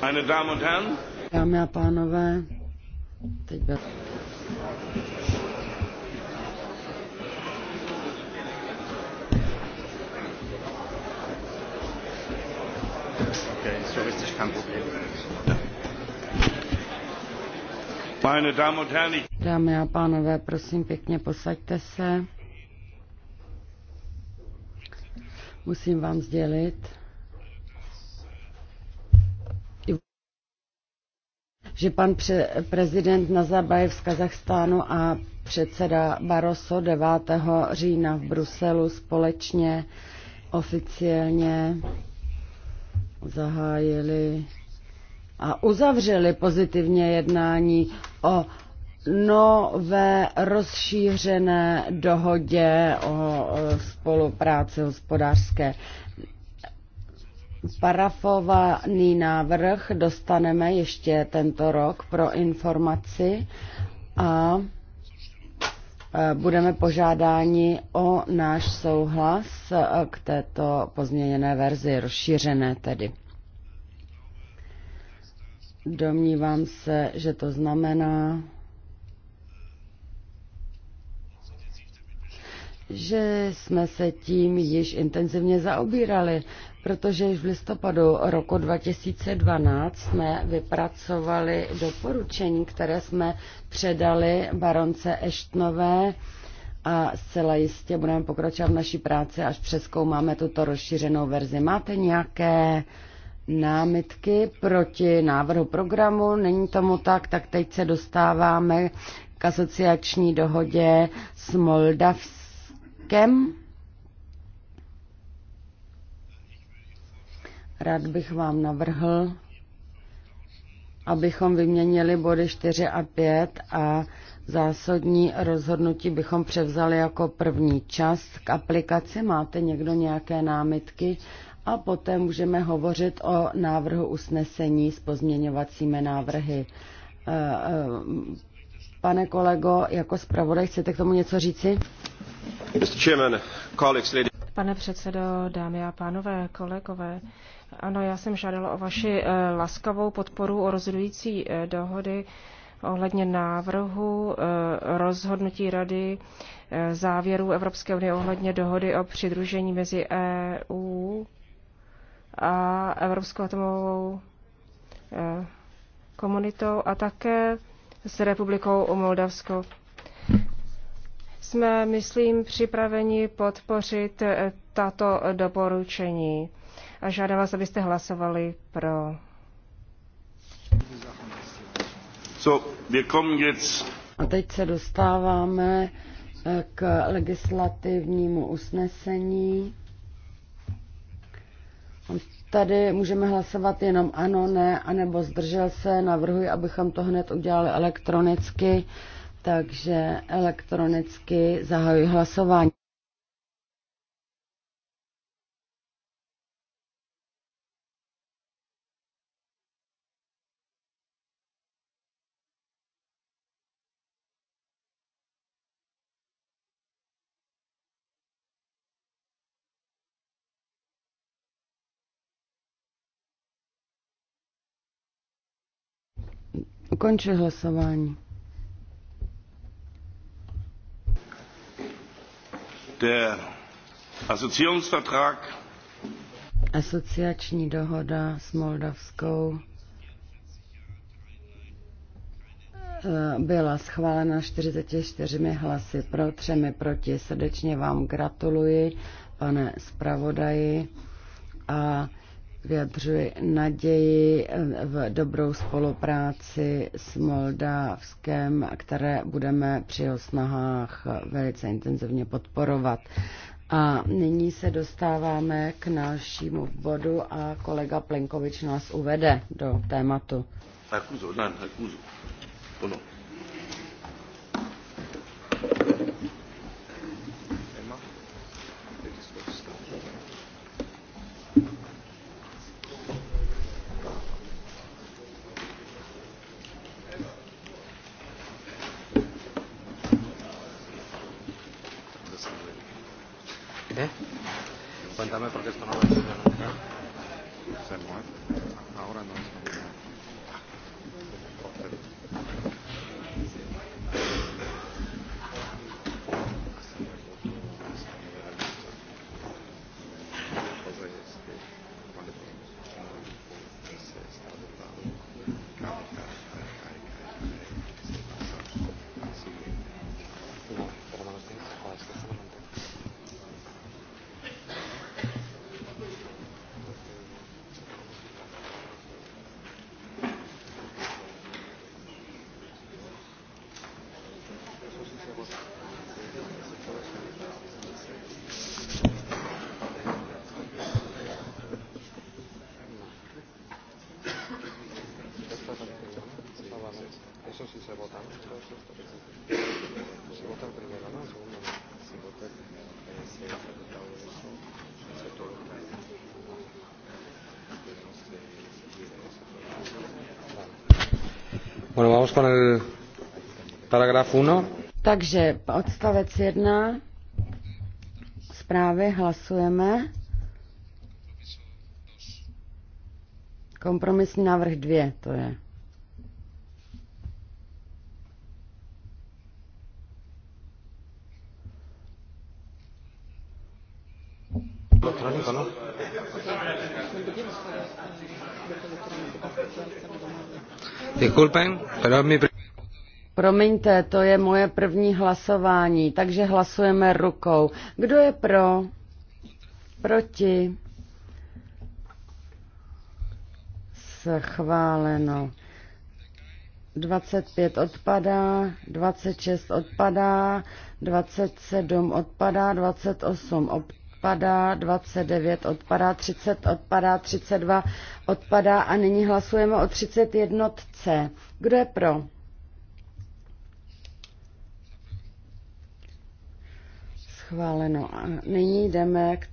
Meine Damen und Herren. Dámy a pánové, teď byl... Dámy a pánové, prosím pěkně, posaďte se. Musím vám sdělit, že pan pře- prezident Nazarbayev z Kazachstánu a předseda Barroso 9. října v Bruselu společně oficiálně zahájili a uzavřeli pozitivně jednání o nové rozšířené dohodě o spolupráci hospodářské parafovaný návrh dostaneme ještě tento rok pro informaci a e, budeme požádáni o náš souhlas e, k této pozměněné verzi, rozšířené tedy. Domnívám se, že to znamená, že jsme se tím již intenzivně zaobírali protože již v listopadu roku 2012 jsme vypracovali doporučení, které jsme předali baronce Eštnové a zcela jistě budeme pokračovat v naší práci, až přeskoumáme tuto rozšířenou verzi. Máte nějaké námitky proti návrhu programu? Není tomu tak, tak teď se dostáváme k asociační dohodě s Moldavskem. Rád bych vám navrhl, abychom vyměnili body 4 a 5 a zásadní rozhodnutí bychom převzali jako první část k aplikaci. Máte někdo nějaké námitky? A poté můžeme hovořit o návrhu usnesení s pozměňovacími návrhy. Eh, eh, pane kolego, jako zpravodaj, chcete k tomu něco říci? Mr. Chairman, colleagues, ladies Pane předsedo, dámy a pánové, kolegové, ano, já jsem žádala o vaši eh, laskavou podporu o rozhodující eh, dohody ohledně návrhu eh, rozhodnutí Rady závěrů Evropské unie ohledně dohody o přidružení mezi EU a Evropskou atomovou komunitou a také s republikou Moldavsko jsme, myslím, připraveni podpořit eh, tato doporučení. A žádám vás, abyste hlasovali pro. A teď se dostáváme eh, k legislativnímu usnesení. Tady můžeme hlasovat jenom ano, ne, anebo zdržel se. Navrhuji, abychom to hned udělali elektronicky. Takže elektronicky zahajuji hlasování. Ukončuji hlasování. der Assoziierungsvertrag Asociační dohoda s Moldavskou eh, byla schválena 44 hlasy pro, třemi proti. Srdečně vám gratuluji, pane zpravodaji. A Vyjadřuji naději eh, v dobrou spolupráci s Moldávskem, které budeme při jeho snahách velice intenzivně podporovat. A nyní se dostáváme k našímu bodu a kolega Plenkovič nás uvede do tématu. Akuzo, dan, akuzo. Ono. Vamos con el paragraf 1. Takže odstavec 1 zprávy hlasujeme. Kompromisní návrh 2 to je. Promiňte, to je moje první hlasování, takže hlasujeme rukou. Kdo je pro? Proti? Schváleno. 25 odpadá, 26 odpadá, 27 odpadá, 28 odpadá odpadá, 29 odpadá, 30 odpadá, 32 odpadá a nyní hlasujeme o 31. C. Kdo je pro? Schváleno. A nyní jdeme k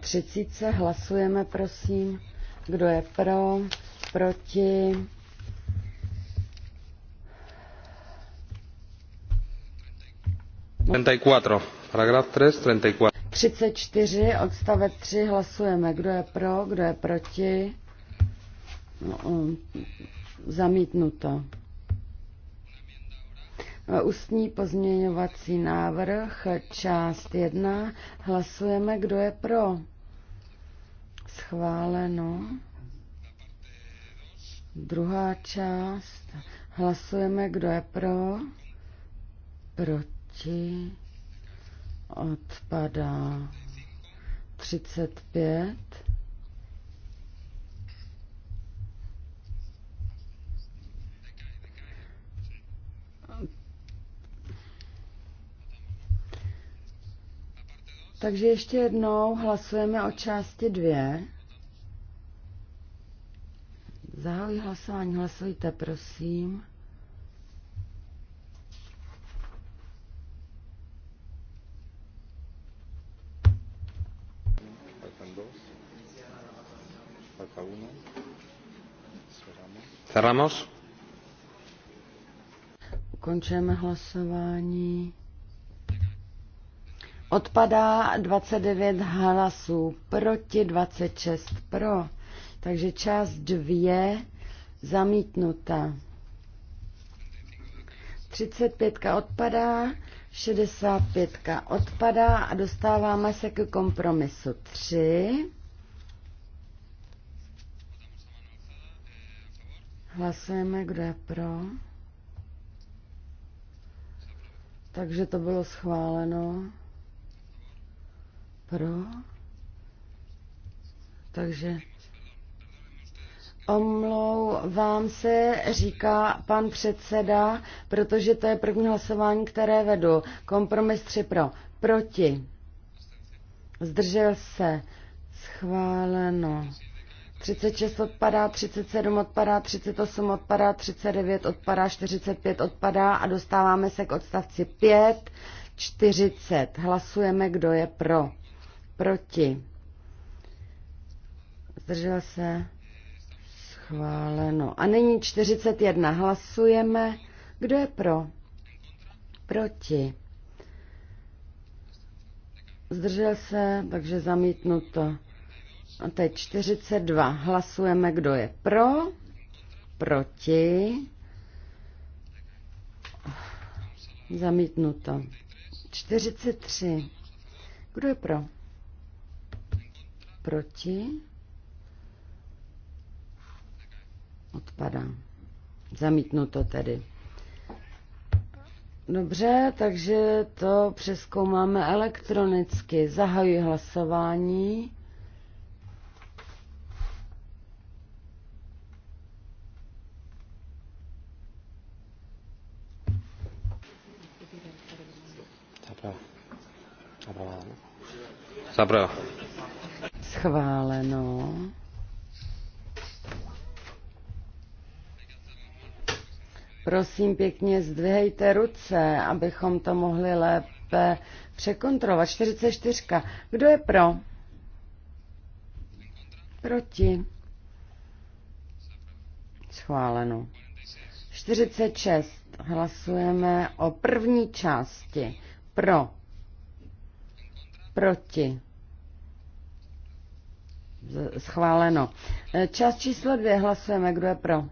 33. C. Hlasujeme, prosím. Kdo je pro? Proti? treinta y cuatro paragraf tres treinta y cuatro 34 odstavec 3 hlasujeme. Kdo je pro, kdo je proti? No, um, zamítnuto. Ústní pozměňovací návrh, část 1. Hlasujeme, kdo je pro. Schváleno. Druhá část. Hlasujeme, kdo je pro. Proti odpadá 35. Takže ještě jednou hlasujeme o části dvě. Zahajuji hlasování, hlasujte, prosím. Cerramos. Ukončujeme hlasování. Odpadá 29 hlasů proti 26 pro. Takže část 2 zamítnuta. 35 odpadá, 65 odpadá a dostáváme se k kompromisu 3. Hlasujeme, kdo je pro. Takže to bylo schváleno. Pro. Takže Omlouvám se, říká pan předseda, protože to je první hlasování, které vedu. Kompromis 3 pro. Proti. Zdržel se. Schváleno. 36 odpadá, 37 odpadá, 38 odpadá, 39 odpadá, 45 odpadá a dostáváme se k odstavci 5, 40. Hlasujeme, kdo je pro. Proti. Zdržel se. Schváleno. A nyní 41. Hlasujeme. Kdo je pro? Proti. Zdržel se, takže zamítnuto. A teď 42. Hlasujeme, kdo je pro, proti, zamítnuto. 43. Kdo je pro? Proti? Odpadá. Zamítnuto tedy. Dobře, takže to přeskoumáme elektronicky. Zahajuji hlasování. Stavro. Schváleno. Prosím pěkně, zdvihejte ruce, abychom to mohli lépe překontrolovat. 44. Kdo je pro? Proti. Schváleno. 46. Hlasujeme o první části. Pro. Proti. Schváleno. E, Čas číslo dvě hlasujeme. Kdo je pro?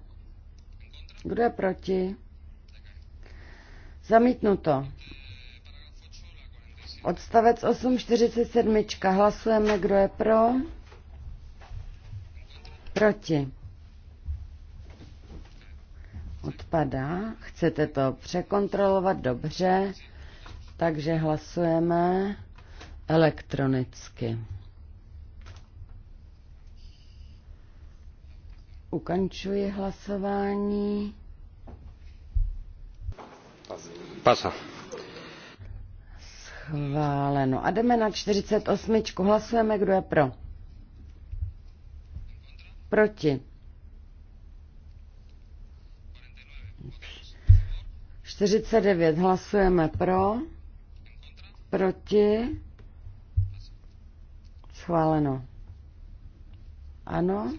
Kdo je proti? Zamítnuto. Odstavec 8.47. Hlasujeme, kdo je pro. Proti. Odpadá. Chcete to překontrolovat? Dobře. Takže hlasujeme elektronicky. Ukončuji hlasování. Pasa. Schváleno. A jdeme na 48. Hlasujeme, kdo je pro. Proti. 49. Hlasujeme pro. Proti. Schváleno. Ano.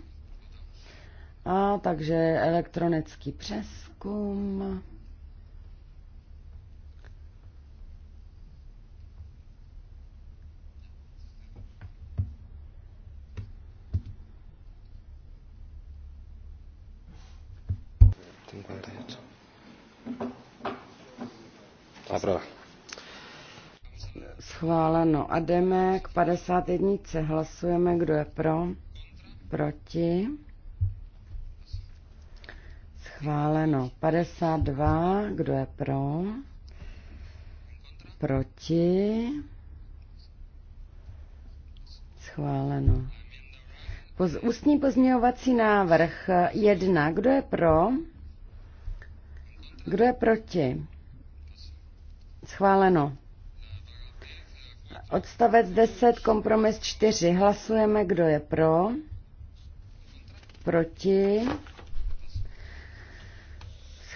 A takže elektronický přeskum. Schváleno. A jdeme k 51. Hlasujeme, kdo je pro, proti. Schváleno 52. Kdo je pro? Proti? Schváleno. Poz, ústní pozměňovací návrh 1. Kdo je pro? Kdo je proti? Schváleno. Odstavec 10, kompromis 4. Hlasujeme, kdo je pro, proti,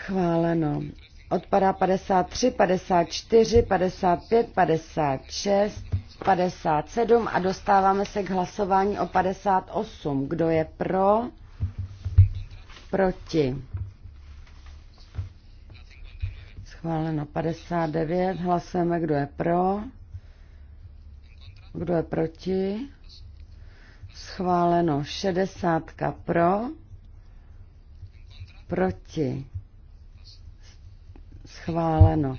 Schváleno. Odpadá 53, 54, 55, 56, 57 a dostáváme se k hlasování o 58. Kdo je pro? Proti. Schváleno 59. Hlasujeme, kdo je pro. Kdo je proti? Schváleno 60 pro. Proti schváleno.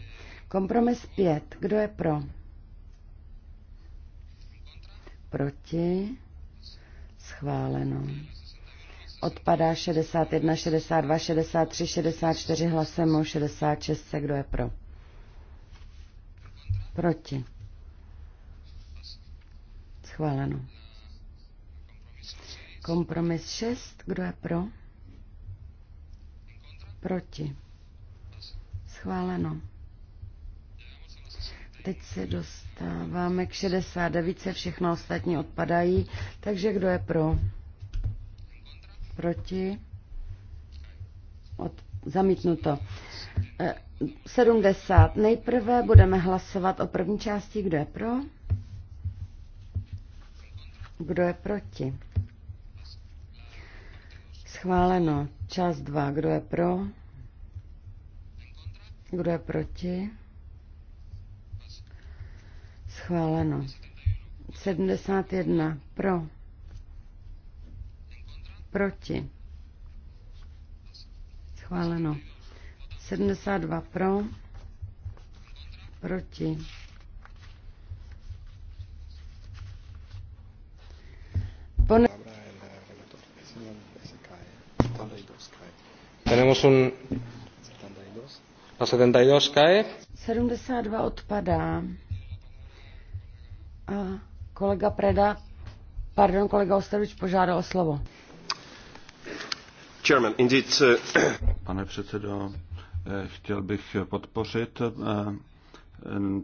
Kompromis 5. Kdo je pro? Proti? Schváleno. Odpadá 61, 62, 63, 64 hlasem 66. Kdo je pro? Proti? Schváleno. Kompromis 6. Kdo je pro? Proti? Schváleno. Teď se dostáváme k 69, se všechno ostatní odpadají, takže kdo je pro? Proti? Od, zamítnuto. 70. E, Nejprve budeme hlasovat o první části, kdo je pro? Kdo je proti? Schváleno. Část 2. Kdo je pro? Kdo je proti? Schváleno. 71 pro. Proti. Schváleno. 72 pro. Proti. Pone... Tenemos un na 72 cae. 72 odpadá. A kolega Preda, pardon, kolega Osterovič požádal o slovo. Chairman, indeed, uh, Pane předsedo, eh, chtěl bych podpořit eh,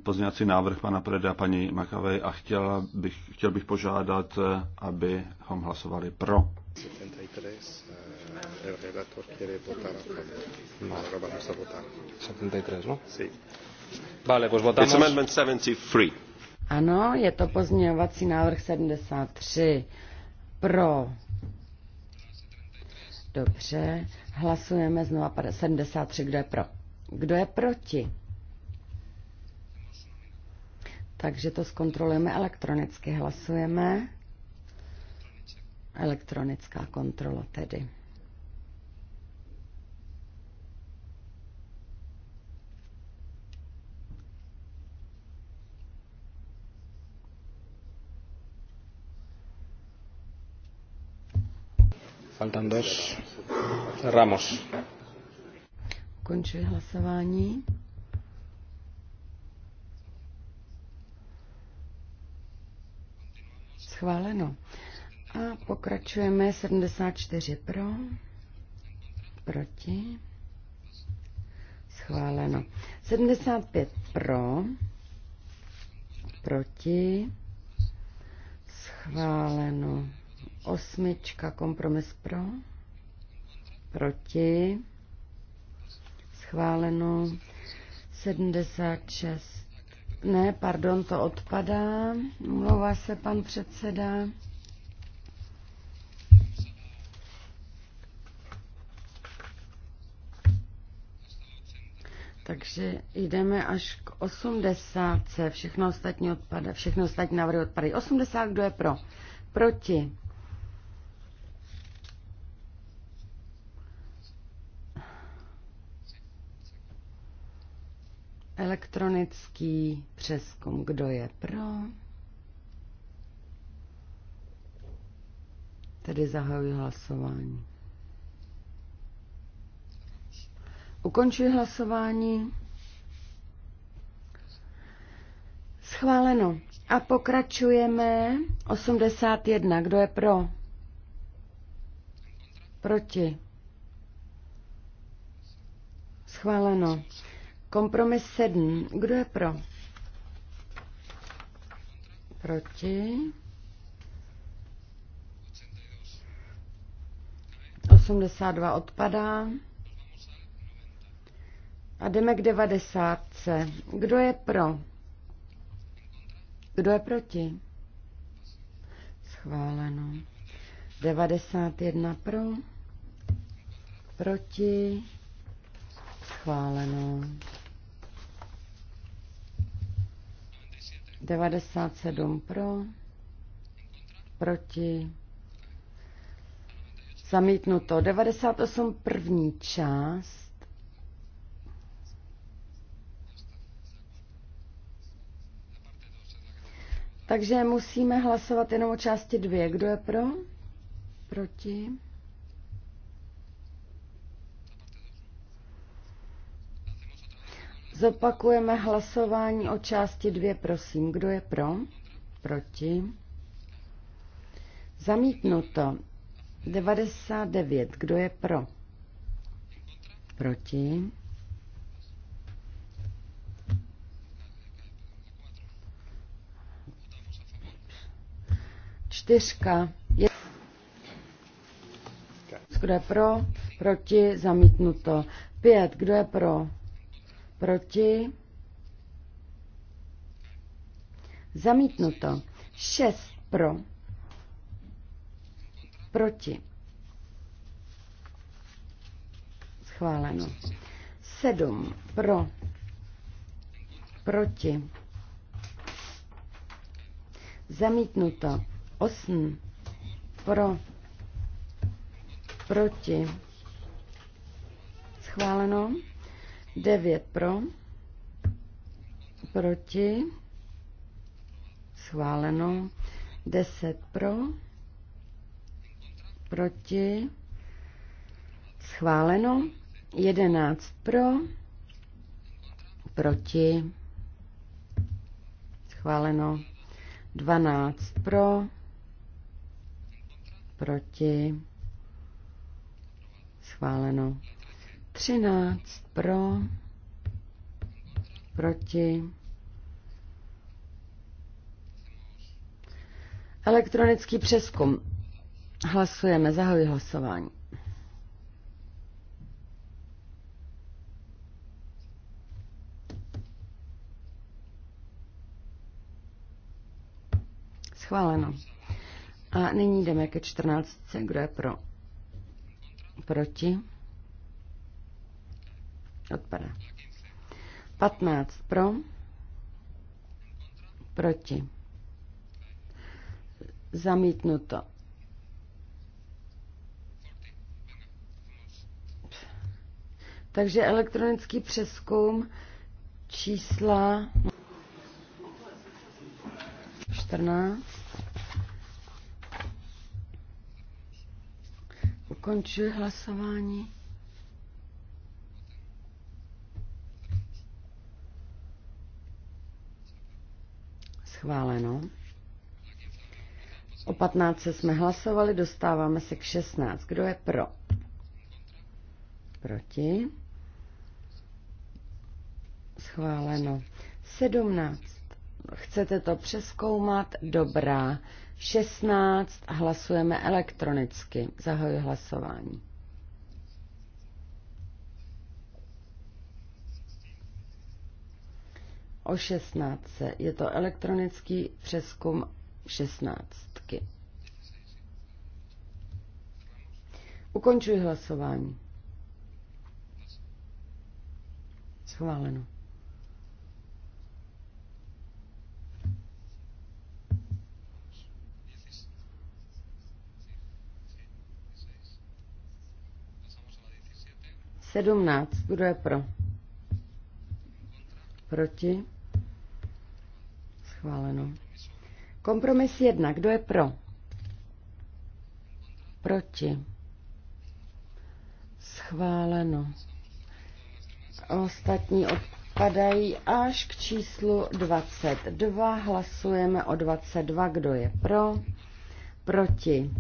pozněvací návrh pana Preda a paní Makavej a chtěl bych, chtěl bych požádat, eh, abychom hlasovali pro. 73, eh, el quiere votar a favor. Ahora vamos a votar. 73, ¿no? Sí. No? Vale, pues votamos. It's amendment 73. Ano, je to pozměňovací návrh 73. Pro. Dobře. Hlasujeme znova 73. Kdo je pro? Kdo je proti? Takže to zkontrolujeme elektronicky. Hlasujeme. Elektronická kontrola tedy. Faltan dos. Cerramos. Končuji hlasování. Schváleno. A pokračujeme 74 pro, proti, schváleno. 75 pro, proti, schváleno. Osmička, kompromis pro, proti, schváleno. 76, ne, pardon, to odpadá, mluvá se pan předseda. Takže jdeme až k 80. Všechno ostatní, odpada, všechno ostatní návrhy odpadají. 80, kdo je pro? Proti. Elektronický přeskum. Kdo je pro? Tedy zahajuji hlasování. Ukončuji hlasování. Schváleno. A pokračujeme. 81. Kdo je pro? Proti. Schváleno. Kompromis 7. Kdo je pro? Proti. 82 odpadá. A jdeme k devadesátce. Kdo je pro? Kdo je proti? Schváleno. 91 pro. Proti. Schváleno. 97 pro. Proti. Zamítnuto. 98 první část. Takže musíme hlasovat jenom o části dvě. Kdo je pro? Proti? Zopakujeme hlasování o části dvě, prosím. Kdo je pro? Proti? Zamítnuto. 99. Kdo je pro? Proti? Čtyřka. Je... Kdo je pro? Proti? Zamítnuto. Pět. Kdo je pro? Proti? Zamítnuto. Šest. Pro? Proti? Schváleno. Sedm. Pro? Proti? Zamítnuto. 8 pro, proti, schváleno, 9 pro, proti, schváleno, 10 pro, proti, schváleno, 11 pro, proti, schváleno, 12 pro, proti, schváleno. 13 pro, proti. Elektronický přeskum. Hlasujeme, zahajuji hlasování. Schváleno. A nyní jdeme ke 14. Kdo je pro? Proti? Odpadá. 15 pro? Proti. Zamítnuto. Takže elektronický přeskum čísla 14. Končil hlasování. Schváleno. O 15 jsme hlasovali, dostáváme se k 16. Kdo je pro? Proti? Schváleno. 17. Chcete to přeskoumat? Dobrá. 16 a hlasujeme elektronicky. Zahajuji hlasování. O 16. Je to elektronický přeskum 16. Ukončuji hlasování. Schváleno. 17. Kdo je pro? Proti? Schváleno. Kompromis 1. Kdo je pro? Proti? Schváleno. Ostatní odpadají až k číslu 22. Hlasujeme o 22. Kdo je pro? Proti?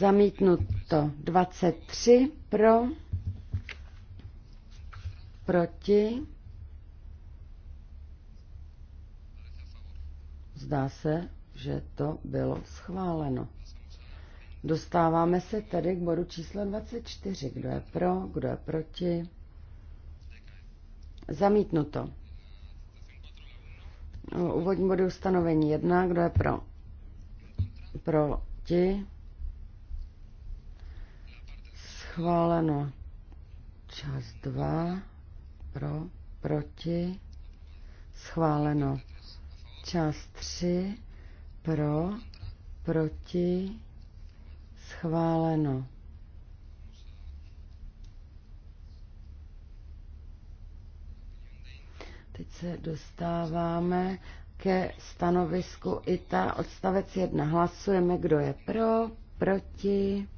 Zamítnuto 23 pro, proti, zdá se, že to bylo schváleno. Dostáváme se tedy k bodu číslo 24. Kdo je pro, kdo je proti? Zamítnuto. Úvodní body ustanovení 1. Kdo je pro? Proti? schváleno. Část 2 pro, proti, schváleno. Část 3 pro, proti, schváleno. Teď se dostáváme ke stanovisku ITA odstavec 1. Hlasujeme, kdo je pro, proti.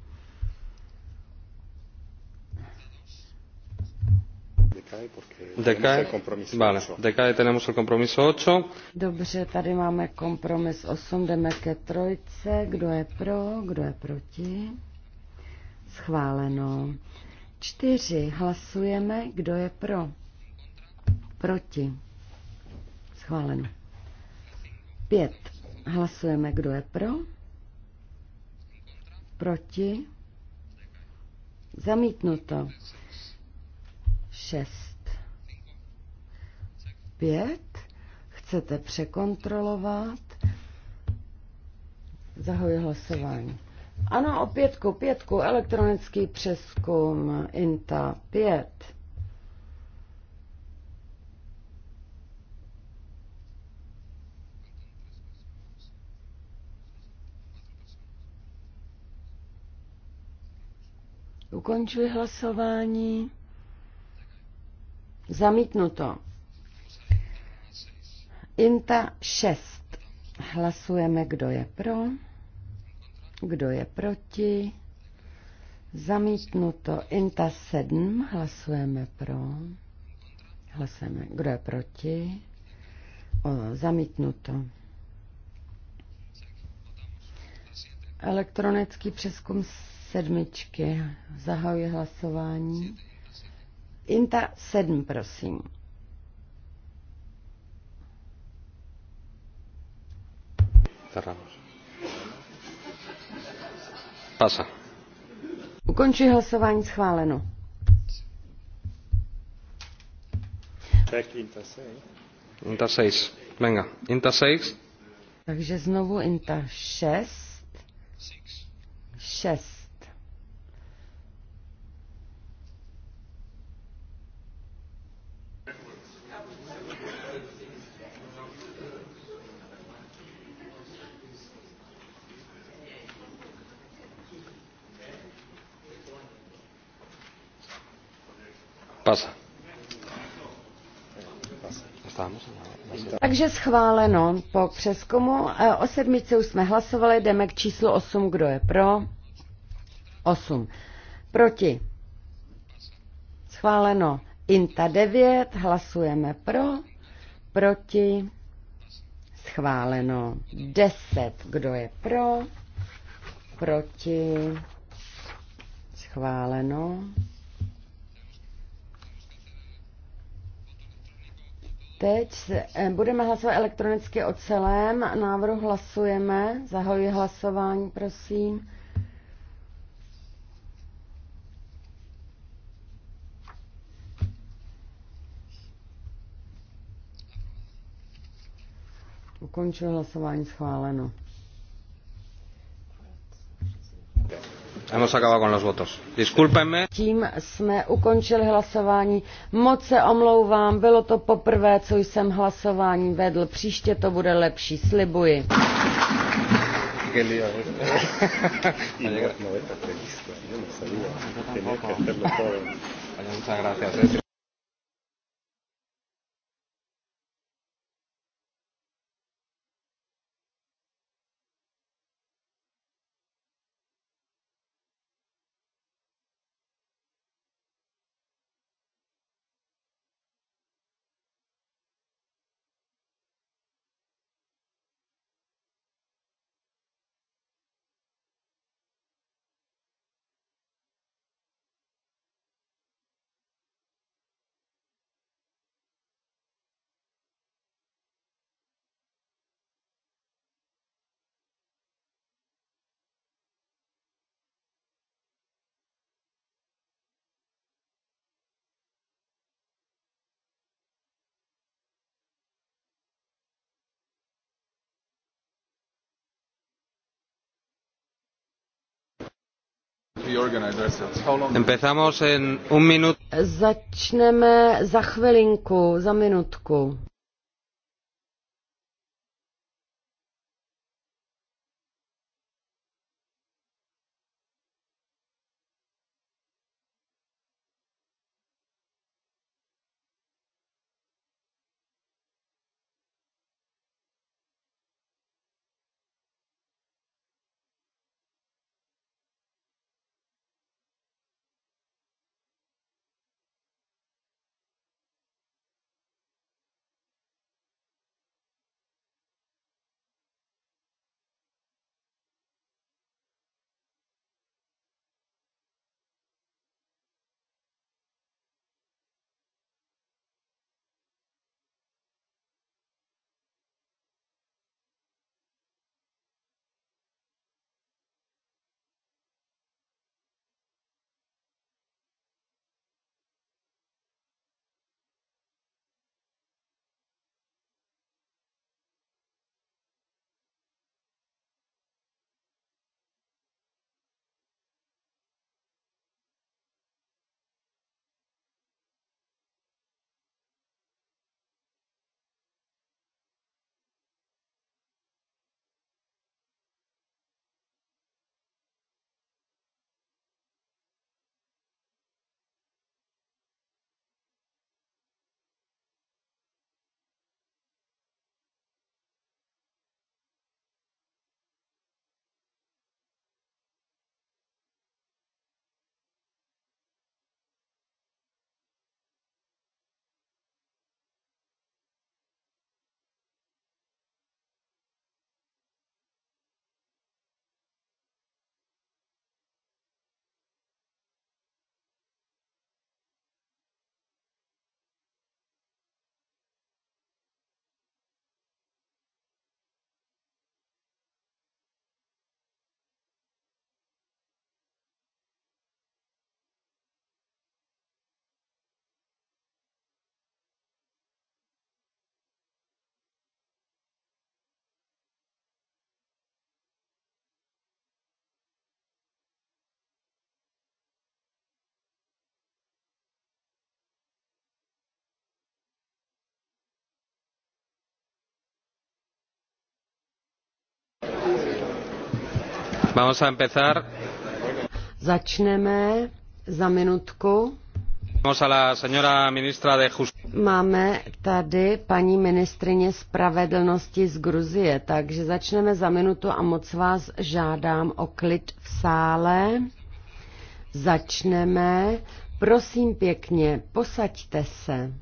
decae porque decae, el compromiso vale, 8. tenemos el compromiso 8. Dobře, tady máme kompromis 8, jdeme ke trojce. Kdo je pro, kdo je proti? Schváleno. Čtyři. Hlasujeme, kdo je pro. Proti. Schváleno. Pět. Hlasujeme, kdo je pro. Proti. Zamítnuto šest. Pět. Chcete překontrolovat? Zahoji hlasování. Ano, o pětku, pětku, elektronický přeskum, INTA, pět. Ukončuji hlasování. Zamítnuto. Inta 6. Hlasujeme, kdo je pro, kdo je proti. Zamítnuto. Inta 7. Hlasujeme pro. Hlasujeme, kdo je proti. O, zamítnuto. Elektronický přeskum sedmičky. Zahajuji hlasování. Inta 7, prosím. Cerramos. Pasa. Ukončí hlasování schváleno. Tak Inta 6. Inta 6. Venga. Inta 6. Takže znovu Inta 6. 6. Takže schváleno po přeskumu. E, o sedmice už jsme hlasovali, jdeme k číslu 8, kdo je pro. 8. Proti. Schváleno. Inta 9, hlasujeme pro. Proti. Schváleno. 10, kdo je pro. Proti. Schváleno. Teď eh, budeme hlasovat elektronicky o celém návrhu. Hlasujeme. Zahajuji hlasování, prosím. Ukončuji hlasování schváleno. Hemos acabado con los votos. Discúlpenme. Tím jsme ukončili hlasování. Moc se omlouvám, bylo to poprvé, co jsem hlasování vedl. Příště to bude lepší, slibuji. ¿eh? No, ¿eh? no muchas gracias. Eh. Empezamos en un minuto. Začneme za chvilinku, za minutku. Vamos a empezar. Začneme za minutku. Máme tady paní ministrině spravedlnosti z Gruzie, takže začneme za minutu a moc vás žádám o klid v sále. Začneme. Prosím pěkně, posaďte se.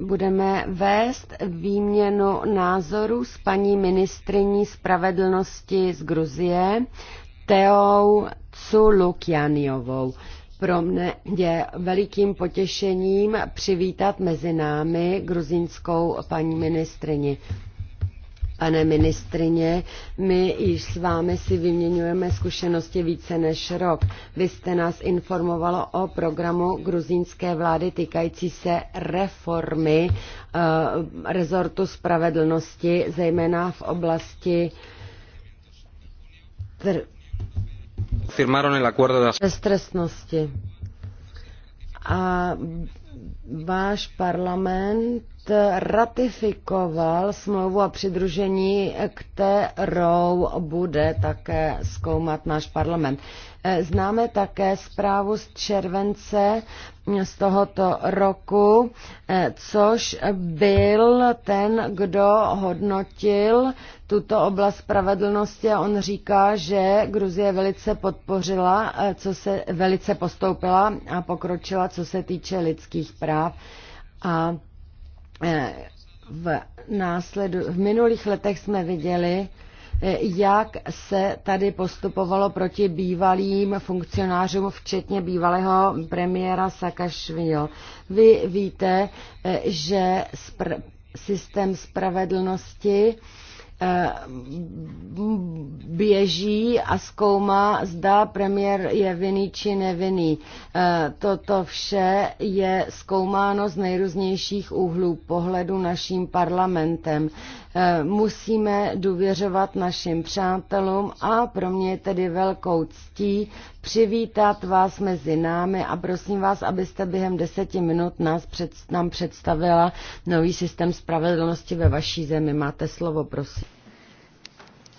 budeme vést výměnu názorů s paní ministriní spravedlnosti z Gruzie, Teou Culukjaniovou. Pro mne je velikým potěšením přivítat mezi námi gruzínskou paní ministrini. Pane ministrině, my již s vámi si vyměňujeme zkušenosti více než rok. Vy jste nás informovalo o programu gruzínské vlády týkající se reformy uh, rezortu spravedlnosti, zejména v oblasti tr- A váš parlament ratifikoval smlouvu a přidružení, kterou bude také zkoumat náš parlament. Eh, známe také zprávu z července mm, z tohoto roku, eh, což byl ten, kdo hodnotil tuto oblast spravedlnosti a on říká, že Gruzie velice podpořila, eh, co se velice postoupila a pokročila, co se týče lidských práv. A Eh, v, následu, v minulých letech jsme viděli, eh, jak se tady postupovalo proti bývalým funkcionářům, včetně bývalého premiéra Sakašvil. Vy víte, eh, že spr- systém spravedlnosti Eh, běží a zkoumá, zda premiér je vinný či nevinný. Eh, toto vše je zkoumáno z nejrůznějších úhlů pohledu naším parlamentem. Eh, musíme důvěřovat našim přátelům a pro mě je tedy velkou ctí přivítat vás mezi námi a prosím vás, abyste během deseti minut nás před, nám představila nový systém spravedlnosti ve vaší zemi. Máte slovo, prosím.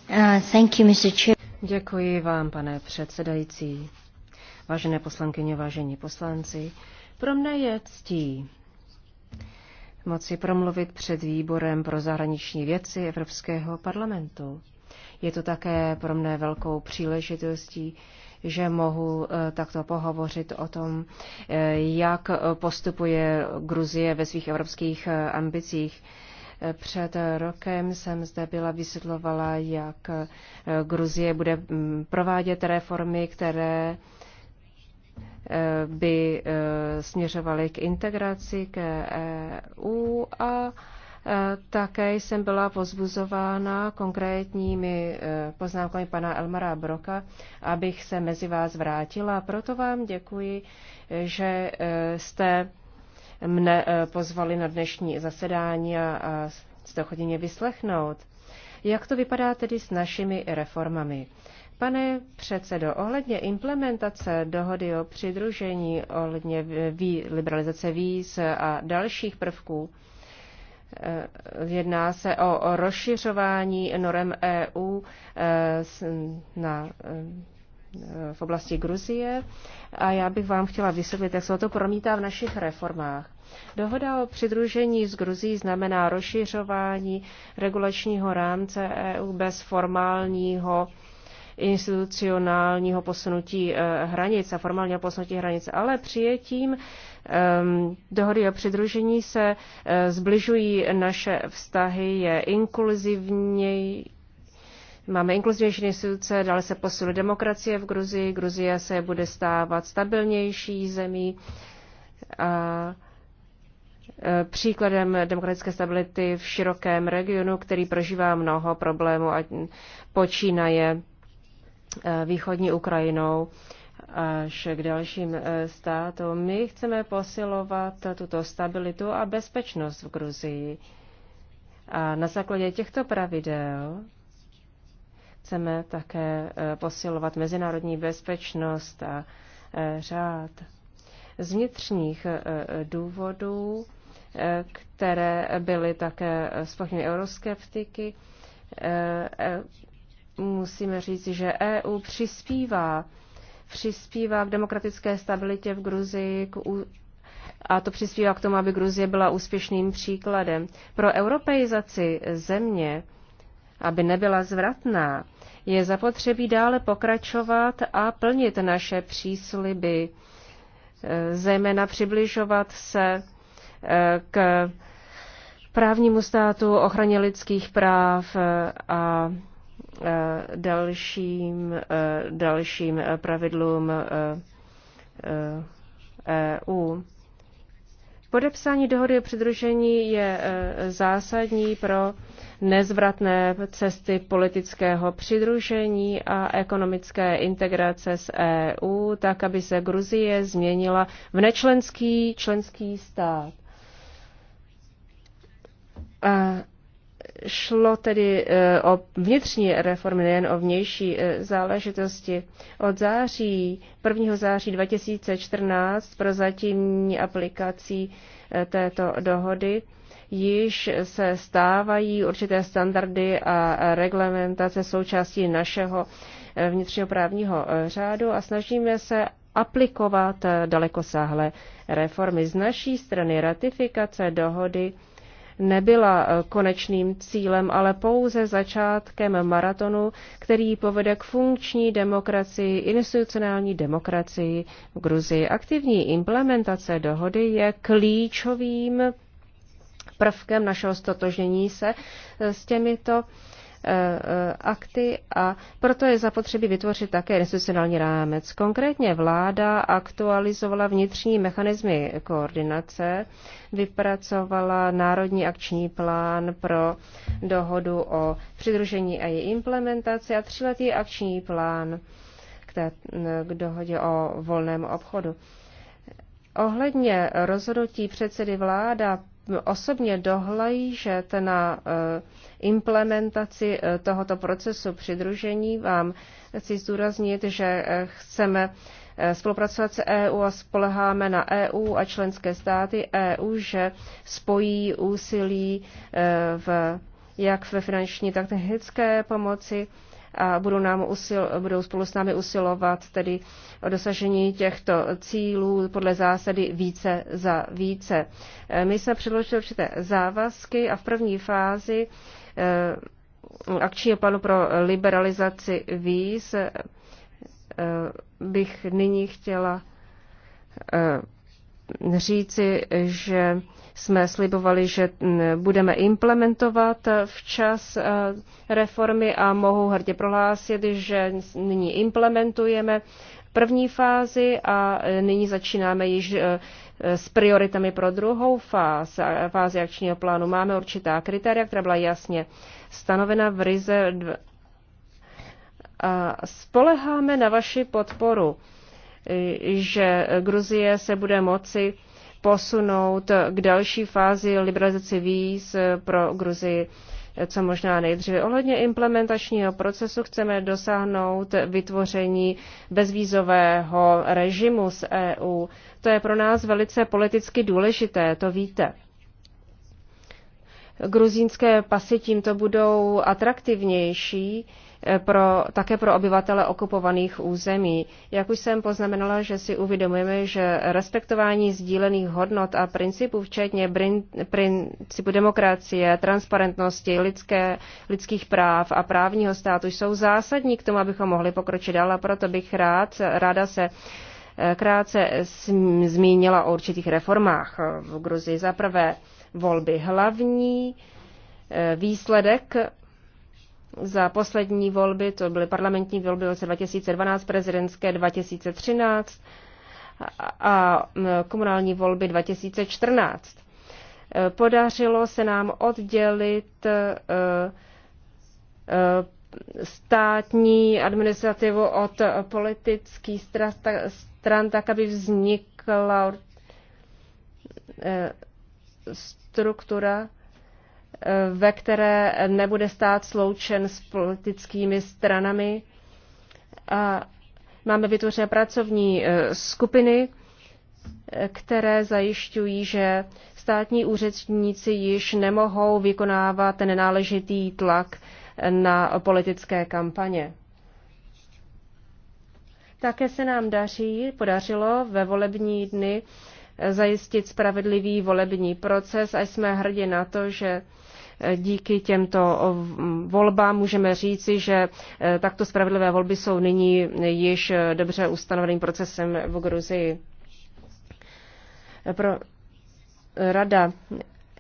Uh, thank you, Mr. Chair. Děkuji vám, pane předsedající. Vážené poslankyně, vážení poslanci, pro mne je ctí moci promluvit před výborem pro zahraniční věci Evropského parlamentu. Je to také pro mne velkou příležitostí, že mohu eh, takto pohovořit o tom, eh, jak postupuje Gruzie ve svých evropských eh, ambicích. Před rokem jsem zde byla vysvětlovala, jak Gruzie bude mm, provádět reformy, které Eh, by eh, směřovaly k integraci, k EU a eh, také jsem byla pozbuzována konkrétními poznámkami pana Elmara Broka, abych se mezi vás vrátila. Proto vám děkuji, že jste mne pozvali na dnešní zasedání a, jste ochotně vyslechnout. Jak to vypadá tedy s našimi reformami? Pane předsedo, ohledně implementace dohody o přidružení, ohledně vý, liberalizace víz a dalších prvků, eh, jedná se o, o rozšiřování norem EU eh, na, eh, v oblasti Gruzie a já bych vám chtěla vysvětlit, jak se to promítá v našich reformách. Dohoda o přidružení s Gruzí znamená rozšiřování regulačního rámce EU bez formálního institucionálního posunutí eh, hranic a formálního posunutí hranic, ale přijetím ehm, dohody o přidružení se eh, zbližují naše vztahy, je inkluzivněji, Máme inkluzivnější instituce, dále se posiluje demokracie v Gruzii, Gruzie se bude stávat stabilnější zemí. A eh, příkladem demokratické stability v širokém regionu, který prožívá mnoho problémů, a počínaje Eh, východní Ukrajinou až k dalším eh, státům. My chceme posilovat tuto stabilitu a bezpečnost v Gruzii. A na základě těchto pravidel chceme také eh, posilovat mezinárodní bezpečnost a řád. Z vnitřních důvodů, které byly také spochybněny euroskeptiky, musíme říct, že EU přispívá, přispívá k demokratické stabilitě v Gruzii, k u... a to přispívá k tomu, aby Gruzie byla úspěšným příkladem. Pro europeizaci země, aby nebyla zvratná, je zapotřebí dále pokračovat a plnit naše přísliby, e, zejména přibližovat se e, k právnímu státu, ochraně lidských práv e, a Eh, dalším, eh, dalším pravidlům eh, EU. Podepsání dohody o přidružení je zásadní pro nezvratné cesty politického přidružení a ekonomické integrace s EU, tak aby se Gruzie změnila v nečlenský členský stát šlo tedy e, o vnitřní reformy, nejen o vnější e, záležitosti. Od září, 1. září 2014 pro zatímní aplikací e, této dohody již se stávají určité standardy a reglementace součástí našeho vnitřního právního řádu a snažíme se aplikovat dalekosáhlé reformy. Z naší strany ratifikace dohody nebyla eh, konečným cílem, ale pouze začátkem maratonu, který povede k funkční demokracii, institucionální demokracii v Gruzii. Aktivní implementace dohody je klíčovým prvkem našeho stotožnění se eh, s těmito Eh, eh, akty a proto je zapotřebí vytvořit také institucionální rámec. Konkrétně vláda aktualizovala vnitřní mechanismy koordinace, vypracovala národní akční plán pro dohodu o přidružení a její implementaci a tříletý akční plán k, té, eh, k dohodě o volném obchodu. Ohledně rozhodnutí předsedy vláda osobně dohlížet na eh, implementaci eh, tohoto procesu přidružení. Vám chci zdůraznit, že eh, chceme spolupracovat s EU a spoleháme na EU a členské státy EU, že spojí úsilí v, jak ve finanční, tak technické pomoci a budou, nám usil, budou spolu s námi usilovat tedy o dosažení těchto cílů podle zásady více za více. E, my jsme předložili určité závazky a v první fázi e, akčního plánu pro liberalizaci víz e, bych nyní chtěla říci, že jsme slibovali, že budeme implementovat včas eh, reformy a mohu hrdě prohlásit, že nyní implementujeme první fázi a eh, nyní začínáme již eh, s prioritami pro druhou fázi, fázi akčního plánu. Máme určitá kritéria, která byla jasně stanovena v RIZE a spoleháme na vaši podporu že Gruzie se bude moci posunout k další fázi liberalizace víz pro Gruzii co možná nejdříve. Ohledně implementačního procesu chceme dosáhnout vytvoření bezvízového režimu z EU. To je pro nás velice politicky důležité, to víte. Gruzínské pasy tímto budou atraktivnější pro, také pro obyvatele okupovaných území. Jak už jsem poznamenala, že si uvědomujeme, že respektování sdílených hodnot a principů, včetně brin, principu demokracie, transparentnosti, lidské, lidských práv a právního státu, jsou zásadní k tomu, abychom mohli pokročit dál a proto bych rád, ráda se eh, krátce zmínila o určitých reformách v Gruzii. Za prvé volby hlavní, eh, výsledek za poslední volby, to byly parlamentní volby v roce 2012, prezidentské 2013 a komunální volby 2014. Eh, podařilo se nám oddělit eh, eh, státní administrativu od politických stran, tak aby vznikla struktura Eh, ve které nebude stát sloučen s politickými stranami. A máme vytvořené pracovní eh, skupiny, eh, které zajišťují, že státní úředníci již nemohou vykonávat ten nenáležitý tlak na politické kampaně. Také se nám daří, podařilo ve volební dny zajistit spravedlivý volební proces a jsme hrdě na to, že Díky těmto volbám můžeme říci, že eh, takto spravedlivé volby jsou nyní již eh, dobře ustanoveným procesem v Gruzii. Pro Rada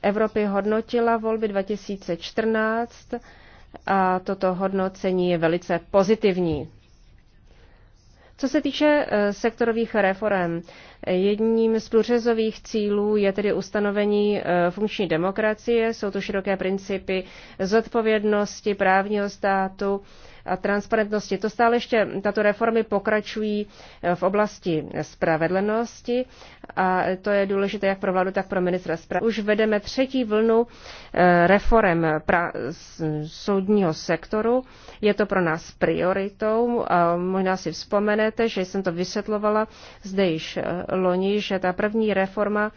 Evropy hodnotila volby 2014 a toto hodnocení je velice pozitivní. Co se týče eh, sektorových reform, jedním z průřezových cílů je tedy ustanovení eh, funkční demokracie, jsou to široké principy zodpovědnosti právního státu, a transparentnosti. To stále ještě, tato reformy pokračují eh, v oblasti spravedlnosti a to je důležité jak pro vládu, tak pro ministra spravedlnosti. Už vedeme třetí vlnu eh, reform pra- soudního sektoru. Je to pro nás prioritou. A možná si vzpomenete, že jsem to vysvětlovala zde již eh, loni, že ta první reforma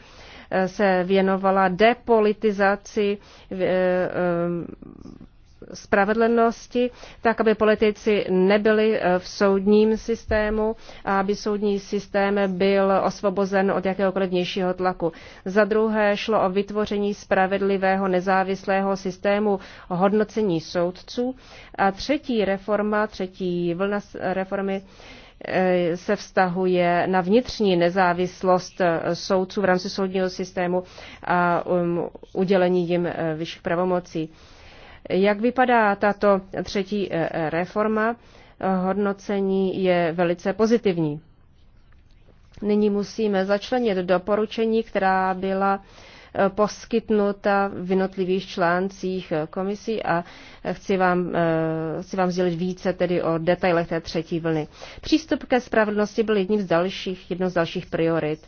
se věnovala depolitizaci spravedlnosti, tak aby politici nebyli eh, v soudním systému a aby soudní systém byl osvobozen od jakéhokoliv vnějšího tlaku. Za druhé šlo o vytvoření spravedlivého nezávislého systému hodnocení soudců. A třetí reforma, třetí vlna reformy eh, se vztahuje na vnitřní nezávislost eh, soudců v rámci soudního systému a um, udělení jim vyšších pravomocí. Jak vypadá tato třetí eh, eh, reforma? Hodnocení je velice pozitivní. Nyní musíme začlenit doporučení, která byla eh, poskytnuta v jednotlivých článcích komisí a chci vám, chci vám sdělit více tedy o detailech té třetí vlny. Přístup ke spravedlnosti byl jedním z dalších, jedno z dalších priorit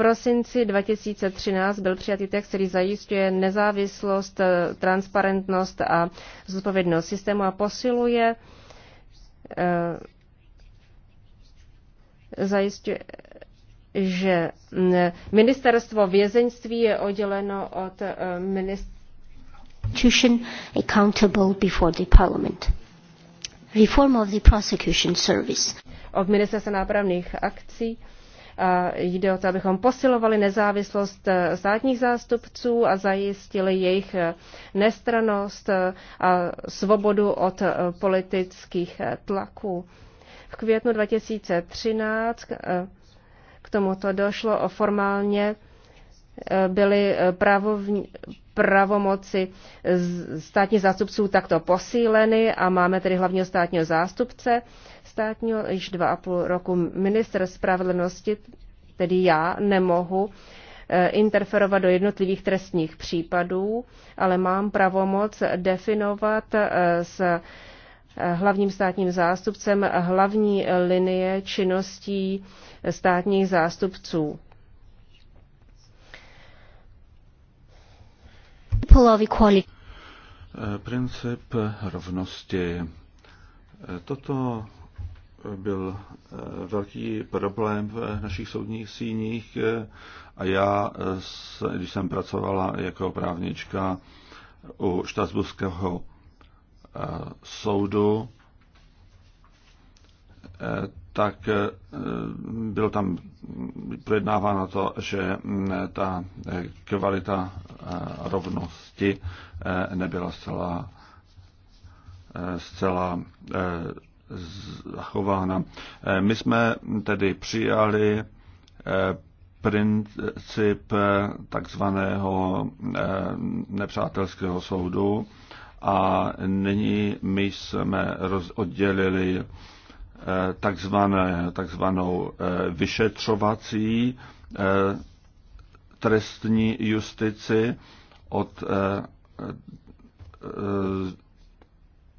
prosinci 2013 byl přijatý text, který zajišťuje nezávislost, eh, transparentnost a zodpovědnost systému a posiluje eh, zajišťuje, že mm, ministerstvo vězeňství je odděleno od eh, ministerstva accountable before the parliament. Reform of the prosecution service. Od ministerstva nápravných akcí a jde o to, abychom posilovali nezávislost eh, státních zástupců a zajistili jejich eh, nestranost eh, a svobodu od politických tlaků. V květnu 2013 k tomuto došlo formálně byly právo, pravomoci státních zástupců takto posíleny a máme tedy hlavního státního zástupce státního již dva a půl roku. Minister spravedlnosti, tedy já, nemohu eh, interferovat do jednotlivých trestních případů, ale mám pravomoc definovat eh, s eh, hlavním státním zástupcem hlavní linie činností státních zástupců. Princip rovnosti. Toto byl eh, velký problém v našich soudních síních eh, a já, eh, když jsem pracovala jako právnička u Štazbuského soudu, tak bylo tam projednáváno to, že mm, ta kvalita rovnosti nebyla zcela, zcela zachována. Eh, my jsme tedy přijali eh, princip eh, takzvaného nepřátelského soudu a nyní my jsme oddělili takzvané, takzvanou vyšetřovací trestní justici od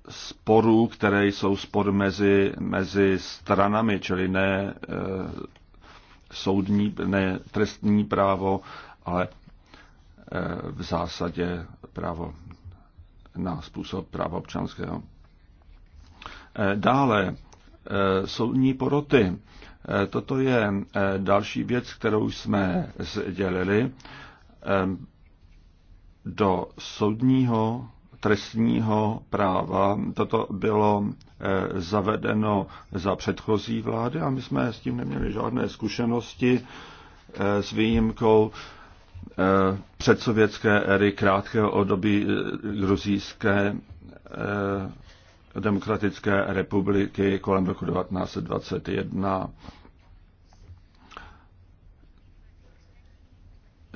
sporů, které jsou spor mezi, mezi stranami, čili ne e, soudní, ne trestní právo, ale e, v zásadě právo na způsob práva občanského. E, dále e, soudní poroty. E, toto je e, další věc, kterou jsme sdělili. E, do soudního trestního práva. Toto bylo eh, zavedeno za předchozí vlády a my jsme s tím neměli žádné zkušenosti eh, s výjimkou eh, předsovětské éry krátkého období gruzijské demokratické republiky kolem roku 1921.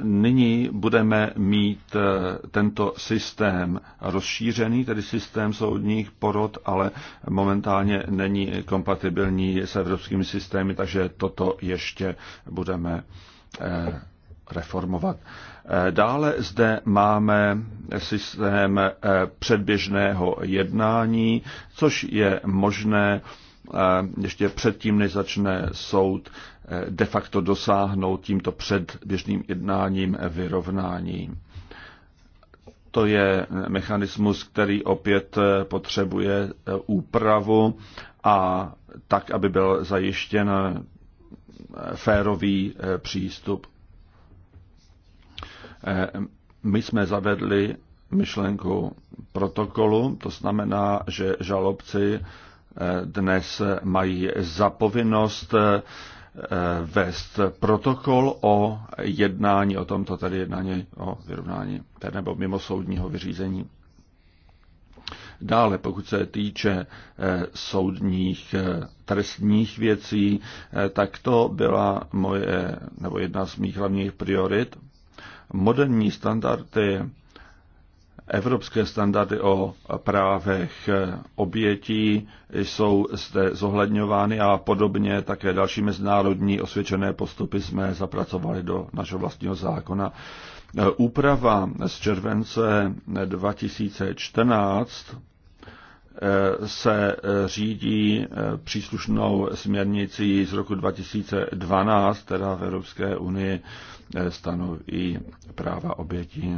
nyní budeme mít eh, tento systém rozšířený, tedy systém soudních porod, ale momentálně není kompatibilní s evropskými systémy, takže toto ještě budeme eh, reformovat. Eh, dále zde máme systém předběžného jednání, což je možné ještě předtím, než začne soud de facto dosáhnout tímto předběžným jednáním vyrovnání. To je mechanismus, který opět potřebuje úpravu a tak, aby byl zajištěn férový přístup. My jsme zavedli myšlenku protokolu, to znamená, že žalobci dnes mají zapovinnost Eh, vést protokol o jednání, o tomto tedy jednání o vyrovnání nebo mimo soudního vyřízení. Dále, pokud se týče eh, soudních eh, trestních věcí, tak to byla moje, nebo jedna z mých hlavních priorit. Moderní standardy Evropské standardy o právech obětí jsou zde zohledňovány a podobně také další mezinárodní osvědčené postupy jsme zapracovali do našeho vlastního zákona. Úprava z července 2014 Eh, se eh, řídí eh, příslušnou směrnicí z roku 2012, která v Evropské unii stanoví práva obětí.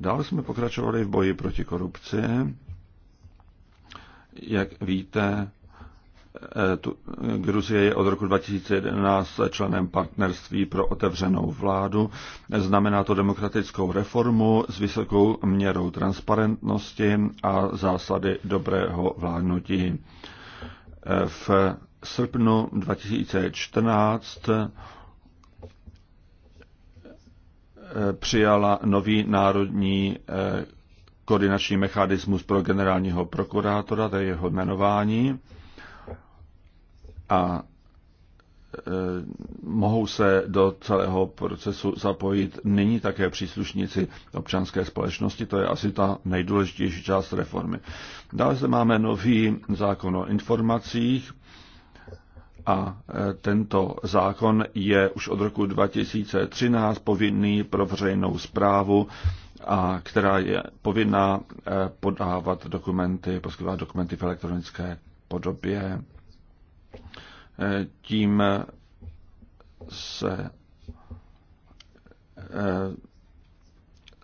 Dále jsme pokračovali v boji proti korupci. Jak víte, Eh, tu, eh, Gruzie je od roku 2011 členem partnerství pro otevřenou vládu. Znamená to demokratickou reformu s vysokou měrou transparentnosti a zásady dobrého vládnutí. Eh, v srpnu 2014 přijala nový národní koordinační mechanismus pro generálního prokurátora, to je jeho jmenování a e, mohou se do celého procesu zapojit nyní také příslušníci občanské společnosti, to je asi ta nejdůležitější část reformy. Dále zde máme nový zákon o informacích a e, tento zákon je už od roku 2013 povinný pro veřejnou zprávu a která je povinná e, podávat dokumenty, poskytovat dokumenty v elektronické podobě. Eh, tím eh, se eh,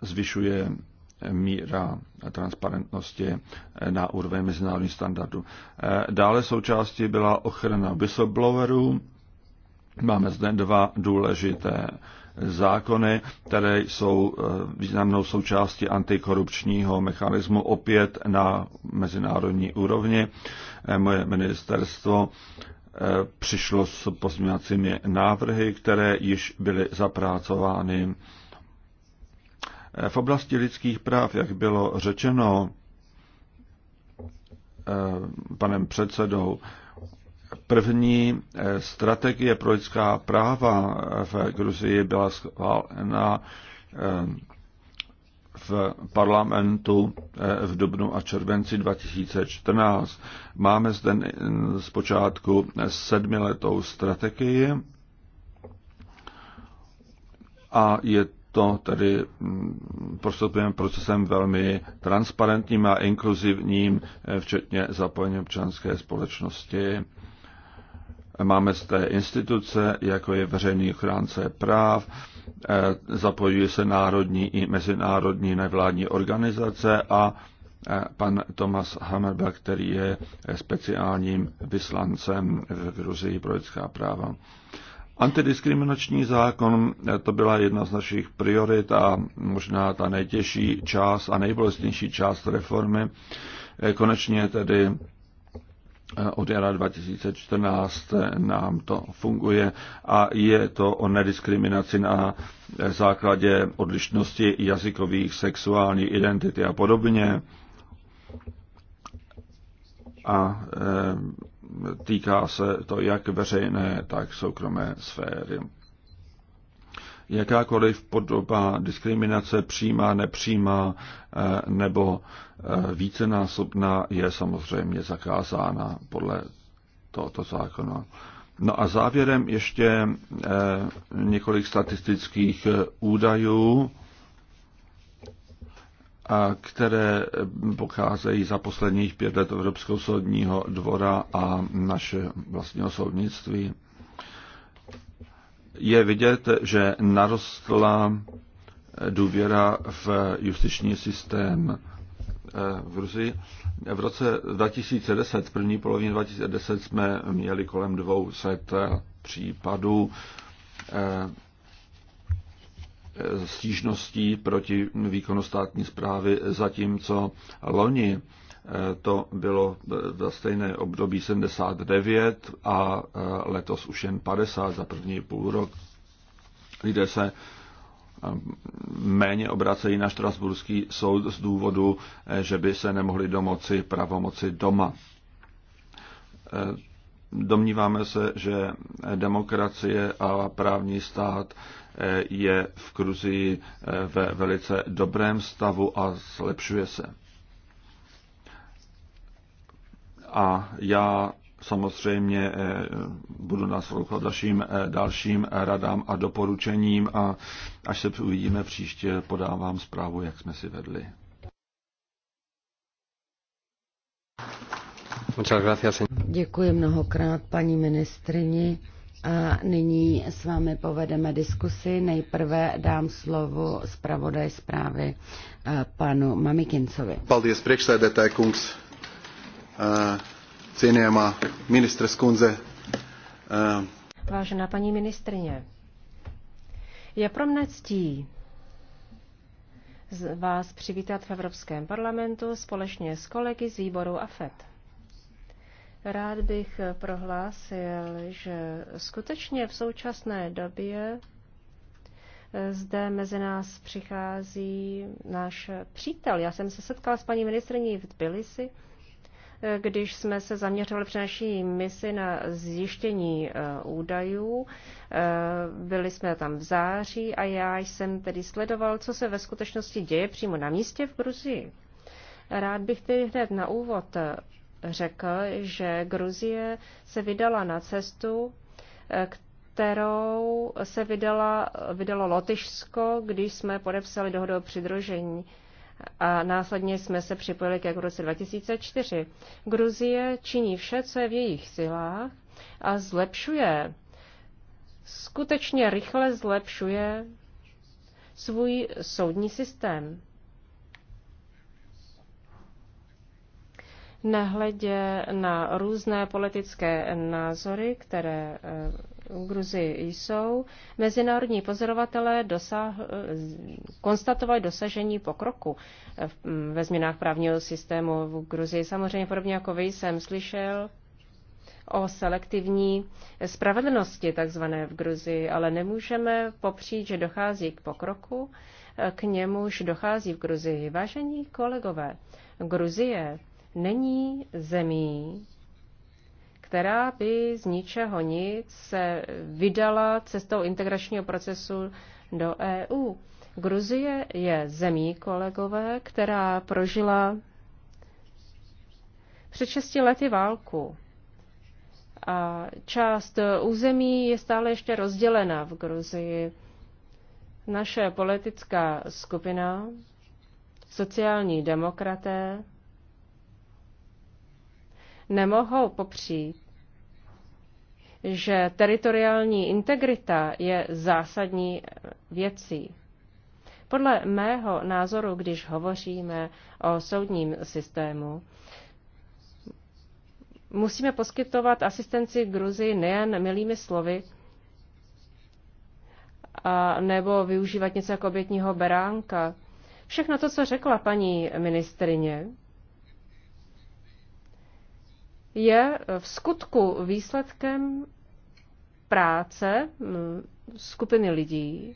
zvyšuje míra transparentnosti na úroveň mezinárodní standardu. Dále součástí byla ochrana whistleblowerů. Máme zde dva důležité zákony, které jsou eh, významnou součástí antikorupčního mechanismu opět na mezinárodní úrovni. Eh, moje ministerstvo eh, přišlo s pozměňovacími návrhy, které již byly zapracovány. V oblasti lidských práv, jak bylo řečeno panem předsedou, První eh, strategie pro lidská práva eh, v Gruzii byla schválena eh, v parlamentu v dubnu a červenci 2014. Máme zde zpočátku sedmiletou strategii a je to tedy mm, prostupujeme procesem velmi transparentním a inkluzivním, včetně zapojení občanské společnosti. Máme zde instituce, jako je veřejný ochránce práv, eh, zapojují se národní i mezinárodní nevládní organizace a eh, pan Tomas Hammerberg, který je speciálním vyslancem v Gruzii pro lidská práva. Antidiskriminační zákon, eh, to byla jedna z našich priorit a možná ta nejtěžší část a nejbolestnější část reformy. Konečně tedy od jara 2014 nám to funguje a je to o nediskriminaci na základě odlišnosti jazykových, sexuální identity a podobně. A e, týká se to jak veřejné, tak soukromé sféry jakákoliv podoba diskriminace přímá, nepřímá eh, nebo eh, vícenásobná je samozřejmě zakázána podle tohoto zákona. No a závěrem ještě eh, několik statistických údajů, které pocházejí za posledních pět let Evropského soudního dvora a naše vlastního soudnictví je vidět, že narostla důvěra v justiční systém eh, v Rusii. V roce 2010, první polovině 2010, jsme měli kolem 200 eh, případů eh, stížností proti výkonu státní zprávy, zatímco loni to bylo za stejné období 79 a e, letos už jen 50 za první půl rok. Lidé se e, méně obracejí na Štrasburský soud z důvodu, e, že by se nemohli domoci pravomoci doma. Domníváme se, že demokracie a právní stát je v Kruzii ve velice dobrém stavu a zlepšuje se. a já samozřejmě eh, budu naslouchat dalším, eh, dalším radám a doporučením a až se uvidíme příště, podávám zprávu, jak jsme si vedli. Děkuji mnohokrát paní ministrini a nyní s vámi povedeme diskusi. Nejprve dám slovo zpravodaj zprávy eh, panu Mamikincovi. Eh, eh, Vážená paní ministrně, je pro mne ctí vás přivítat v Evropském parlamentu společně s kolegy z výboru AFET. Rád bych prohlásil, že skutečně v současné době eh, zde mezi nás přichází náš přítel. Já jsem se setkal s paní ministriní v Tbilisi, když jsme se zaměřovali při naší misi na zjištění eh, údajů. Eh, byli jsme tam v září a já jsem tedy sledoval, co se ve skutečnosti děje přímo na místě v Gruzii. Rád bych tedy hned na úvod eh, řekl, že Gruzie se vydala na cestu, kterou se vydala, vydalo Lotyšsko, když jsme podepsali dohodu o přidružení a následně jsme se připojili k roce 2004. Gruzie činí vše, co je v jejich silách a zlepšuje, skutečně rychle zlepšuje svůj soudní systém. Nehledě na různé politické názory, které eh, Gruzii jsou, mezinárodní pozorovatelé dosah, konstatovali dosažení pokroku ve změnách právního systému v Gruzii. Samozřejmě podobně jako vy jsem slyšel o selektivní spravedlnosti takzvané v Gruzii, ale nemůžeme popřít, že dochází k pokroku, k němuž dochází v Gruzii. Vážení kolegové, Gruzie není zemí, která by z ničeho nic se vydala cestou integračního procesu do EU. Gruzie je zemí, kolegové, která prožila před šesti lety válku. A část území je stále ještě rozdělena v Gruzii. Naše politická skupina, sociální demokraté, nemohou popřít, že teritoriální integrita je zásadní věcí. Podle mého názoru, když hovoříme o soudním systému, musíme poskytovat asistenci Gruzii nejen milými slovy, a nebo využívat něco jako obětního beránka. Všechno to, co řekla paní ministrině, je v skutku výsledkem práce mm, skupiny lidí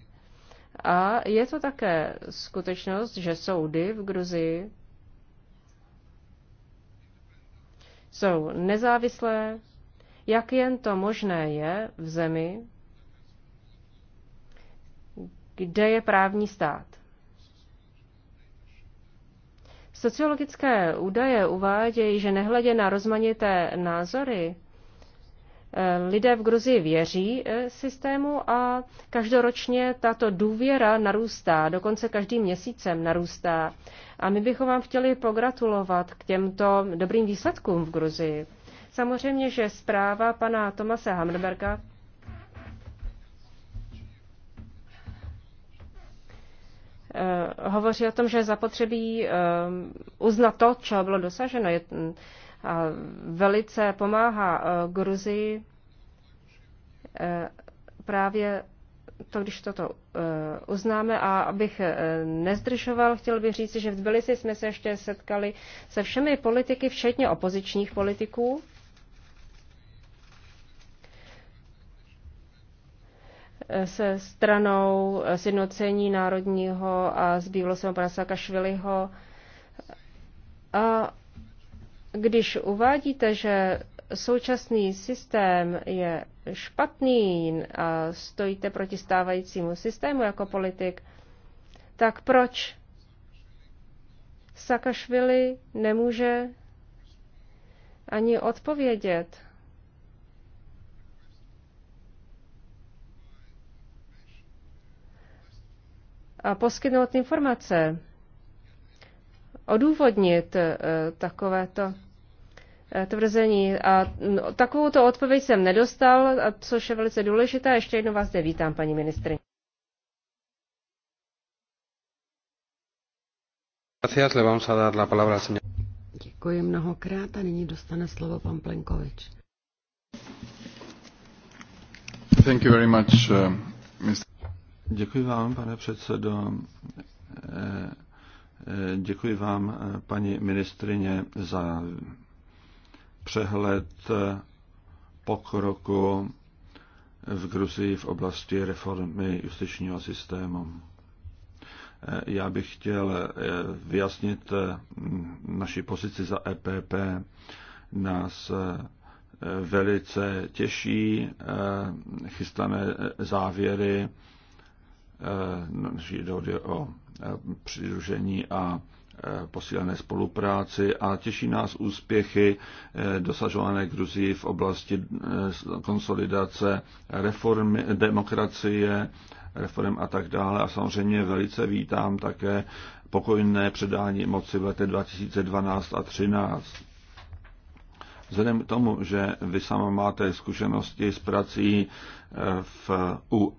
a je to také skutečnost, že soudy v Gruzii jsou nezávislé, jak jen to možné je v zemi, kde je právní stát. Sociologické údaje uvádějí, že nehledě na rozmanité názory, eh, lidé v Gruzii věří eh, systému a každoročně tato důvěra narůstá, dokonce každým měsícem narůstá. A my bychom vám chtěli pogratulovat k těmto dobrým výsledkům v Gruzii. Samozřejmě, že zpráva pana Tomase Hamrberka Eh, hovoří o tom, že zapotřebí eh, uznat to, co bylo dosaženo. Hm, a velice pomáhá eh, Gruzii právě to, když toto uznáme. A abych nezdržoval, chtěl bych říct, že v Tbilisi jsme se ještě setkali se všemi politiky, včetně opozičních politiků. se stranou sjednocení národního a zbývalo se pana Sakašviliho. A když uvádíte, že současný systém je špatný a stojíte proti stávajícímu systému jako politik, tak proč Sakašvili nemůže ani odpovědět? a poskytnout informace, odůvodnit eh, takovéto eh, tvrzení. A takovou to odpověď jsem nedostal, což je velice důležité. Ještě jednou vás zde vítám, paní ministrině. Děkuji mnohokrát a nyní dostane slovo pan Plenkovič. Thank you very much, uh, eh, Mr. Děkuji vám, pane předsedo. Eh, eh, děkuji vám, paní ministrině, za přehled pokroku v Gruzii v oblasti reformy justičního systému. Eh, já bych chtěl vyjasnit naši pozici za EPP. Nás velice těší chystané závěry Eh, naší no, dohody o eh, přidružení a eh, posílené spolupráci a těší nás úspěchy dosažované Gruzii v oblasti konsolidace reformy, demokracie, reform a tak dále. A samozřejmě velice vítám také pokojné předání moci v letech 2012 a 2013. Vzhledem k tomu, že vy sama máte zkušenosti s prací v, u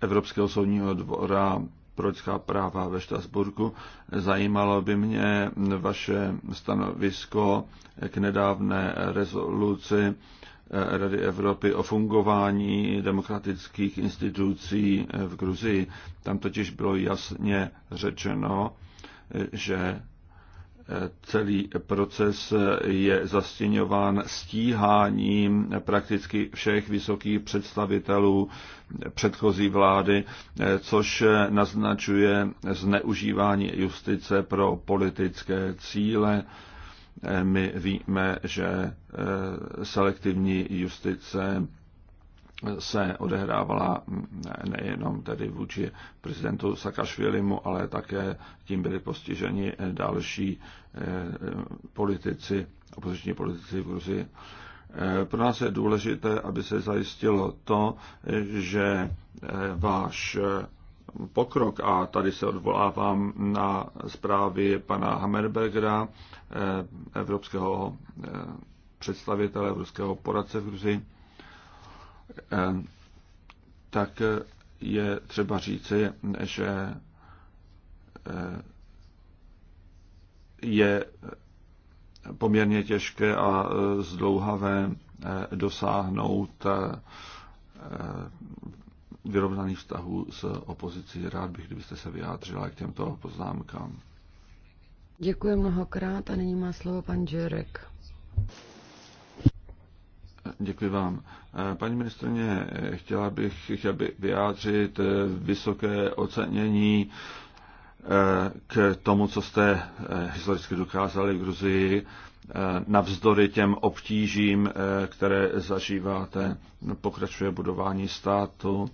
Evropského soudního dvora pro lidská práva ve Štrasburku. Zajímalo by mě vaše stanovisko k nedávné rezoluci eh, Rady Evropy o fungování demokratických institucí eh, v Gruzii. Tam totiž bylo jasně řečeno, eh, že celý proces je zastěňován stíháním prakticky všech vysokých představitelů předchozí vlády, což naznačuje zneužívání justice pro politické cíle. My víme, že selektivní justice se odehrávala nejenom tedy vůči prezidentu Sakašvilimu, ale také tím byli postiženi další eh, politici, opoziční politici v Gruzii. Eh, pro nás je důležité, aby se zajistilo to, že eh, váš pokrok, a tady se odvolávám na zprávy pana Hammerbergera, evropského představitele, evropského poradce v Gruzii, tak je třeba říci, že eh, je poměrně těžké a zdlouhavé eh, dosáhnout eh, vyrovnaných vztahů s opozicí. Rád bych, kdybyste se vyjádřila k těmto poznámkám. Děkuji mnohokrát a nyní má slovo pan Žerek. Děkuji vám. Paní ministrně, chtěla bych chtěla by vyjádřit vysoké ocenění eh, k tomu, co jste eh, historicky dokázali v Gruzii, eh, navzdory těm obtížím, které zažíváte, pokračuje budování státu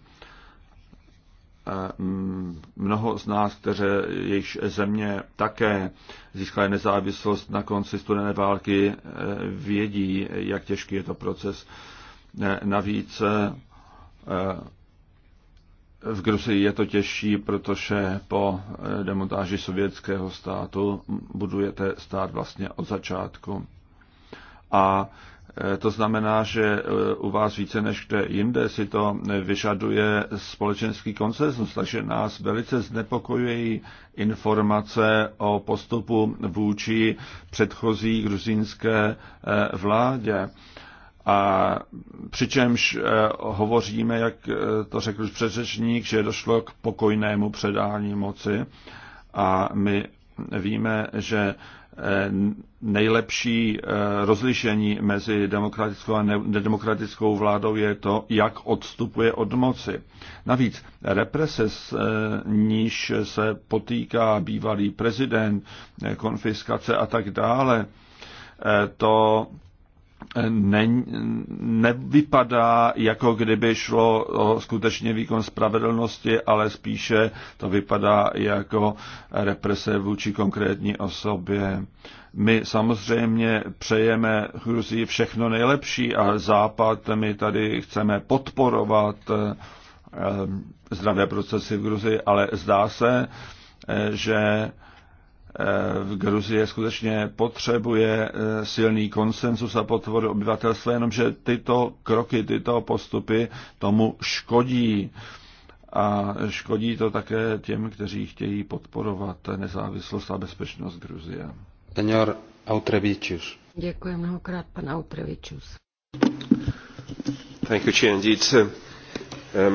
Mm, mnoho z nás, kteří jejich země také získali nezávislost na konci studené války, e, vědí, jak těžký je to proces. E, navíc e, v Gruzii je to těžší, protože po demontáži sovětského státu budujete stát vlastně od začátku. A Eh, to znamená, že eh, u vás více než kde jinde si to eh, vyžaduje společenský koncesus, takže nás velice znepokojují informace o postupu vůči předchozí gruzínské vládě. A přičemž hovoříme, jak to řekl už předřečník, že došlo k pokojnému předání moci a my víme, že nejlepší eh, rozlišení mezi demokratickou a nedemokratickou vládou je to, jak odstupuje od moci. Navíc represe, s eh, níž se potýká bývalý prezident, eh, konfiskace a tak dále, to ne, nevypadá, jako kdyby šlo o skutečně výkon spravedlnosti, ale spíše to vypadá jako represe vůči konkrétní osobě. My samozřejmě přejeme Gruzii všechno nejlepší a Západ my tady chceme podporovat eh, zdravé procesy v Gruzii, ale zdá se, eh, že v Gruzie skutečně potřebuje eh, silný konsensus a potvoru obyvatelstva, jenomže tyto kroky, tyto postupy tomu škodí. A škodí to také těm, kteří chtějí podporovat nezávislost a bezpečnost Gruzie. Senior Autrevičius. Děkuji mnohokrát, pan Autrevičius. Thank you, uh,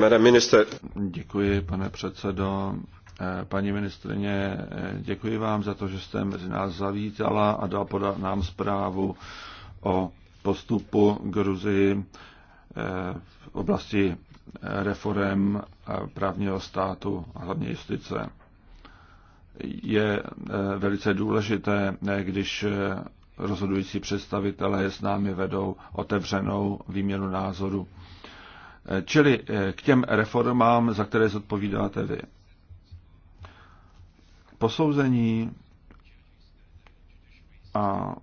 Madam Minister. Děkuji, pane předsedo. Eh, paní ministrině, eh, děkuji vám za to, že jste mezi nás zavítala a dala podat nám zprávu o postupu Gruzii eh, v oblasti reform právního státu a hlavně justice. Je velice důležité, když rozhodující představitelé s námi vedou otevřenou výměnu názoru. Čili k těm reformám, za které zodpovídáte vy. Posouzení a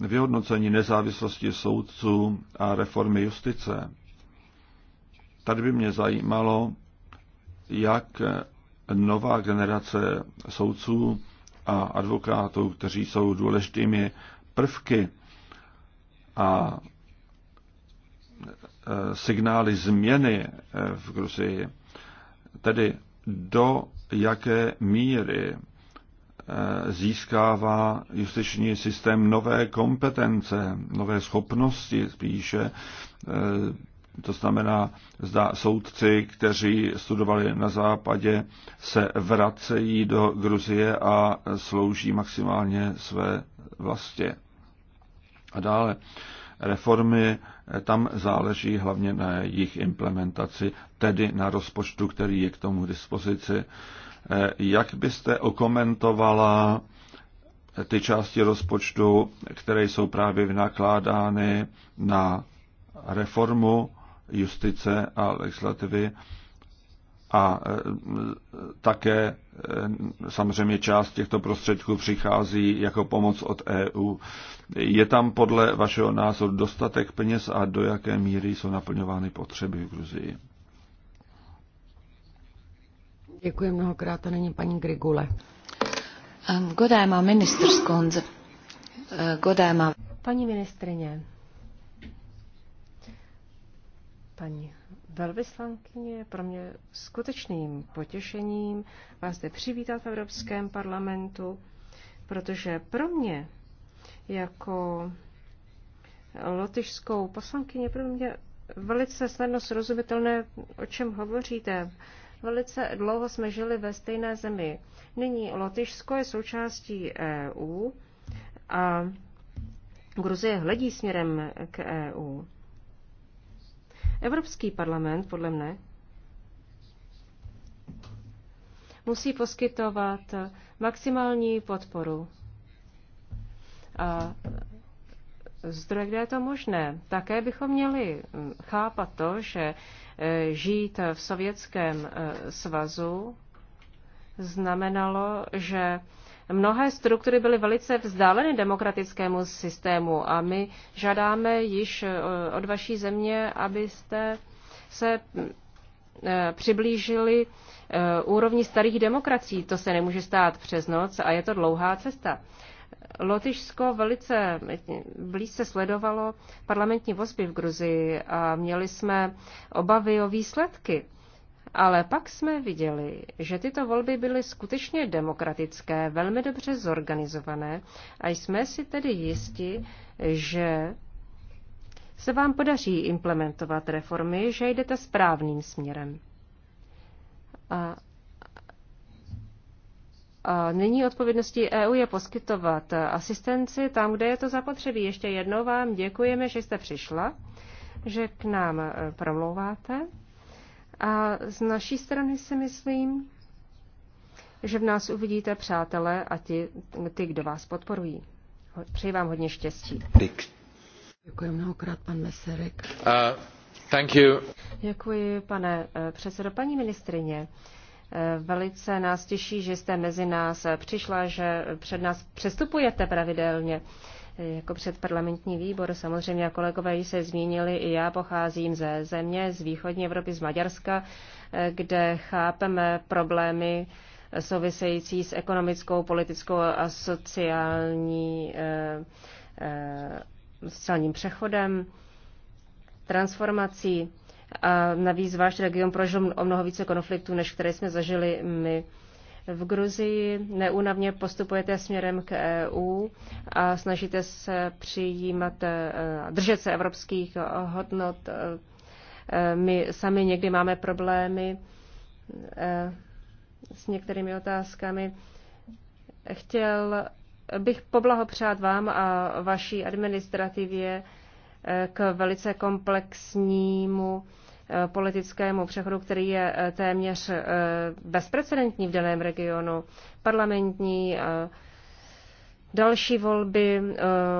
vyhodnocení nezávislosti soudců a reformy justice. Tady by mě zajímalo, jak nová generace soudců a advokátů, kteří jsou důležitými prvky a e, signály změny e, v Gruzii, tedy do jaké míry eh, získává justiční systém nové kompetence, nové schopnosti spíše. Eh, to znamená, zda soudci, kteří studovali na západě, se vracejí do Gruzie a slouží maximálně své vlasti. A dále reformy, eh, tam záleží hlavně na jejich implementaci, tedy na rozpočtu, který je k tomu dispozici. Eh, jak byste okomentovala eh, ty části rozpočtu, které jsou právě vynakládány na reformu justice a legislativy a také samozřejmě část těchto prostředků přichází jako pomoc od EU. Je tam podle vašeho názoru dostatek peněz a do jaké míry jsou naplňovány potřeby v Gruzii? Děkuji mnohokrát to není paní Grigule. Godéma ministerskundze. Eh, Godéma. Paní ministrině, paní velvyslankyně, pro mě skutečným potěšením vás zde přivítat v Evropském parlamentu, protože pro mě jako lotyšskou poslankyně, pro mě velice snadno srozumitelné, o čem hovoříte. Velice dlouho jsme žili ve stejné zemi. Nyní Lotyšsko je součástí EU a Gruzie hledí směrem k EU. Evropský parlament, podle mne, musí poskytovat maximální podporu a zdroje, kde je to možné. Také bychom měli mm, chápat to, že e, žít v Sovětském e, svazu znamenalo, že mnohé struktury byly velice vzdáleny demokratickému systému a my žádáme již e, od vaší země, abyste se mm, přiblížili úrovni starých demokracií. To se nemůže stát přes noc a je to dlouhá cesta. Lotyšsko velice blízce sledovalo parlamentní vozby v Gruzii a měli jsme obavy o výsledky. Ale pak jsme viděli, že tyto volby byly skutečně demokratické, velmi dobře zorganizované a jsme si tedy jisti, že se vám podaří implementovat reformy, že jdete správným směrem. A Nyní odpovědností EU je poskytovat asistenci tam, kde je to zapotřebí. Ještě jednou vám děkujeme, že jste přišla, že k nám e, promlouváte. A z naší strany si myslím, že v nás uvidíte přátelé a ti, ty, kdo vás podporují. Přeji vám hodně štěstí. Děkuji mnohokrát, pan Meserek. Uh, thank you. Děkuji, pane e, předsedo. Paní ministrině, Velice nás těší, že jste mezi nás přišla, že před nás přestupujete pravidelně jako před parlamentní výbor. Samozřejmě, a kolegové ji se zmínili, i já pocházím ze země, z východní Evropy, z Maďarska, kde chápeme problémy související s ekonomickou, politickou a sociální, eh, eh, sociálním přechodem, transformací a navíc váš region prožil o mnoho více konfliktů, než které jsme zažili my. V Gruzii neúnavně postupujete směrem k EU a snažíte se přijímat, e, držet se evropských hodnot. E, e, my sami někdy máme problémy s některými otázkami. Chtěl bych poblahopřát vám a vaší administrativě k velice komplexnímu Eh, politickému přechodu, který je eh, téměř eh, bezprecedentní v daném regionu. Parlamentní Další volby,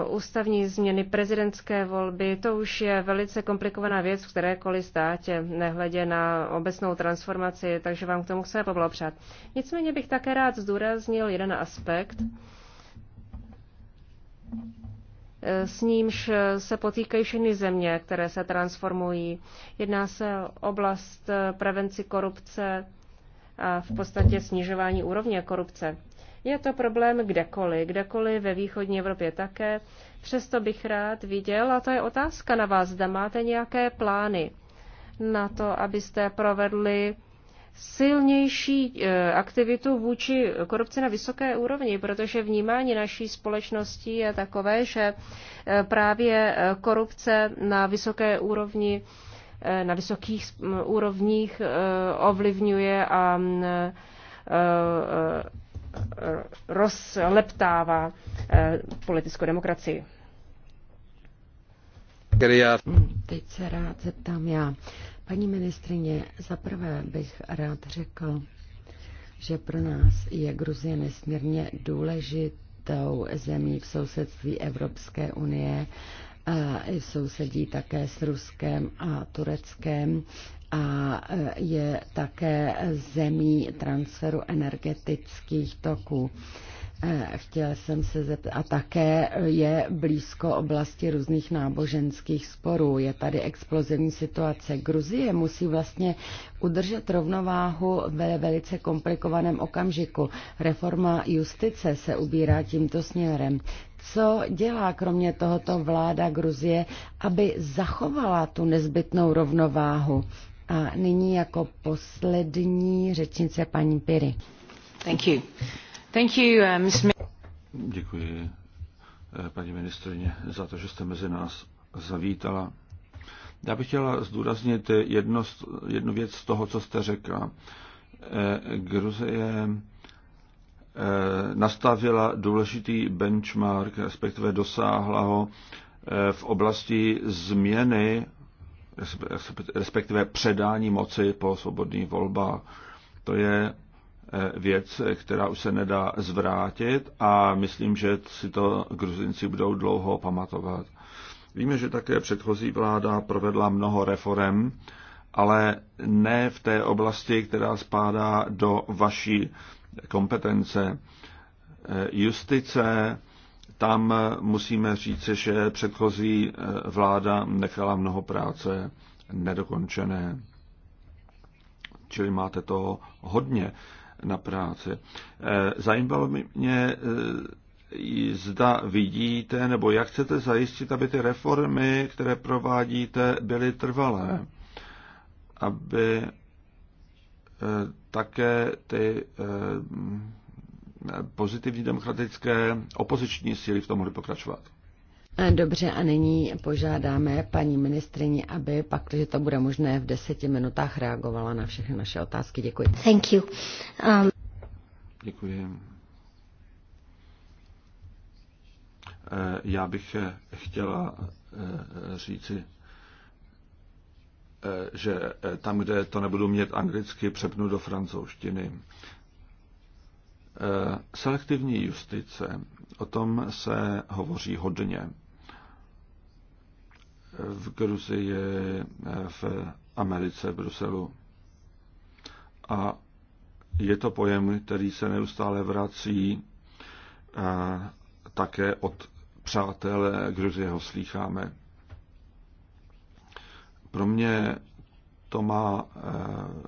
ústavní změny, prezidentské volby, to už je velice komplikovaná věc v kterékoliv státě, nehledě na obecnou transformaci, takže vám k tomu chceme poblopřát. Nicméně bych také rád zdůraznil jeden aspekt, s nímž se potýkají všechny země, které se transformují. Jedná se o oblast prevenci korupce a v podstatě snižování úrovně korupce. Je to problém kdekoliv, kdekoliv ve východní Evropě také. Přesto bych rád viděl, a to je otázka na vás, zda máte nějaké plány na to, abyste provedli silnější eh, aktivitu vůči korupci na vysoké úrovni, protože vnímání naší společnosti je takové, že eh, právě eh, korupce na vysoké úrovni na vysokých mm, úrovních ovlivňuje a mm, rozleptává politickou demokracii. Hmm, teď se rád zeptám já. Paní ministrině, zaprvé bych rád řekl, že pro nás je Gruzie nesmírně důležitou zemí v sousedství Evropské unie a sousedí také s Ruskem a Tureckem a je také zemí transferu energetických toků. Eh, chtěla jsem se zeptat, a také je blízko oblasti různých náboženských sporů. Je tady explozivní situace. Gruzie musí vlastně udržet rovnováhu ve velice komplikovaném okamžiku. Reforma justice se ubírá tímto směrem. Co dělá kromě tohoto vláda Gruzie, aby zachovala tu nezbytnou rovnováhu? A nyní jako poslední řečnice paní Piry. Thank you. Uh, Děkuji, eh, paní ministrině, za to, že jste mezi nás zavítala. Já bych chtěla zdůraznit jedno, jednu věc z toho, co jste řekla. Eh, Gruzie eh, nastavila důležitý benchmark, respektive dosáhla ho v oblasti změny, respektive předání moci po svobodných volbách. To je Eh, věc, která už se nedá zvrátit a myslím, že si to gruzinci budou dlouho pamatovat. Víme, že také předchozí vláda provedla mnoho reform, ale ne v té oblasti, která spadá do vaší kompetence. Eh, justice, tam musíme říci, že předchozí eh, vláda nechala mnoho práce nedokončené. Čili máte to hodně na práci. Eh, zajímalo by mě, eh, zda vidíte, nebo jak chcete zajistit, aby ty reformy, které provádíte, byly trvalé, aby eh, také ty pozitivní demokratické opoziční síly v tom mohly pokračovat. Dobře, a nyní požádáme paní ministrině, aby pak, když to bude možné, v deseti minutách reagovala na všechny naše otázky. Děkuji. Thank you. Um... Děkuji. Eh, já bych eh, chtěla eh, říci, že tam, kde to nebudu mít anglicky, přepnu do francouzštiny. Selektivní justice, o tom se hovoří hodně v Gruzii, eh, v Americe, v Bruselu. A je to pojem, který se neustále vrací a eh, také od přátel eh, Gruzie ho slýcháme. Pro mě to má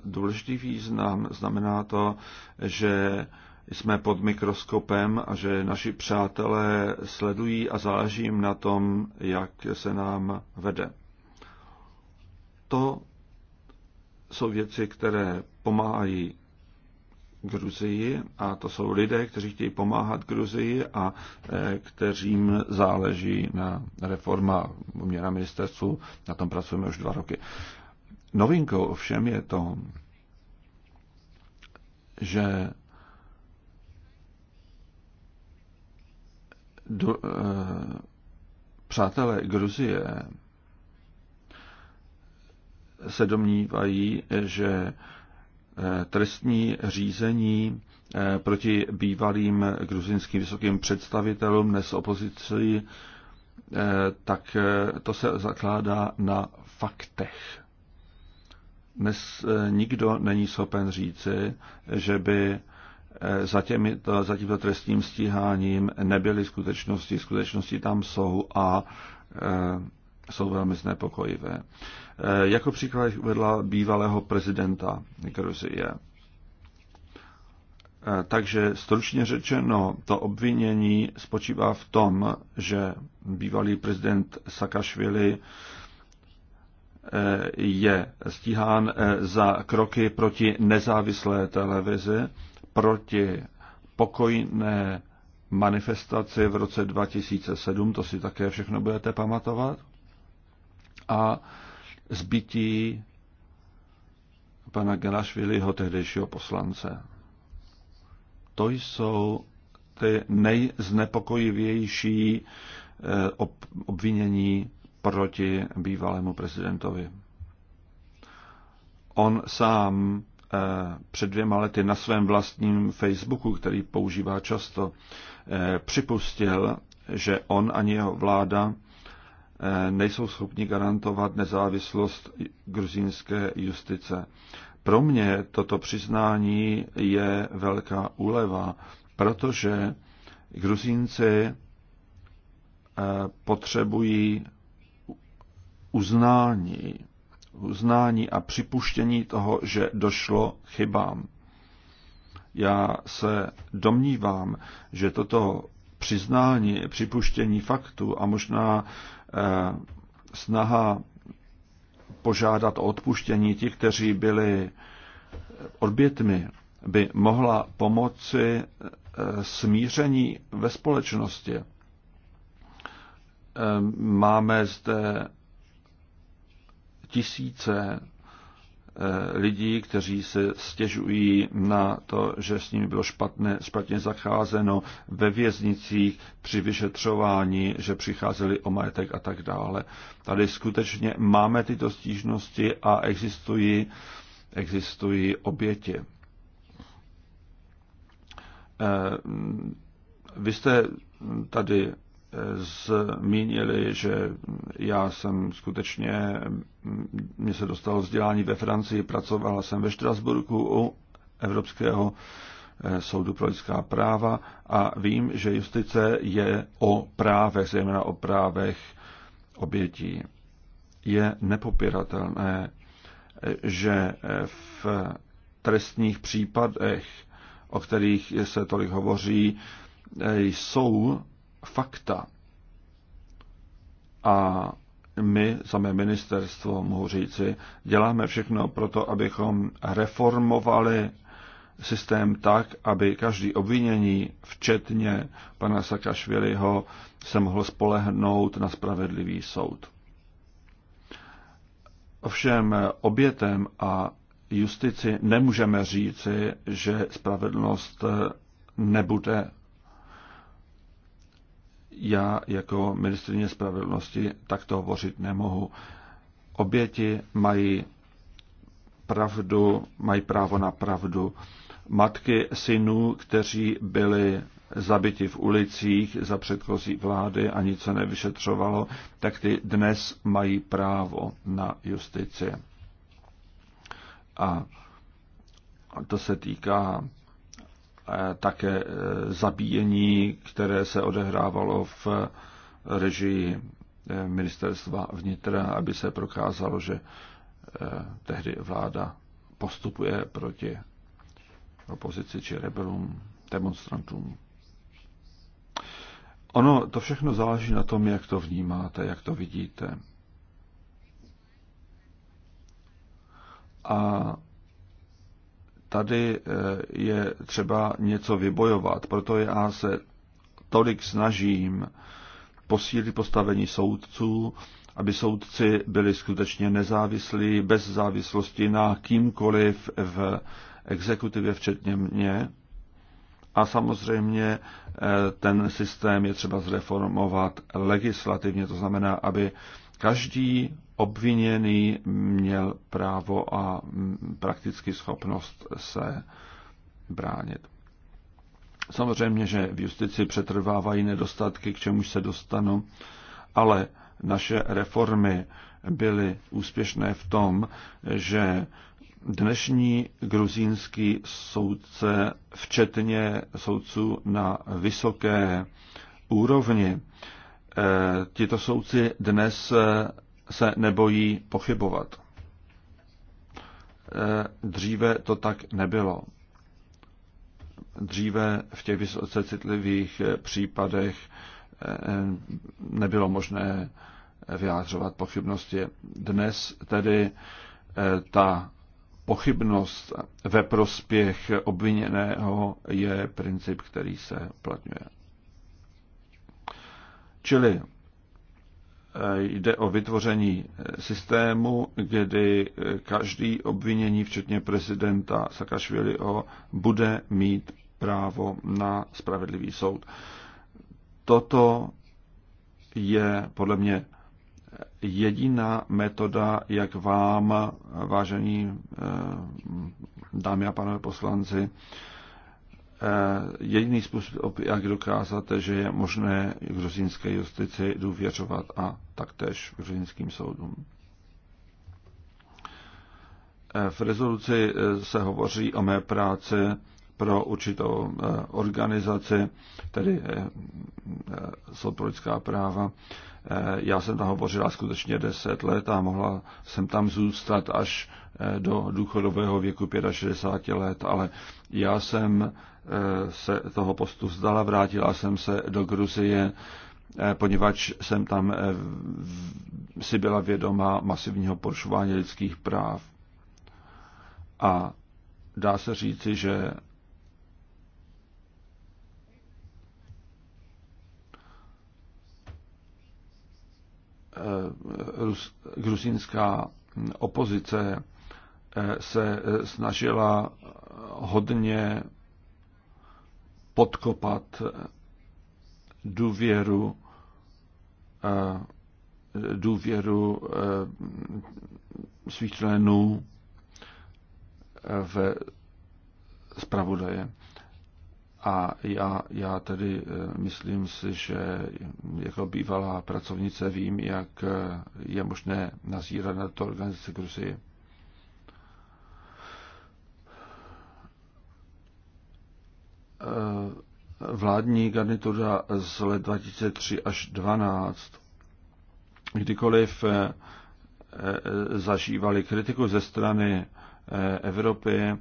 důležitý význam. Znamená to, že jsme pod mikroskopem a že naši přátelé sledují a záleží jim na tom, jak se nám vede. To jsou věci, které pomáhají Gruzii a to jsou lidé, kteří chtějí pomáhat Gruzii a eh, kteřím záleží na reforma mě na ministerstvu, na tom pracujeme už dva roky. Novinkou ovšem je to, že do, eh, přátelé Gruzie se domnívají, že eh, trestní řízení eh, proti bývalým gruzinským vysokým představitelům, dnes opozici, eh, tak to se zakládá na faktech. Dnes nikdo není schopen říci, že by Eh, za, těmi, za tímto trestním stíháním nebyly skutečnosti, skutečnosti tam jsou a eh, jsou velmi znepokojivé. Eh, jako příklad vedla bývalého prezidenta Gruzie. Takže stručně řečeno, to obvinění spočívá v tom, že bývalý prezident Sakašvili je stíhán za kroky proti nezávislé televizi proti pokojné manifestaci v roce 2007, to si také všechno budete pamatovat, a zbytí pana Gelašviliho, tehdejšího poslance. To jsou ty nejznepokojivější eh, obvinění proti bývalému prezidentovi. On sám Eh, před dvěma lety na svém vlastním Facebooku, který používá často, eh, připustil, že on ani jeho vláda eh, nejsou schopni garantovat nezávislost gruzínské justice. Pro mě toto přiznání je velká úleva, protože Gruzínci potřebují uznání uznání a připuštění toho, že došlo chybám. Já se domnívám, že toto přiznání, připuštění faktu a možná eh, snaha požádat o odpuštění těch, kteří byli odbětmi, by mohla pomoci eh, smíření ve společnosti. Eh, máme zde tisíce eh, lidí, kteří se stěžují na to, že s nimi bylo špatné, špatně zacházeno ve věznicích při vyšetřování, že přicházeli o majetek a tak dále. Tady skutečně máme tyto stížnosti a existují, existují oběti. Eh, vy jste tady zmínili, že já jsem skutečně, mě se dostalo vzdělání ve Francii, pracovala jsem ve Štrasburku u Evropského eh, soudu pro lidská práva a vím, že justice je o právech, zejména o právech obětí. Je nepopiratelné, eh, že eh, v trestních případech, o kterých se tolik hovoří, jsou fakta. A my, samé ministerstvo, mohu říci, děláme všechno pro to, abychom reformovali systém tak, aby každý obvinění, včetně pana Sakašviliho, se mohl spolehnout na spravedlivý soud. Ovšem obětem a justici nemůžeme říci, že spravedlnost nebude já jako ministrině spravedlnosti takto hovořit nemohu. Oběti mají pravdu, mají právo na pravdu. Matky synů, kteří byli zabiti v ulicích za předchozí vlády a nic se nevyšetřovalo, tak ty dnes mají právo na justici. A to se týká také e, zabíjení, které se odehrávalo v režii e, ministerstva vnitra, aby se prokázalo, že e, tehdy vláda postupuje proti opozici či rebelům, demonstrantům. Ono to všechno záleží na tom, jak to vnímáte, jak to vidíte. A tady eh, je třeba něco vybojovat. Proto já se tolik snažím posílit postavení soudců, aby soudci byli skutečně nezávislí, bez závislosti na kýmkoliv v exekutivě, včetně mě. A samozřejmě eh, ten systém je třeba zreformovat legislativně, to znamená, aby Každý obviněný měl právo a prakticky schopnost se bránit. Samozřejmě, že v justici přetrvávají nedostatky, k čemuž se dostanu, ale naše reformy byly úspěšné v tom, že dnešní gruzínský soudce, včetně soudců na vysoké úrovni, Eh, tito soudci dnes eh, se nebojí pochybovat. Eh, dříve to tak nebylo. Dříve v těch vysoce citlivých případech nebylo možné vyjádřovat pochybnosti. Dnes tedy ta pochybnost ve prospěch obviněného je princip, který se uplatňuje. Čili eh, jde o vytvoření eh, systému, kdy eh, každý obvinění, včetně prezidenta Sakašviliho, bude mít právo na spravedlivý soud. Toto je podle mě jediná metoda, jak vám, vážení dámy a pánové poslanci, Eh, jediný způsob, jak dokázat, že je možné gruzínské justici důvěřovat a taktéž gruzínským soudům. Eh, v rezoluci eh, se hovoří o mé práci pro určitou organizaci, tedy soud pro lidská práva. Já jsem tam hovořila skutečně 10 let a mohla jsem tam zůstat až do důchodového věku 65 let, ale já jsem Eh, se toho postu vzdala, vrátila jsem se do Gruzie, eh, poněvadž jsem tam eh, si byla vědoma masivního porušování lidských práv. A dá se říci, že gruzínská opozice se snažila hodně podkopat důvěru eh, důvěru eh, svých členů eh, v zpravodaje. A já, já tedy myslím si, že jako bývalá pracovnice vím, jak je možné nazírat na to organizace Gruzie. Eh, vládní garnitura z let 2003 až 2012, kdykoliv eh, eh, zažívali kritiku ze strany Evropy,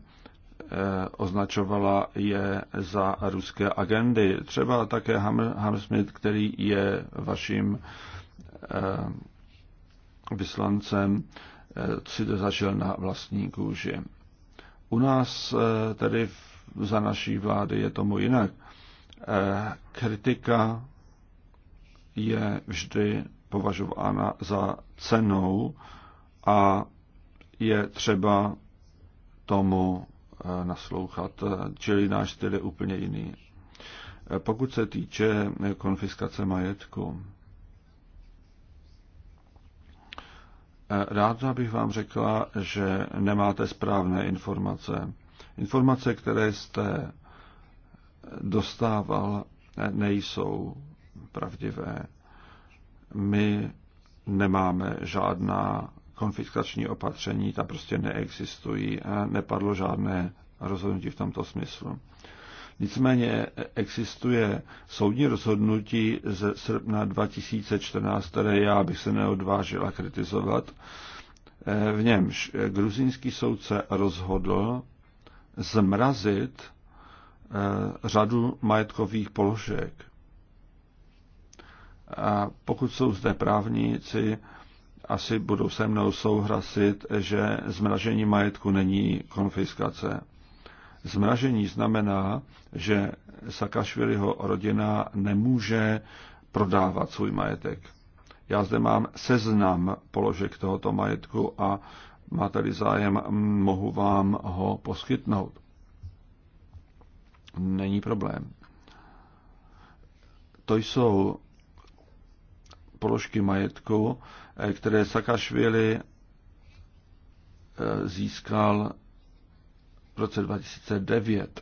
označovala je za ruské agendy. Třeba také Hammersmith, který je vaším vyslancem, si to zažil na vlastní kůži. U nás tedy v za naší vlády je tomu jinak. Eh, kritika je vždy považována za cenou a je třeba tomu eh, naslouchat, eh, čili náš styl je úplně jiný. Pokud se týče konfiskace majetku, ráda bych vám řekla, že nemáte správné informace. Informace, které jste dostával, nejsou pravdivé. My nemáme žádná konfiskační opatření, ta prostě neexistují. Nepadlo žádné rozhodnutí v tomto smyslu. Nicméně existuje soudní rozhodnutí ze srpna 2014, které já bych se neodvážila kritizovat. V němž gruzínský soudce rozhodl, zmrazit eh, řadu majetkových položek. A pokud jsou zde právníci, asi budou se mnou souhlasit, že zmražení majetku není konfiskace. Zmražení znamená, že Sakašviliho rodina nemůže prodávat svůj majetek. Já zde mám seznam položek tohoto majetku a máte-li zájem, mohu vám ho poskytnout. Není problém. To jsou položky majetku, eh, které Sakašvili eh, získal v roce 2009.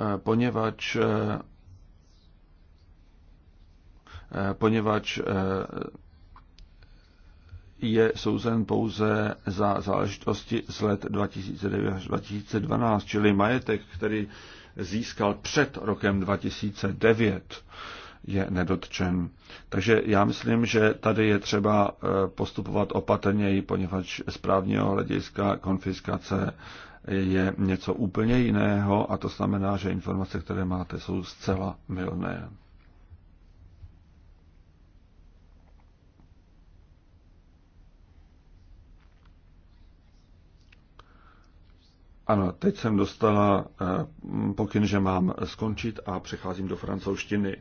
Eh, poněvadž poněvadž je souzen pouze za záležitosti z let 2009 až 2012, čili majetek, který získal před rokem 2009, je nedotčen. Takže já myslím, že tady je třeba eh, postupovat opatrněji, poněvadž z právního hlediska konfiskace je něco úplně jiného a to znamená, že informace, které máte, jsou zcela milné. Ano, teď jsem dostala eh, pokyn, že mám skončit a přecházím do francouzštiny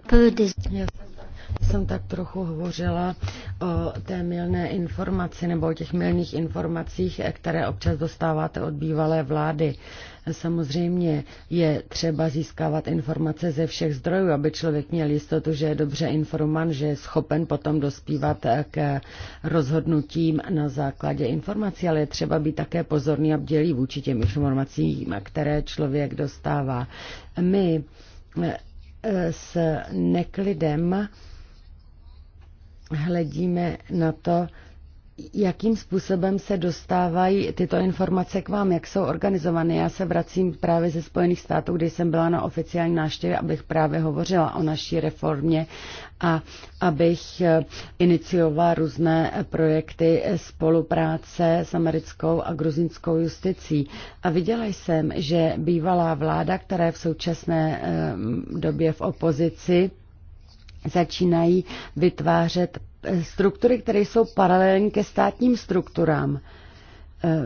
jsem tak trochu hovořila o té milné informaci nebo o těch milných informacích, které občas dostáváte od bývalé vlády. Samozřejmě je třeba získávat informace ze všech zdrojů, aby člověk měl jistotu, že je dobře informan, že je schopen potom dospívat k rozhodnutím na základě informací, ale je třeba být také pozorný a bdělý vůči těm informacím, které člověk dostává. My s neklidem hledíme na to, jakým způsobem se dostávají tyto informace k vám, jak jsou organizované. Já se vracím právě ze Spojených států, kde jsem byla na oficiální návštěvě, abych právě hovořila o naší reformě a abych eh, iniciovala různé eh, projekty eh, spolupráce s americkou a gruzinskou justicí. A viděla jsem, že bývalá vláda, která je v současné době v opozici, začínají vytvářet eh, struktury, které jsou paralelní ke státním strukturám. Eh,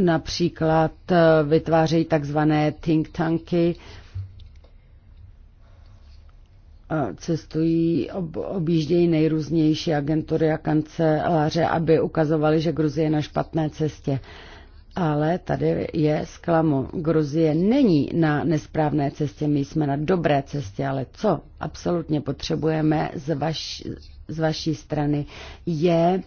například eh, vytvářejí takzvané think tanky, cestují, ob, objíždějí nejrůznější agentury a kanceláře, aby ukazovali, že Gruzie je na špatné cestě. Uh, ale tady je zklamu. Gruzie není na nesprávné cestě, my jsme na dobré cestě, ale co absolutně potřebujeme z, vaš, z vaší strany je uh,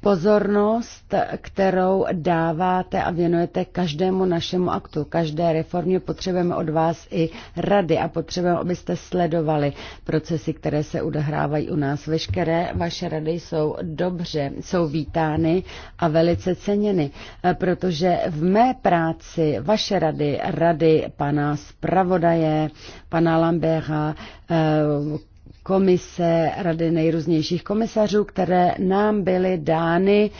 pozornost, kterou dáváte a věnujete každému našemu aktu, každé reformě. Potřebujeme od vás i rady a potřebujeme, abyste sledovali procesy, které se udehrávají u nás. Veškeré vaše rady jsou dobře, jsou vítány a velice ceněny, protože v mé práci vaše rady, rady pana zpravodaje, pana Lambera, eh, komise, rady nejrůznějších komisařů, které nám byly dány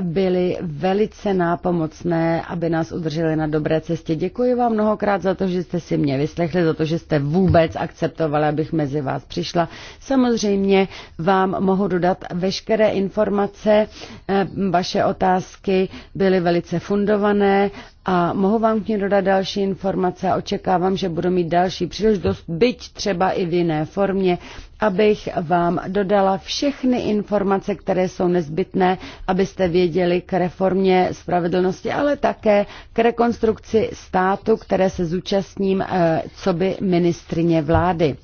byly velice nápomocné, aby nás udrželi na dobré cestě. Děkuji vám mnohokrát za to, že jste si mě vyslechli, za to, že jste vůbec akceptovali, abych mezi vás přišla. Samozřejmě vám mohu dodat veškeré informace. Eh, vaše otázky byly velice fundované a mohu vám k ní dodat další informace a očekávám, že budu mít další příležitost, byť třeba i v jiné formě, abych vám dodala všechny informace, které jsou nezbytné, abyste věděli k reformě spravedlnosti, ale také k rekonstrukci státu, které se zúčastním, eh, co by ministrině vlády.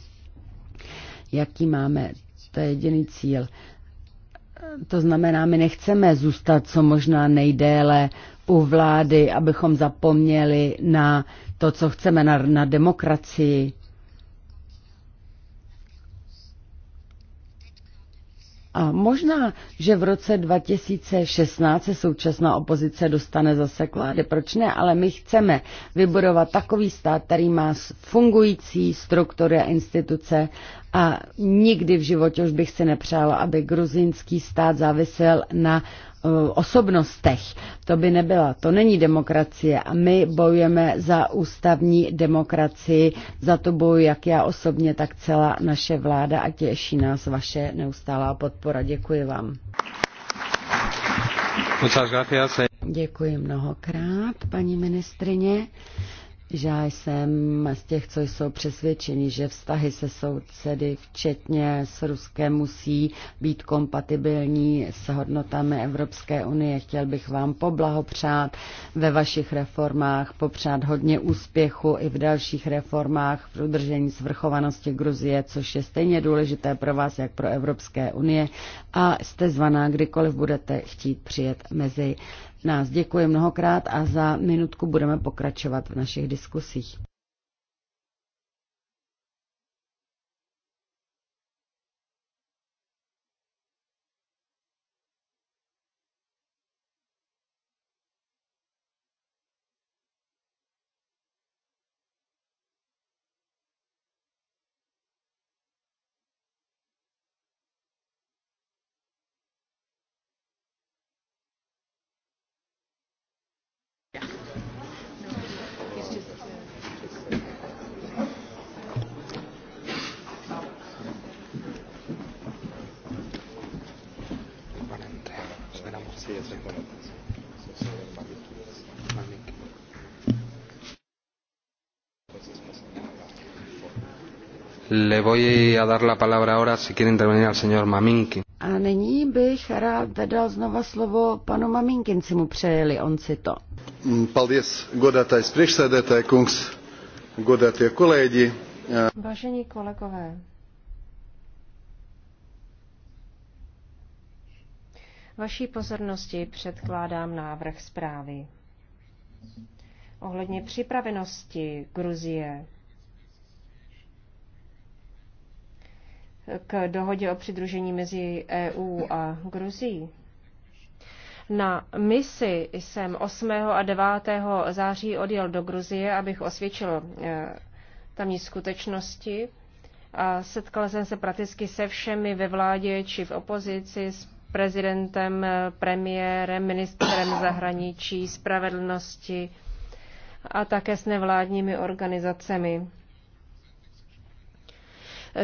Jaký máme? To je jediný cíl. To znamená, my nechceme zůstat co možná nejdéle u vlády, abychom zapomněli na to, co chceme, na, na demokracii A možná, že v roce 2016 se současná opozice dostane zase k Proč ne? Ale my chceme vybudovat takový stát, který má fungující struktury a instituce a nikdy v životě už bych si nepřála, aby gruzínský stát závisel na Eh, osobnostech. To by nebyla, to není demokracie a my bojujeme za ústavní demokracii, za to boju jak já osobně, tak celá naše vláda a těší nás vaše neustálá podpora. Děkuji vám. Eh. Děkuji mnohokrát, paní ministrině já jsem z těch, co jsou přesvědčeni, že vztahy se sousedy, včetně s Ruskem, musí být kompatibilní s hodnotami Evropské unie. Chtěl bych vám poblahopřát ve vašich reformách, popřát hodně úspěchu i v dalších reformách v udržení svrchovanosti Gruzie, což je stejně důležité pro vás, jak pro Evropské unie. A jste zvaná, kdykoliv budete chtít přijet mezi nás. Děkuji mnohokrát a za minutku budeme pokračovat v našich diskusích. Le voy a dar la palabra ahora si quiere intervenir al señor Maminkin. A nyní bych rád dal znova slovo panu Maminkin, si mu přejeli on si to. Mm, paldies, godatais priekšsēdētāji kungs, godatie kolēģi. Vážení kolegové, Vaší pozornosti předkládám návrh zprávy ohledně připravenosti Gruzie k dohodě o přidružení mezi EU a Gruzií. Na misi jsem 8. a 9. září odjel do Gruzie, abych osvědčil eh, tamní skutečnosti. A setkal jsem se prakticky se všemi ve vládě či v opozici, s prezidentem, eh, premiérem, ministrem zahraničí, spravedlnosti a také s nevládními organizacemi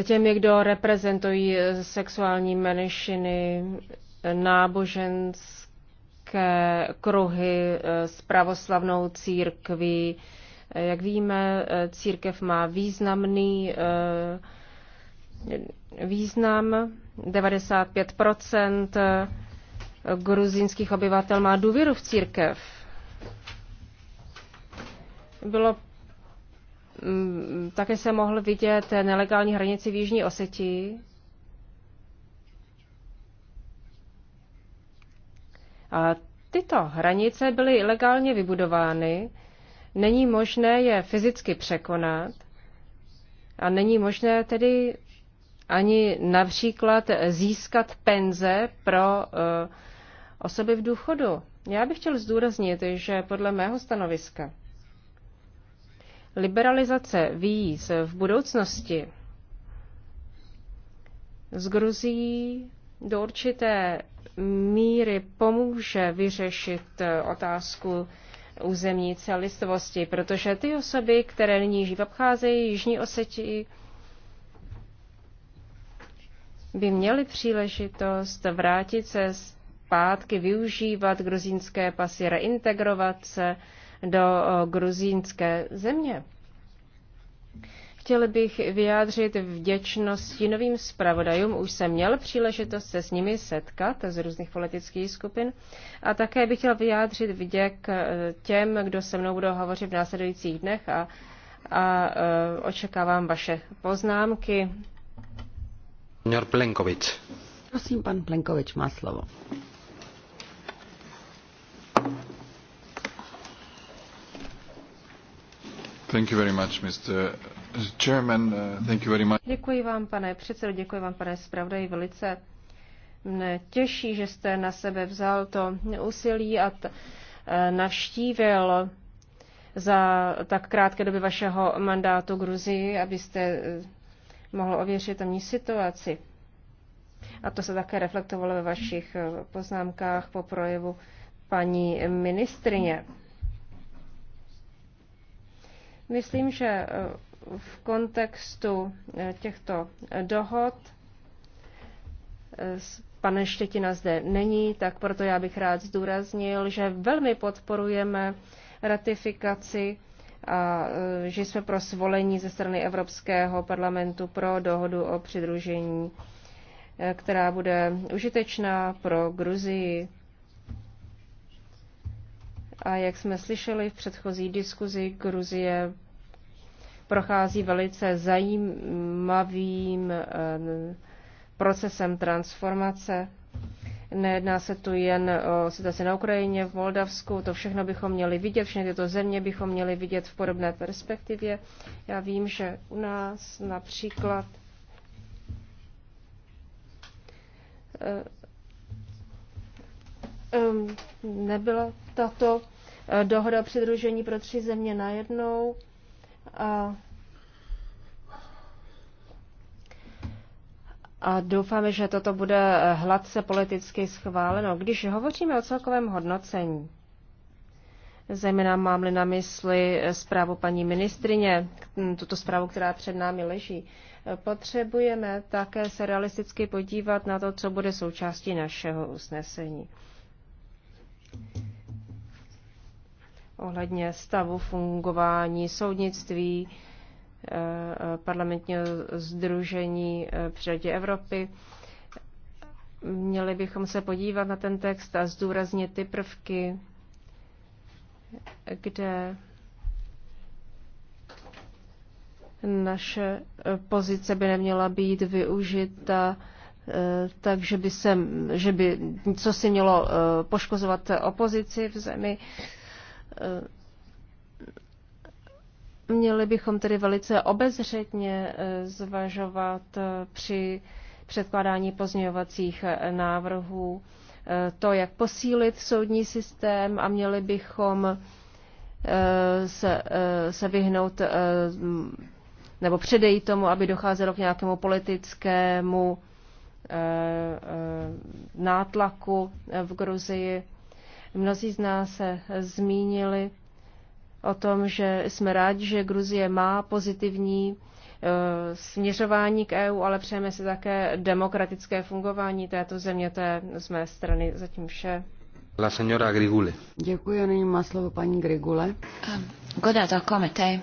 těmi, kdo reprezentují sexuální menšiny, náboženské kruhy eh, s pravoslavnou církví. Eh, jak víme, eh, církev má významný význam. 95 gruzínských obyvatel má důvěru v církev. Bylo Mm, také se mohl vidět nelegální hranici v Jižní Osetí. A tyto hranice byly ilegálně vybudovány, není možné je fyzicky překonat a není možné tedy ani například získat penze pro uh, osoby v důchodu. Já bych chtěl zdůraznit, že podle mého stanoviska liberalizace víz v budoucnosti z Gruzí do určité míry pomůže vyřešit otázku územní celistvosti, protože ty osoby, které nyní žijí v Abcházeji, Jižní Oseti, by měly příležitost vrátit se zpátky, využívat gruzínské pasy, reintegrovat se do gruzínské země. Chtěl bych vyjádřit vděčnost novým zpravodajům. Už jsem měl příležitost se s nimi setkat z různých politických skupin. A také bych chtěl vyjádřit vděk e, těm, kdo se mnou budou hovořit v následujících dnech a, a e, očekávám vaše poznámky. Plenkovič. Prosím, pan Plenkovič má slovo. Děkuji vám, pane předsedo, děkuji vám, pane zpravodaji, velice mne těší, že jste na sebe vzal to úsilí a eh, navštívil za tak krátké doby vašeho mandátu Gruzii, abyste eh, mohl ověřit tamní situaci. A to se také reflektovalo ve vašich eh, poznámkách po projevu paní ministrině. Myslím, že eh, v kontextu eh, těchto eh, dohod pane Štětina zde není, tak proto já bych rád zdůraznil, že velmi podporujeme ratifikaci a že jsme pro svolení ze strany Evropského parlamentu pro dohodu o přidružení, která bude užitečná pro Gruzii. A jak jsme slyšeli v předchozí diskuzi, Gruzie prochází velice zajímavým eh, procesem transformace. Nejedná se tu jen o situaci na Ukrajině, v Moldavsku, to všechno bychom měli vidět, všechny tyto země bychom měli vidět v podobné perspektivě. Já vím, že u nás například eh, ehm, nebyla tato eh, dohoda o přidružení pro tři země najednou. A, a doufáme, že toto bude eh, hladce politicky schváleno. Když hovoříme o celkovém hodnocení, zejména mám-li na mysli eh, zprávu paní ministrině, hm, tuto zprávu, která před námi leží, potřebujeme také se realisticky podívat na to, co bude součástí našeho usnesení ohledně stavu fungování soudnictví, eh, parlamentního združení při eh, Evropy. Měli bychom se podívat na ten text a zdůraznit ty prvky, kde naše eh, pozice by neměla být využita takže by se, že by, co si mělo poškozovat opozici v zemi. Eh, měli bychom tedy velice obezřetně eh, zvažovat eh, při předkládání pozměňovacích návrhů to, jak posílit soudní systém a měli bychom se, se vyhnout nebo předejít tomu, aby docházelo k nějakému politickému nátlaku v Gruzii. Mnozí z nás se zmínili o tom, že jsme rádi, že Gruzie má pozitivní eh, směřování k EU, ale přejeme si také demokratické fungování této země. To je z mé strany zatím vše. La señora Grigule. Děkuji, nyní má slovo paní Grigule. Ehm, Godātā komiteja,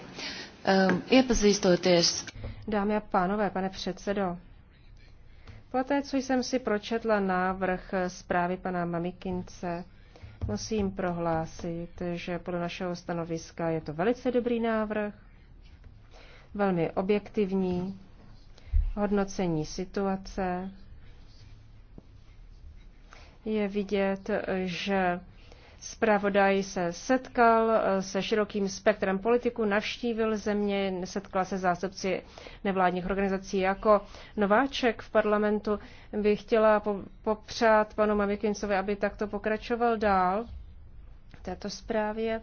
ehm, iepazīstoties. Dámy a pánové, pane předsedo, poté, co jsem si pročetla návrh zprávy pana Mamikince, musím prohlásit, že podle našeho stanoviska je to velice dobrý návrh, velmi objektivní, hodnocení situace. Je vidět, že Spravodaj se setkal eh, se širokým spektrem politiků, navštívil země, setkal se zástupci nevládních organizací. Jako nováček v parlamentu bych chtěla popřát panu Mavikincovi, aby takto pokračoval dál v této zprávě.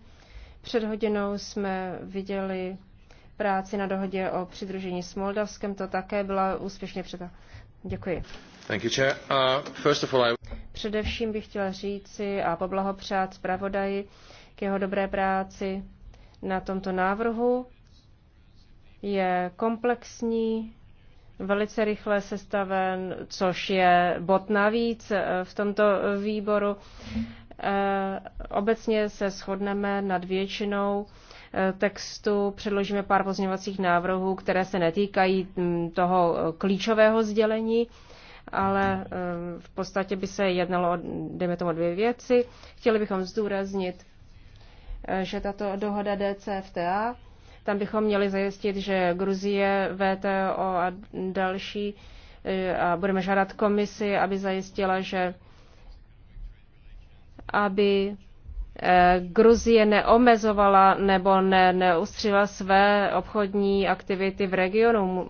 Před hodinou jsme viděli práci na dohodě o přidružení s Moldavskem. To také byla úspěšně předá. Děkuji. Thank you, Chair. Uh, first of all, I... Především bych chtěla říci a poblahopřát zpravodaji k jeho dobré práci na tomto návrhu. Je komplexní, velice rychle sestaven, což je bod navíc eh, v tomto výboru. Eh, obecně se shodneme nad většinou eh, textu, předložíme pár pozměňovacích návrhů, které se netýkají mm, toho klíčového sdělení ale eh, v podstatě by se jednalo, dejme tomu, dvě věci. Chtěli bychom zdůraznit, eh, že tato dohoda DCFTA, tam bychom měli zajistit, že Gruzie, VTO a další, eh, a budeme žádat komisi, aby zajistila, že aby Gruzie neomezovala nebo ne, neustřila své obchodní aktivity v regionu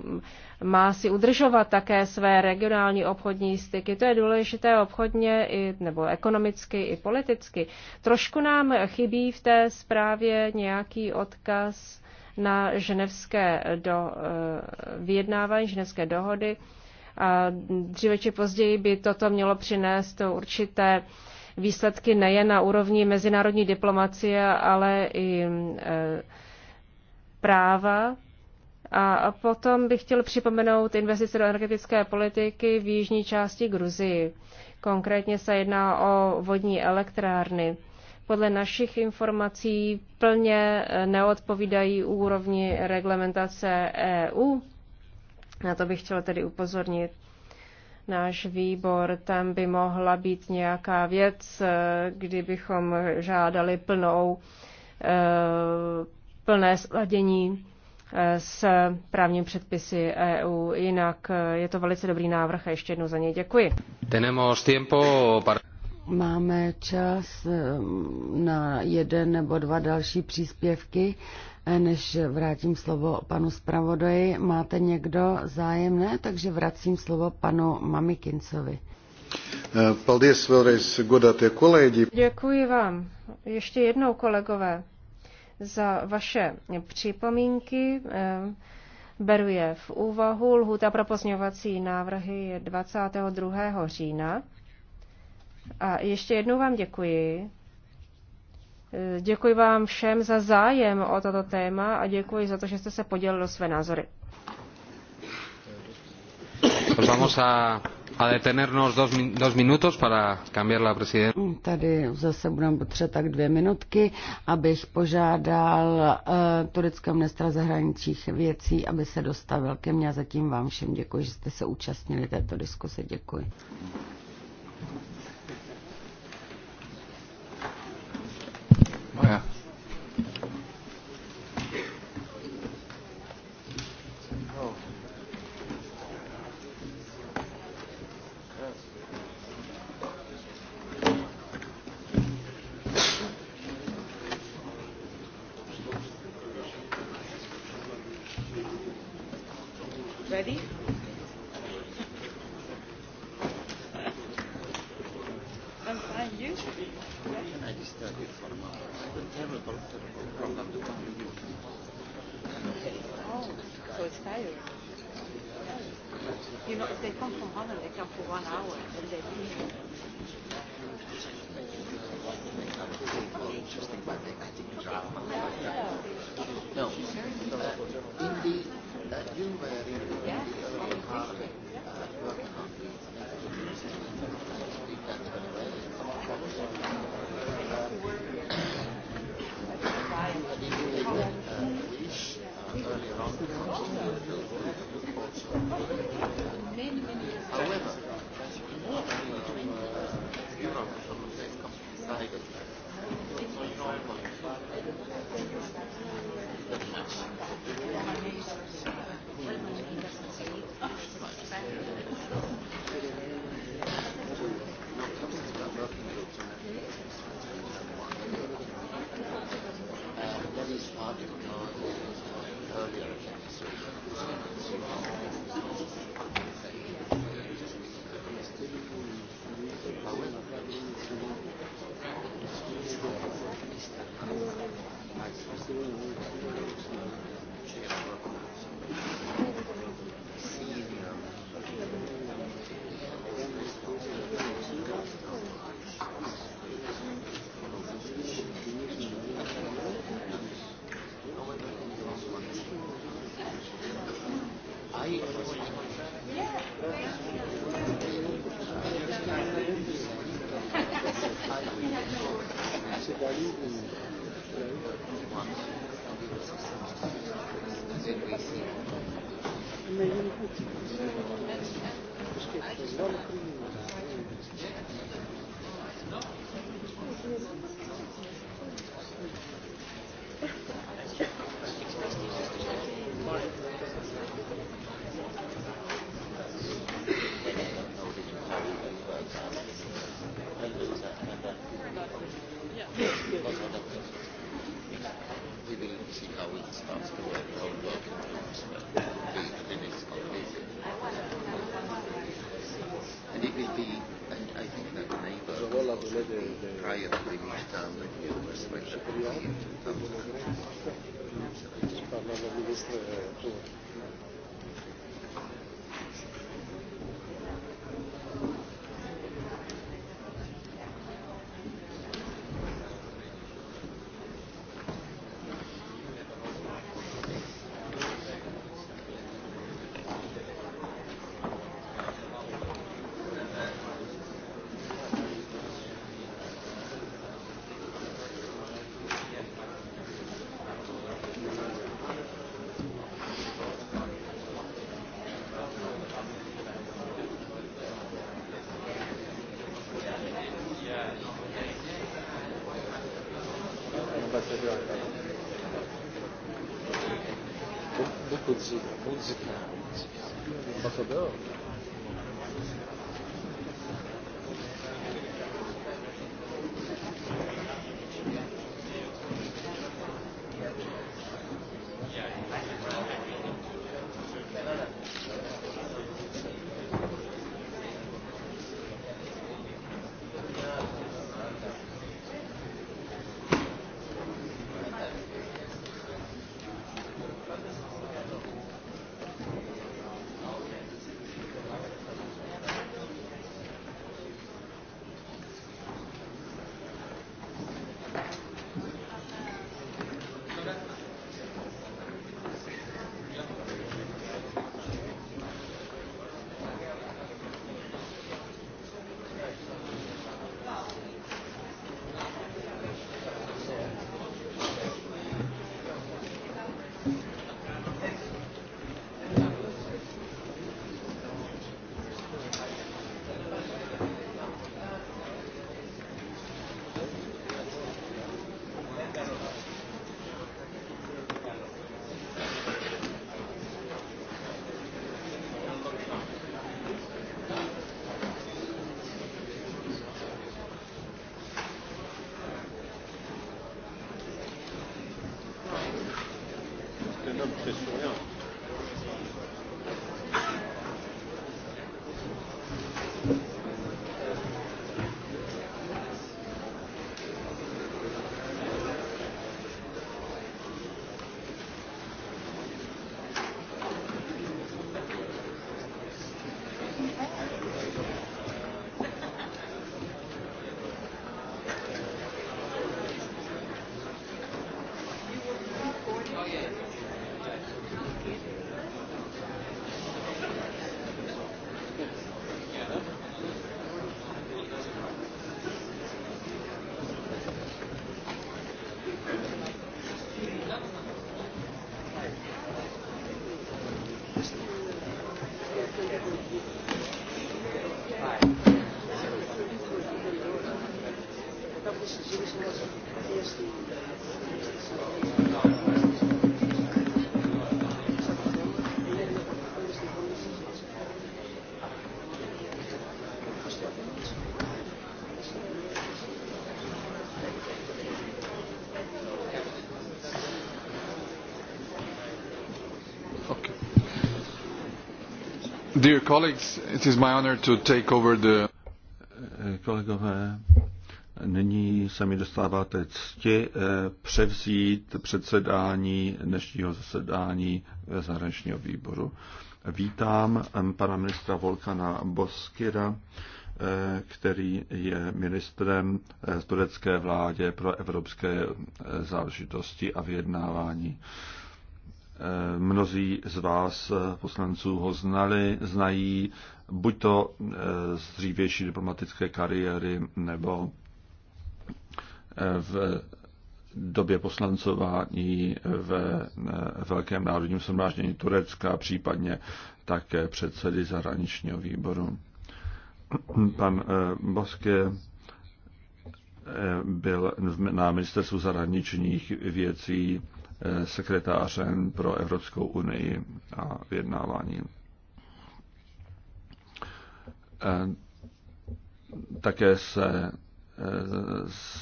má si udržovat také své regionální obchodní styky. To je důležité obchodně i, nebo ekonomicky i politicky. Trošku nám chybí v té zprávě nějaký odkaz na ženevské do, eh, vyjednávání, ženevské dohody. A dříve či později by toto mělo přinést určité výsledky nejen na úrovni mezinárodní diplomacie, ale i eh, práva a potom bych chtěl připomenout investice do energetické politiky v jižní části Gruzii. Konkrétně se jedná o vodní elektrárny. Podle našich informací plně neodpovídají úrovni reglementace EU. Na to bych chtěl tedy upozornit náš výbor, tam by mohla být nějaká věc, kdybychom žádali plnou, eh, plné sladění s právními předpisy EU. Jinak eh, je to velice dobrý návrh a ještě jednou za něj děkuji. Máme čas eh, na jeden nebo dva další příspěvky, eh, než vrátím slovo panu zpravodaji. Máte někdo zájem? Ne, takže vracím slovo panu Mamikincovi. Děkuji vám. Ještě jednou, kolegové za vaše připomínky. Eh, beru je v úvahu. Lhuta pro pozměňovací návrhy je 22. října. A ještě jednou vám děkuji. Eh, děkuji vám všem za zájem o toto téma a děkuji za to, že jste se podělili o své názory. Pues vamos a a detenernos la Tady zase budeme potřebovat tak dvě minutky, abych požádal uh, tureckého ministra zahraničních věcí, aby se dostavil ke mně a zatím vám všem děkuji, že jste se účastnili této diskuse. Děkuji. Moja. Dear colleagues, it is my honor to take over the... colleague eh, Kolegové, Nyní se mi dostáváte cti eh, převzít předsedání dnešního zasedání eh, zahraničního výboru. Vítám pana ministra Volkana Boskira, eh, který je ministrem z turecké vládě pro evropské záležitosti a vyjednávání. Mnozí z vás poslanců ho znali, znají buď to z dřívější diplomatické kariéry, nebo v době poslancování ve eh, Velkém národním shromáždění Turecka, případně také předsedy zahraničního výboru. Pan eh, Boske eh, byl na ministerstvu zahraničních věcí sekretářem pro Evropskou unii a vyjednávání. Také se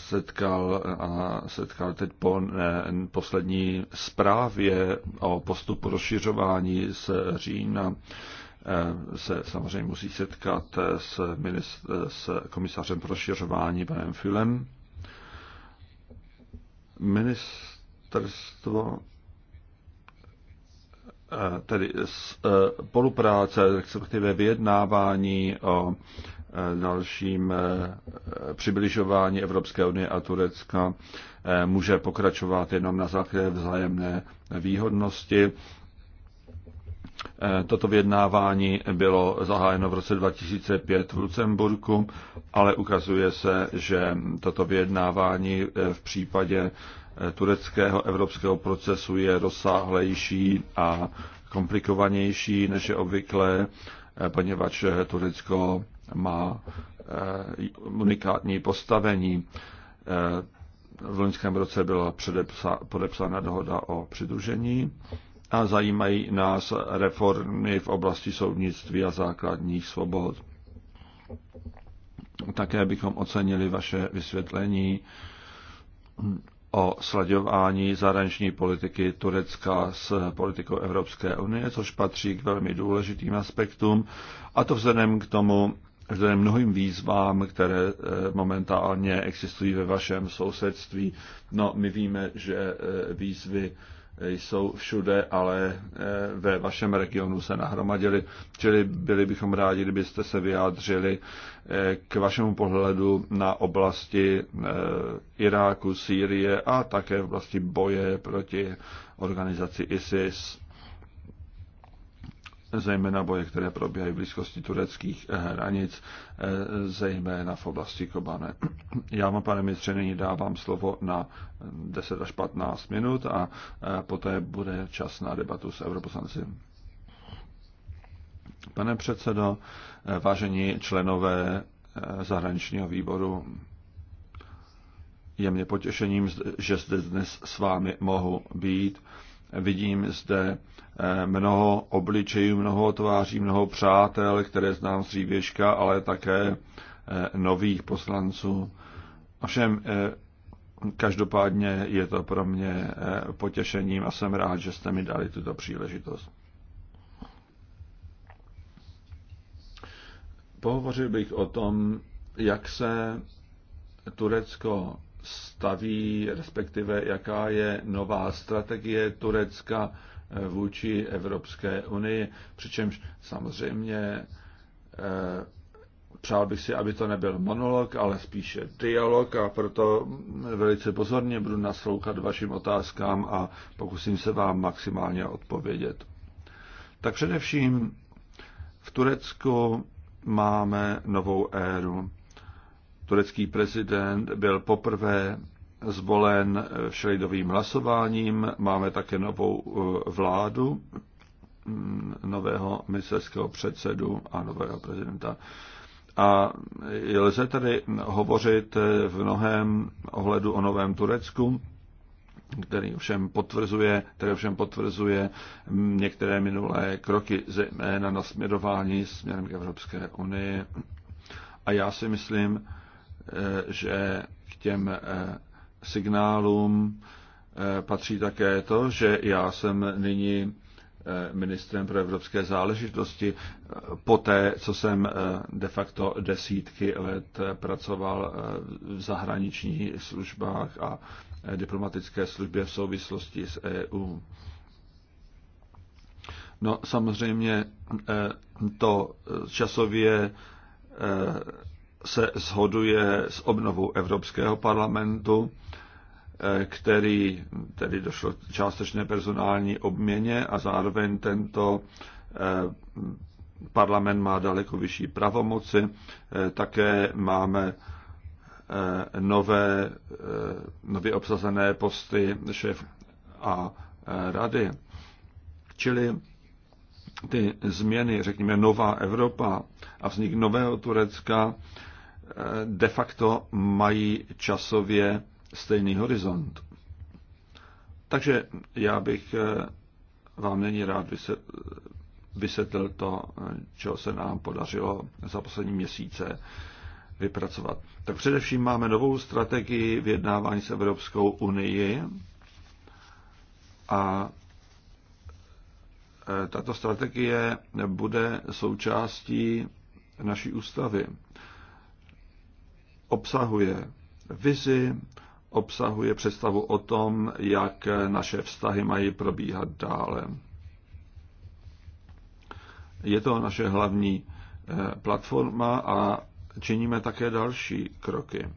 setkal a setkal teď po poslední zprávě o postupu rozšiřování z Října eh, se samozřejmě musí setkat s, ministr, s komisařem pro rozšiřování panem Filem. Ministerstvo eh, tedy eh, spolupráce, respektive vyjednávání o dalším eh, přibližování Evropské unie a Turecka eh, může pokračovat jenom na základě vzájemné výhodnosti. Eh, toto vyjednávání bylo zahájeno v roce 2005 v Lucemburku, ale ukazuje se, že toto vyjednávání v případě tureckého evropského procesu je rozsáhlejší a komplikovanější než je obvyklé, poněvadž Turecko má eh, unikátní postavení. Eh, v loňském roce byla podepsána dohoda o přidružení a zajímají nás reformy v oblasti soudnictví a základních svobod. Také bychom ocenili vaše vysvětlení o sladěvání zahraniční politiky Turecka s politikou Evropské unie, což patří k velmi důležitým aspektům, a to vzhledem k tomu, vzhledem mnohým výzvám, které eh, momentálně existují ve vašem sousedství. No, my víme, že eh, výzvy eh, jsou všude, ale ve vašem regionu se nahromadili, čili byli bychom rádi, kdybyste se vyjádřili k vašemu pohledu na oblasti Iráku, Sýrie a také v oblasti boje proti organizaci ISIS zejména boje, které probíhají v blízkosti tureckých eh, hranic, eh, zejména v oblasti Kobane. Já vám, pane ministře, nyní dávám slovo na 10 eh, až 15 minut a poté bude čas na debatu s europoslanci. Pane předsedo, vážení členové zahraničního výboru, je mě potěšením, že zde dnes s vámi mohu být Vidím zde eh, mnoho obličejů, mnoho tváří, mnoho přátel, které znám z dřívěžka, ale také eh, nových poslanců. Ovšem, eh, každopádně je to pro mě potěšením a jsem rád, že jste mi dali tuto příležitost. Pohovořil bych o tom, jak se Turecko staví, respektive jaká je nová strategie Turecka eh, vůči Evropské unii, přičemž samozřejmě eh, přál bych si, aby to nebyl monolog, ale spíše dialog a proto velice pozorně budu naslouchat vašim otázkám a pokusím se vám maximálně odpovědět. Tak především v Turecku máme novou éru. Turecký prezident byl poprvé zvolen všelidovým hlasováním. Máme také novou eh, vládu, mm, nového ministerského předsedu a nového prezidenta. A lze tedy hovořit v mnohem ohledu o novém Turecku, který všem potvrzuje, které všem potvrzuje některé minulé kroky, zejména na směrování směrem k Evropské unii. A já si myslím, Eh, že k těm eh, signálům eh, patří také to, že já jsem nyní ministrem pro evropské záležitosti po té, co jsem de facto desítky let pracoval v zahraničních službách a diplomatické službě v souvislosti s EU. No samozřejmě to časově se shoduje s obnovou Evropského parlamentu, eh, který tedy došlo k částečné personální obměně a zároveň tento eh, parlament má daleko vyšší pravomoci. Eh, také máme nové, nově obsazené posty šéf a rady. Čili ty změny, řekněme, nová Evropa a vznik nového Turecka de facto mají časově stejný horizont. Takže já bych eh, vám není rád vysvětlil to, eh, čeho se nám podařilo za poslední měsíce vypracovat. Tak především máme novou strategii vyjednávání s Evropskou unii a eh, tato strategie bude součástí naší ústavy obsahuje vizi, obsahuje představu o tom, jak naše vztahy mají probíhat dále. Je to naše hlavní eh, platforma a činíme také další kroky.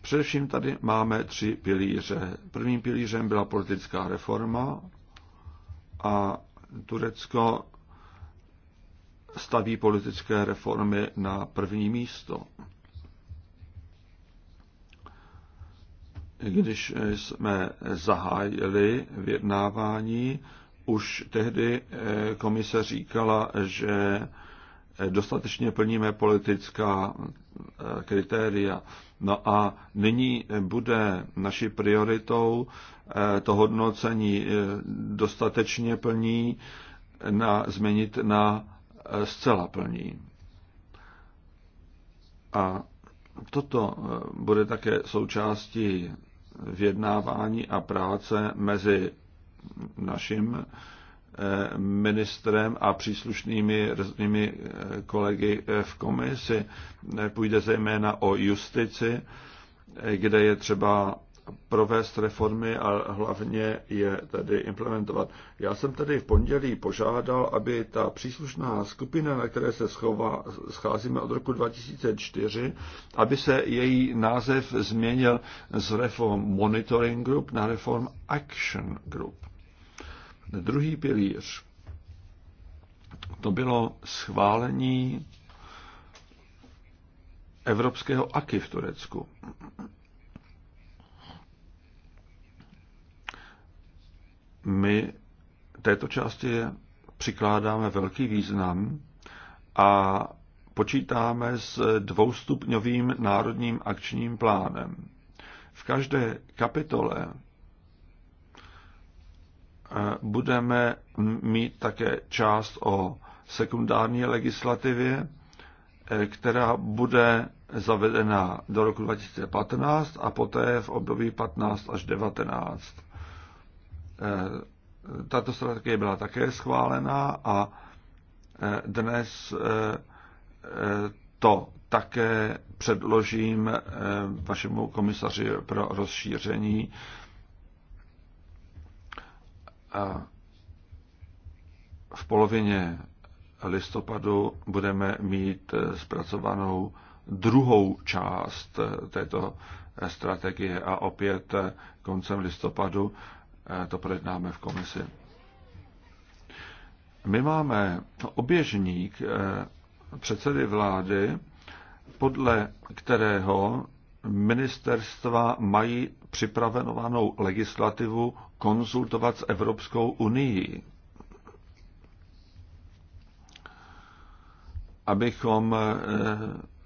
Především tady máme tři pilíře. Prvním pilířem byla politická reforma a Turecko staví politické reformy na první místo. Když jsme zahájili vyjednávání, už tehdy eh, komise říkala, že dostatečně plníme politická eh, kritéria. No a nyní bude naší prioritou eh, to hodnocení dostatečně plní na, změnit na zcela plní. A toto eh, bude také součástí vyjednávání a práce mezi naším eh, ministrem a příslušnými různými eh, kolegy v komisi. Půjde zejména o justici, kde je třeba provést reformy a hlavně je tedy implementovat. Já jsem tedy v pondělí požádal, aby ta příslušná skupina, na které se schová, scházíme od roku 2004, aby se její název změnil z Reform Monitoring Group na Reform Action Group. Druhý pilíř. To bylo schválení evropského AKI v Turecku. My této části přikládáme velký význam a počítáme s dvoustupňovým národním akčním plánem. V každé kapitole eh, budeme mít také část o sekundární legislativě, eh, která bude zavedena do roku 2015 a poté v období 15 až 19. Eh, tato strategie byla také schválena a eh, dnes eh, to také předložím vašemu komisaři pro rozšíření. V polovině listopadu budeme mít zpracovanou druhou část této strategie a opět koncem listopadu Eh, to projednáme v komisi. My máme oběžník eh, předsedy vlády, podle kterého ministerstva mají připravenovanou legislativu konzultovat s Evropskou unii. Abychom eh,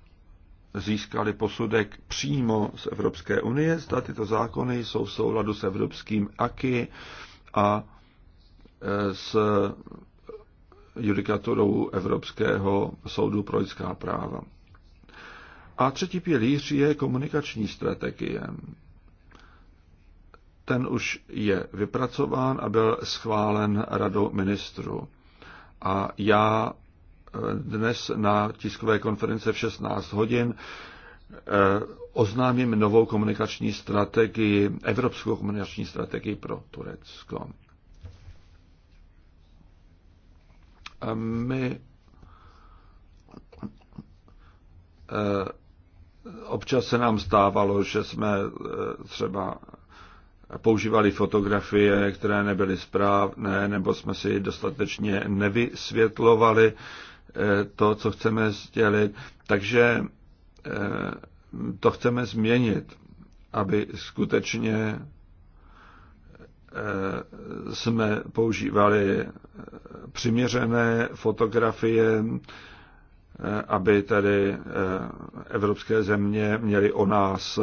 získali posudek přímo z Evropské unie, zda tyto zákony jsou v souladu s evropským AKI a e, s judikaturou Evropského soudu pro lidská práva. A třetí pilíř je komunikační strategie. Ten už je vypracován a byl schválen radou ministru. A já dnes na tiskové konference v 16 hodin eh, oznámím novou komunikační strategii, evropskou komunikační strategii pro Turecko. A my eh, občas se nám stávalo, že jsme eh, třeba používali fotografie, které nebyly správné, nebo jsme si dostatečně nevysvětlovali Eh, to, co chceme sdělit. Takže eh, to chceme změnit, aby skutečně eh, jsme používali přiměřené fotografie, aby tady evropské země měly o nás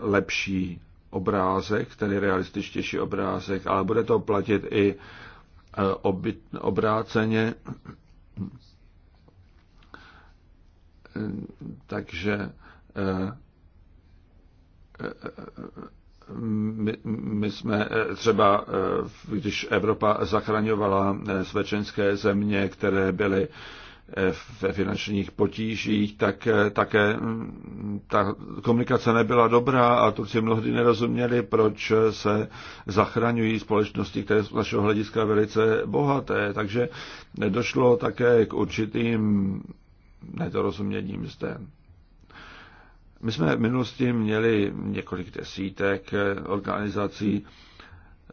lepší obrázek, tedy realističtější obrázek, ale bude to platit i Eh, obráceně. Eh, takže eh, my, my jsme třeba, když Evropa zachraňovala svečenské země, které byly Eh, ve finančních potížích, tak eh, také mm, ta komunikace nebyla dobrá a Turci mnohdy nerozuměli, proč se zachraňují společnosti, které jsou z našeho hlediska velice bohaté. Takže došlo také k určitým nedorozuměním zde. My jsme v minulosti měli několik desítek eh, organizací,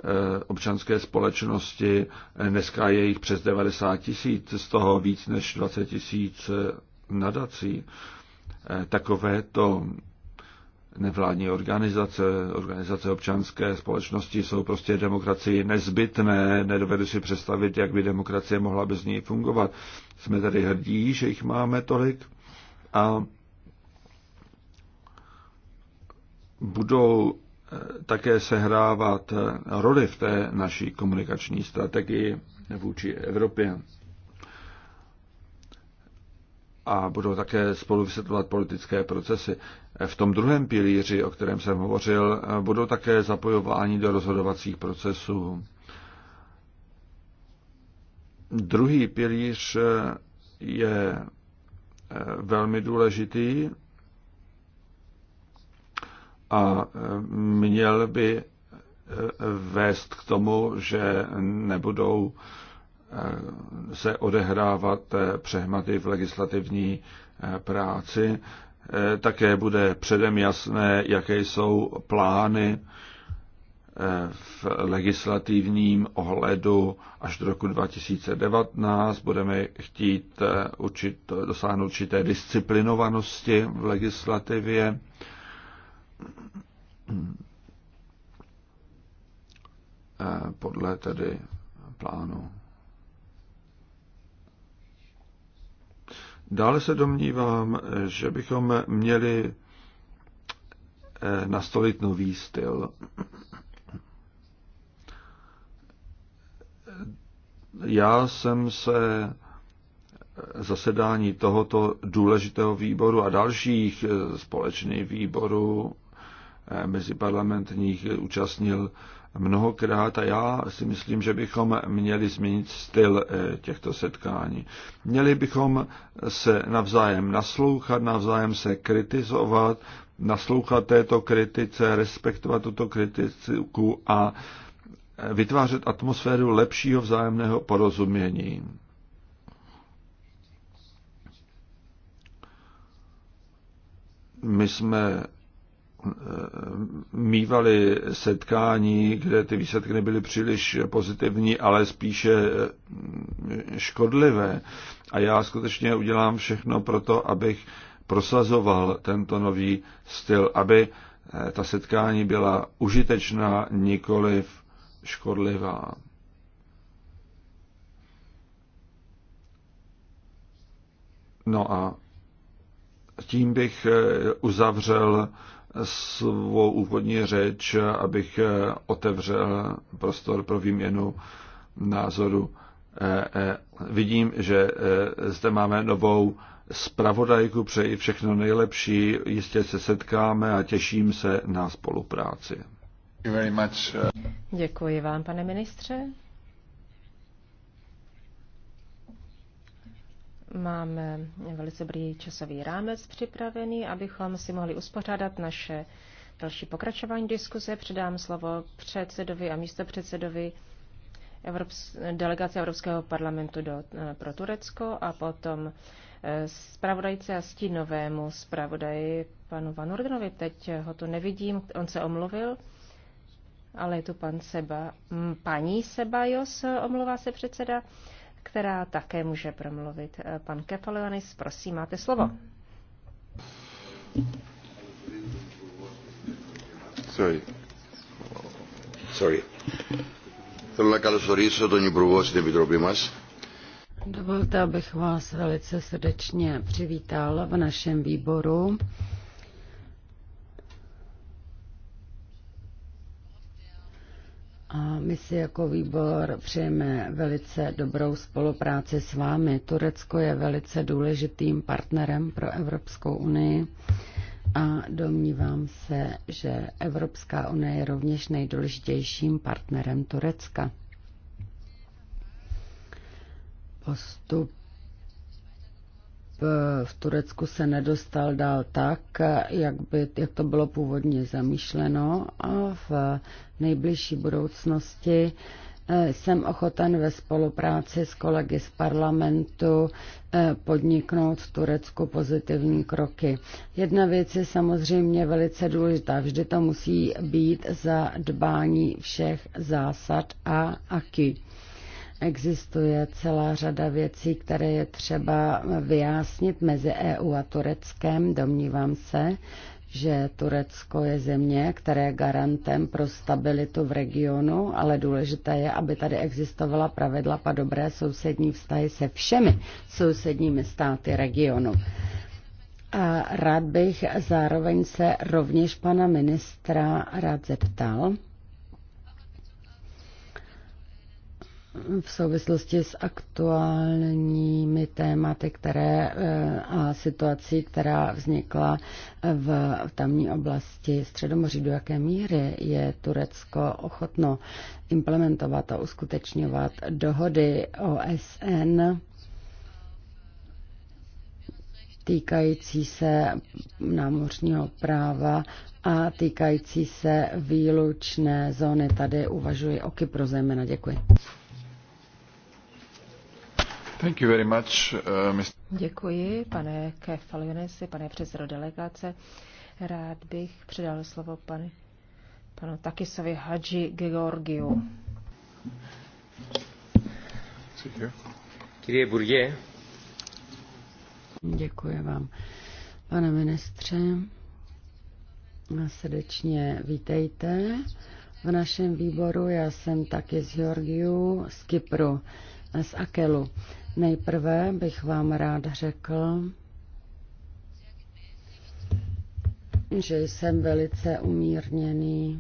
Eh, občanské společnosti. Dneska je jich přes 90 tisíc, z toho víc než 20 tisíc eh, nadací. Eh, Takové to nevládní organizace, organizace občanské společnosti jsou prostě demokracii nezbytné. Nedovedu si představit, jak by demokracie mohla bez ní fungovat. Jsme tady hrdí, že jich máme tolik a budou také sehrávat roli v té naší komunikační strategii vůči Evropě. A budou také spolu vysvětlovat politické procesy. V tom druhém pilíři, o kterém jsem hovořil, budou také zapojováni do rozhodovacích procesů. Druhý pilíř je velmi důležitý a e, měl by e, vést k tomu, že nebudou e, se odehrávat přehmaty v legislativní práci. Také bude předem jasné, jaké jsou plány v legislativním ohledu až do roku 2019. Budeme chtít učit, dosáhnout určité disciplinovanosti v legislativě Eh, podle tedy plánu. Dále se domnívám, že bychom měli eh, nastolit nový styl. Já jsem se zasedání tohoto důležitého výboru a dalších eh, společných výborů meziparlamentních účastnil mnohokrát a já si myslím, že bychom měli změnit styl eh, těchto setkání. Měli bychom se navzájem naslouchat, navzájem se kritizovat, naslouchat této kritice, respektovat tuto kritiku a eh, vytvářet atmosféru lepšího vzájemného porozumění. My jsme mývali setkání, kde ty výsledky nebyly příliš pozitivní, ale spíše eh, škodlivé. A já skutečně udělám všechno pro to, abych prosazoval tento nový styl, aby eh, ta setkání byla užitečná, nikoliv škodlivá. No a tím bych eh, uzavřel svou úvodní řeč, abych otevřel prostor pro výměnu názoru. E, e, vidím, že e, zde máme novou zpravodajku, přeji všechno nejlepší, jistě se setkáme a těším se na spolupráci. Děkuji vám, pane ministře. Máme velice dobrý časový rámec připravený, abychom si mohli uspořádat naše další pokračování diskuze. Předám slovo předsedovi a místopředsedovi Evrops- delegace Evropského parlamentu do, eh, pro Turecko a potom eh, zpravodajce a stínovému zpravodaji panu Van Urdenovi. Teď eh, ho tu nevidím, on se omluvil, ale je tu pan Seba, paní Jos, omluvá se předseda která také může promluvit. Eh, pan Kefalionis, prosím, máte slovo. Sorry. Sorry. Θέλω να καλωσορίσω τον Υπουργό στην Επιτροπή μας. Dovolte, abych vás velice srdečně přivítal v našem výboru. A my si jako výbor přejeme velice dobrou spolupráci s vámi. Turecko je velice důležitým partnerem pro Evropskou unii a domnívám se, že Evropská unie je rovněž nejdůležitějším partnerem Turecka. Postup v Turecku se nedostal dál tak, jak, by, jak to bylo původně zamýšleno a v nejbližší budoucnosti eh, jsem ochoten ve spolupráci s kolegy z parlamentu eh, podniknout v Turecku pozitivní kroky. Jedna věc je samozřejmě velice důležitá. Vždy to musí být za dbání všech zásad a aky. Existuje celá řada věcí, které je třeba vyjasnit mezi EU a Tureckem. Domnívám se, že Turecko je země, které je garantem pro stabilitu v regionu, ale důležité je, aby tady existovala pravidla pro dobré sousední vztahy se všemi sousedními státy regionu. A rád bych zároveň se rovněž pana ministra rád zeptal, v souvislosti s aktuálními tématy které, eh, a situací, která vznikla v tamní oblasti Středomoří. Do jaké míry je Turecko ochotno implementovat a uskutečňovat dohody OSN týkající se námořního práva a týkající se výlučné zóny. Tady uvažuji o Kypro zejména. Děkuji. Uh, Děkuji, pane Kefalionesi, pane předsedo delegace. Rád bych předal slovo panu, panu Takisovi Hadži Georgiu. Burje. Děkuji vám. Pane ministře, srdečně vítejte v našem výboru. Já jsem taky z Georgiu, z Kypru, z Akelu. Nejprve bych vám rád řekl, že jsem velice umírněný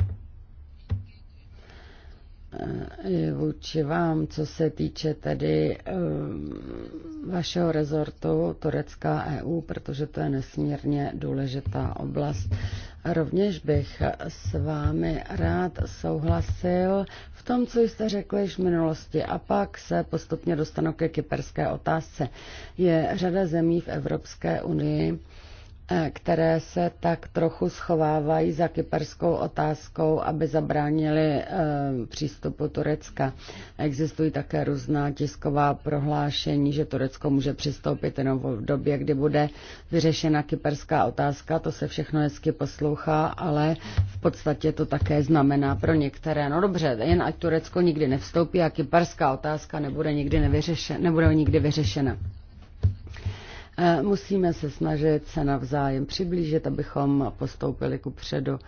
eh, i vůči vám, co se týče tedy eh, vašeho rezortu Turecká EU, protože to je nesmírně důležitá oblast Rovněž bych s vámi rád souhlasil v tom, co jste řekli již v minulosti a pak se postupně dostanu ke kyperské otázce. Je řada zemí v Evropské unii, Eh, které se tak trochu schovávají za kyperskou otázkou, aby zabránili eh, přístupu Turecka. Existují také různá tisková prohlášení, že Turecko může přistoupit jenom v době, kdy bude vyřešena kyperská otázka. To se všechno hezky poslouchá, ale v podstatě to také znamená pro některé. No dobře, jen ať Turecko nikdy nevstoupí a kyperská otázka nebude nikdy, nevyřešen, nebude nikdy vyřešena. Eh, musíme se snažit se navzájem přiblížit, abychom postoupili ku předu.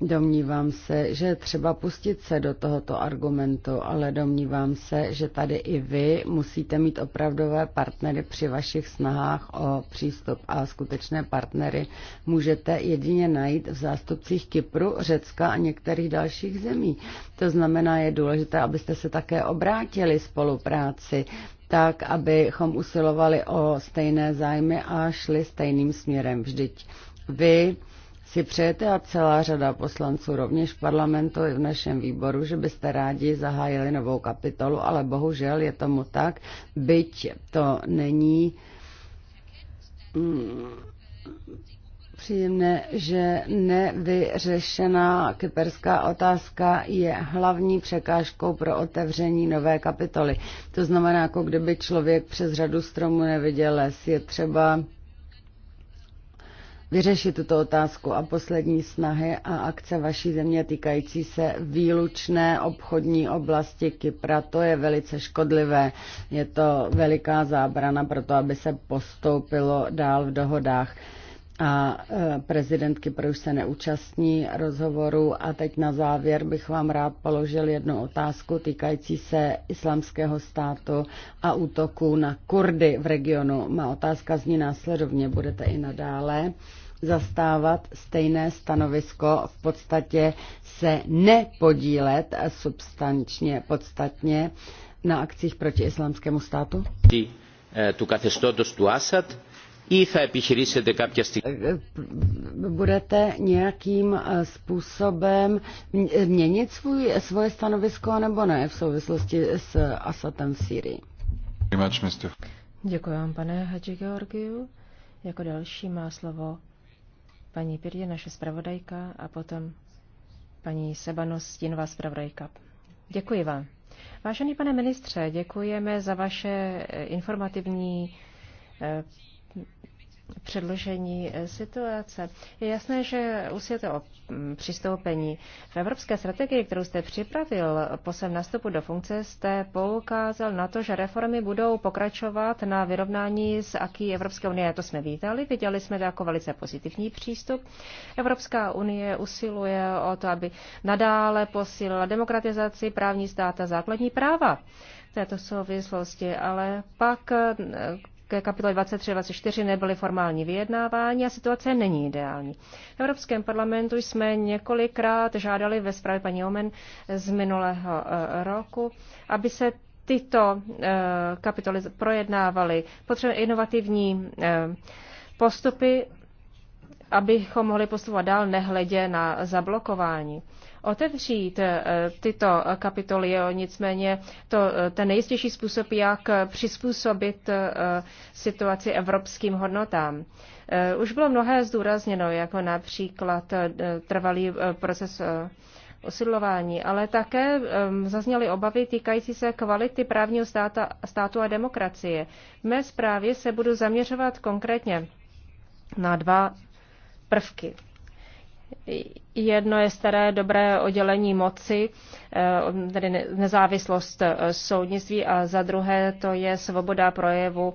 Domnívám se, že třeba pustit se do tohoto argumentu, ale domnívám se, že tady i vy musíte mít opravdové partnery při vašich snahách o přístup a skutečné partnery můžete jedině najít v zástupcích Kypru, Řecka a některých dalších zemí. To znamená, je důležité, abyste se také obrátili spolupráci tak abychom usilovali o stejné zájmy a šli stejným směrem. Vždyť vy si přejete a celá řada poslanců rovněž v parlamentu i v našem výboru, že byste rádi zahájili novou kapitolu, ale bohužel je tomu tak, byť to není mm, příjemné, že nevyřešená kyperská otázka je hlavní překážkou pro otevření nové kapitoly. To znamená, jako kdyby člověk přes řadu stromů neviděl les. Je třeba vyřešit tuto otázku a poslední snahy a akce vaší země týkající se výlučné obchodní oblasti Kypra. To je velice škodlivé. Je to veliká zábrana pro to, aby se postoupilo dál v dohodách a e, prezident už se neúčastní rozhovoru. A teď na závěr bych vám rád položil jednu otázku týkající se islamského státu a útoku na Kurdy v regionu. Má otázka zní následovně, budete i nadále zastávat stejné stanovisko, v podstatě se nepodílet substančně, podstatně na akcích proti islamskému státu? E, tu καθεστώτος tu ή θα επιχειρήσετε κάποια στιγμή. Budete nějakým eh, způsobem eh, měnit svůj, svoje stanovisko nebo ne v souvislosti s eh, Asadem v Syrii? Děkuji vám, pane Hadži Georgiu. Jako další má slovo paní Pirdě, naše zpravodajka, a potom paní Sebanos, Stinová zpravodajka. Děkuji vám. Vážený pane ministře, děkujeme za vaše informativní předložení eh, situace. Je jasné, že usilujete o mm, přistoupení. V evropské strategii, kterou jste připravil po svém nastupu do funkce, jste poukázal na to, že reformy budou pokračovat na vyrovnání s aký Evropské unie. To jsme vítali, viděli jsme to jako velice pozitivní přístup. Evropská unie usiluje o to, aby nadále posílila demokratizaci, právní stát a základní práva této souvislosti, ale pak eh, ke kapitole 23-24 nebyly formální vyjednávání a situace není ideální. V Evropském parlamentu jsme několikrát žádali ve zprávě paní Omen z minulého eh, roku, aby se tyto eh, kapitoly projednávaly. Potřebujeme inovativní eh, postupy, abychom mohli postupovat dál, nehledě na zablokování otevřít eh, tyto kapitoly, jo, nicméně to eh, ten nejistější způsob, jak přizpůsobit eh, situaci evropským hodnotám. Už bylo mnohé zdůrazněno, jako například trvalý proces osidlování, ale také ehm, zazněly obavy týkající se kvality právního státa, státu a demokracie. V mé zprávě se budu zaměřovat konkrétně na dva prvky. Jedno je staré dobré oddělení moci, eh, tedy nezávislost eh, soudnictví a za druhé to je svoboda projevu.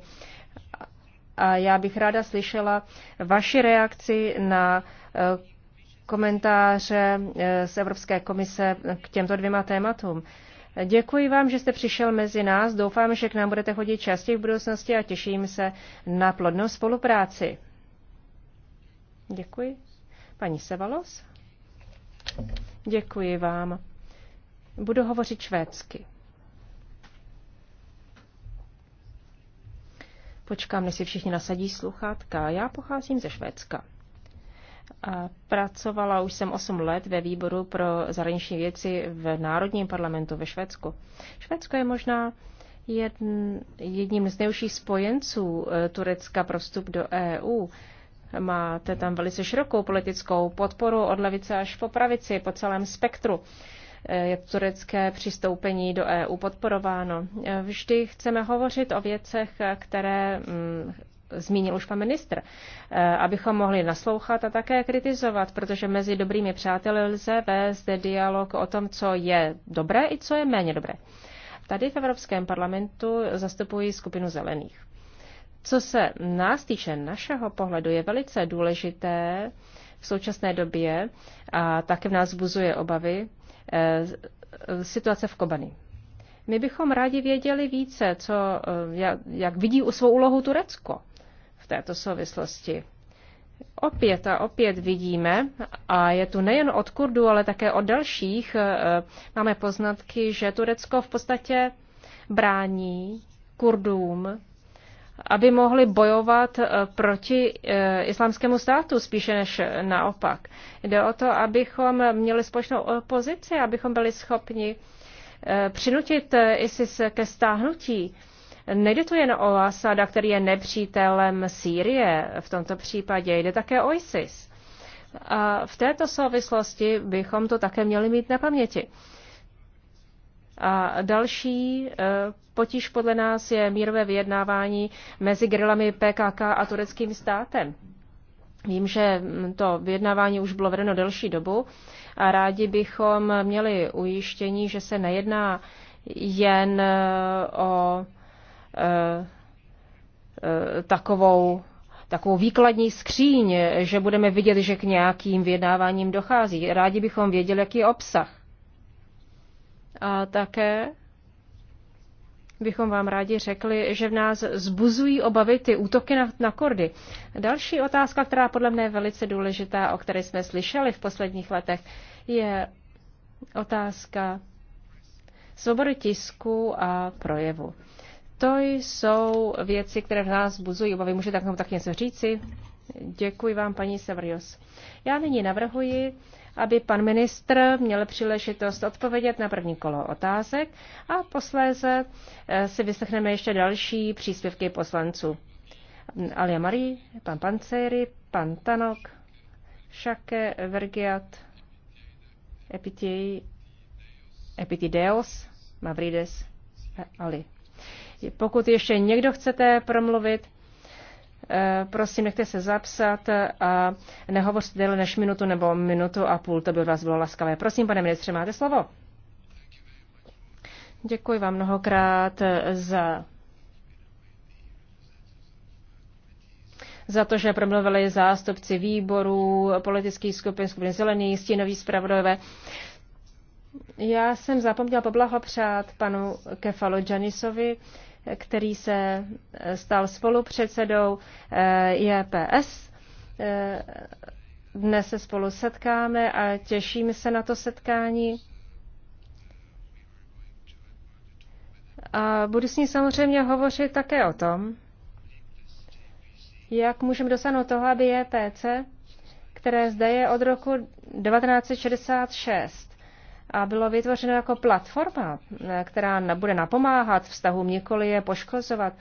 A já bych ráda slyšela vaši reakci na eh, komentáře z Evropské komise k těmto dvěma tématům. Děkuji vám, že jste přišel mezi nás. Doufám, že k nám budete chodit častěji v budoucnosti a těším se na plodnou spolupráci. Děkuji. Paní Sevalos, děkuji vám. Budu hovořit švédsky. Počkám, než si všichni nasadí sluchátka. Já pocházím ze Švédska. A pracovala už jsem 8 let ve výboru pro zahraniční věci v Národním parlamentu ve Švédsku. Švédsko je možná jedn, jedním z nejužších spojenců eh, Turecka pro vstup do EU. Máte tam velice širokou politickou podporu od levice až po pravici, po celém spektru. Je turecké přistoupení do EU podporováno. Vždy chceme hovořit o věcech, které mm, zmínil už pan ministr, eh, abychom mohli naslouchat a také kritizovat, protože mezi dobrými přáteli lze vést dialog o tom, co je dobré i co je méně dobré. Tady v Evropském parlamentu zastupuji skupinu zelených. Co se nás týče našeho pohledu, je velice důležité v současné době a také v nás vzbuzuje obavy eh, situace v Kobani. My bychom rádi věděli více, co, eh, jak vidí u svou úlohu Turecko v této souvislosti. Opět a opět vidíme, a je tu nejen od Kurdů, ale také od dalších, eh, máme poznatky, že Turecko v podstatě brání Kurdům aby mohli bojovat eh, proti eh, islámskému státu, spíše než naopak. Jde o to, abychom měli společnou opozici, abychom byli schopni eh, přinutit ISIS ke stáhnutí. Nejde to jen o Asada, který je nepřítelem Sýrie v tomto případě, jde také o ISIS. A v této souvislosti bychom to také měli mít na paměti. A další Potíž podle nás je mírové vyjednávání mezi grilami PKK a tureckým státem. Vím, že to vyjednávání už bylo vedeno delší dobu a rádi bychom měli ujištění, že se nejedná jen e, o e, e, takovou, takovou výkladní skříň, že budeme vidět, že k nějakým vyjednáváním dochází. Rádi bychom věděli, jaký je obsah. A také bychom vám rádi řekli, že v nás zbuzují obavy ty útoky na, na Kordy. Další otázka, která podle mě je velice důležitá, o které jsme slyšeli v posledních letech, je otázka svobody tisku a projevu. To jsou věci, které v nás buzují obavy. Můžete tak něco říci? Děkuji vám, paní Severios. Já nyní navrhuji, aby pan ministr měl příležitost odpovědět na první kolo otázek a posléze eh, si vyslechneme ještě další příspěvky poslanců. Alia Marie, pan Panceri, pan Tanok, Šake, Vergiat, Epitiej, Epitideos, Mavrides, eh, Ali. Pokud ještě někdo chcete promluvit, Eh, prosím, nechte se zapsat a nehovořte déle než minutu nebo minutu a půl, to by vás bylo laskavé. Prosím, pane ministře, máte slovo. Děkuji vám mnohokrát eh, za za to, že promluvili zástupci výborů, politických skupin, skupin zelených, stínoví zpravodové. Já jsem zapomněla poblahopřát panu Kefalo Janisovi který se eh, stal spolupředsedou JPS. Eh, eh, dnes se spolu setkáme a těšíme se na to setkání. A budu s ní samozřejmě hovořit také o tom, jak můžeme dosáhnout toho, aby JPC, které zde je od roku 1966, a bylo vytvořeno jako platforma, která bude napomáhat vztahům, nikoli je poškozovat.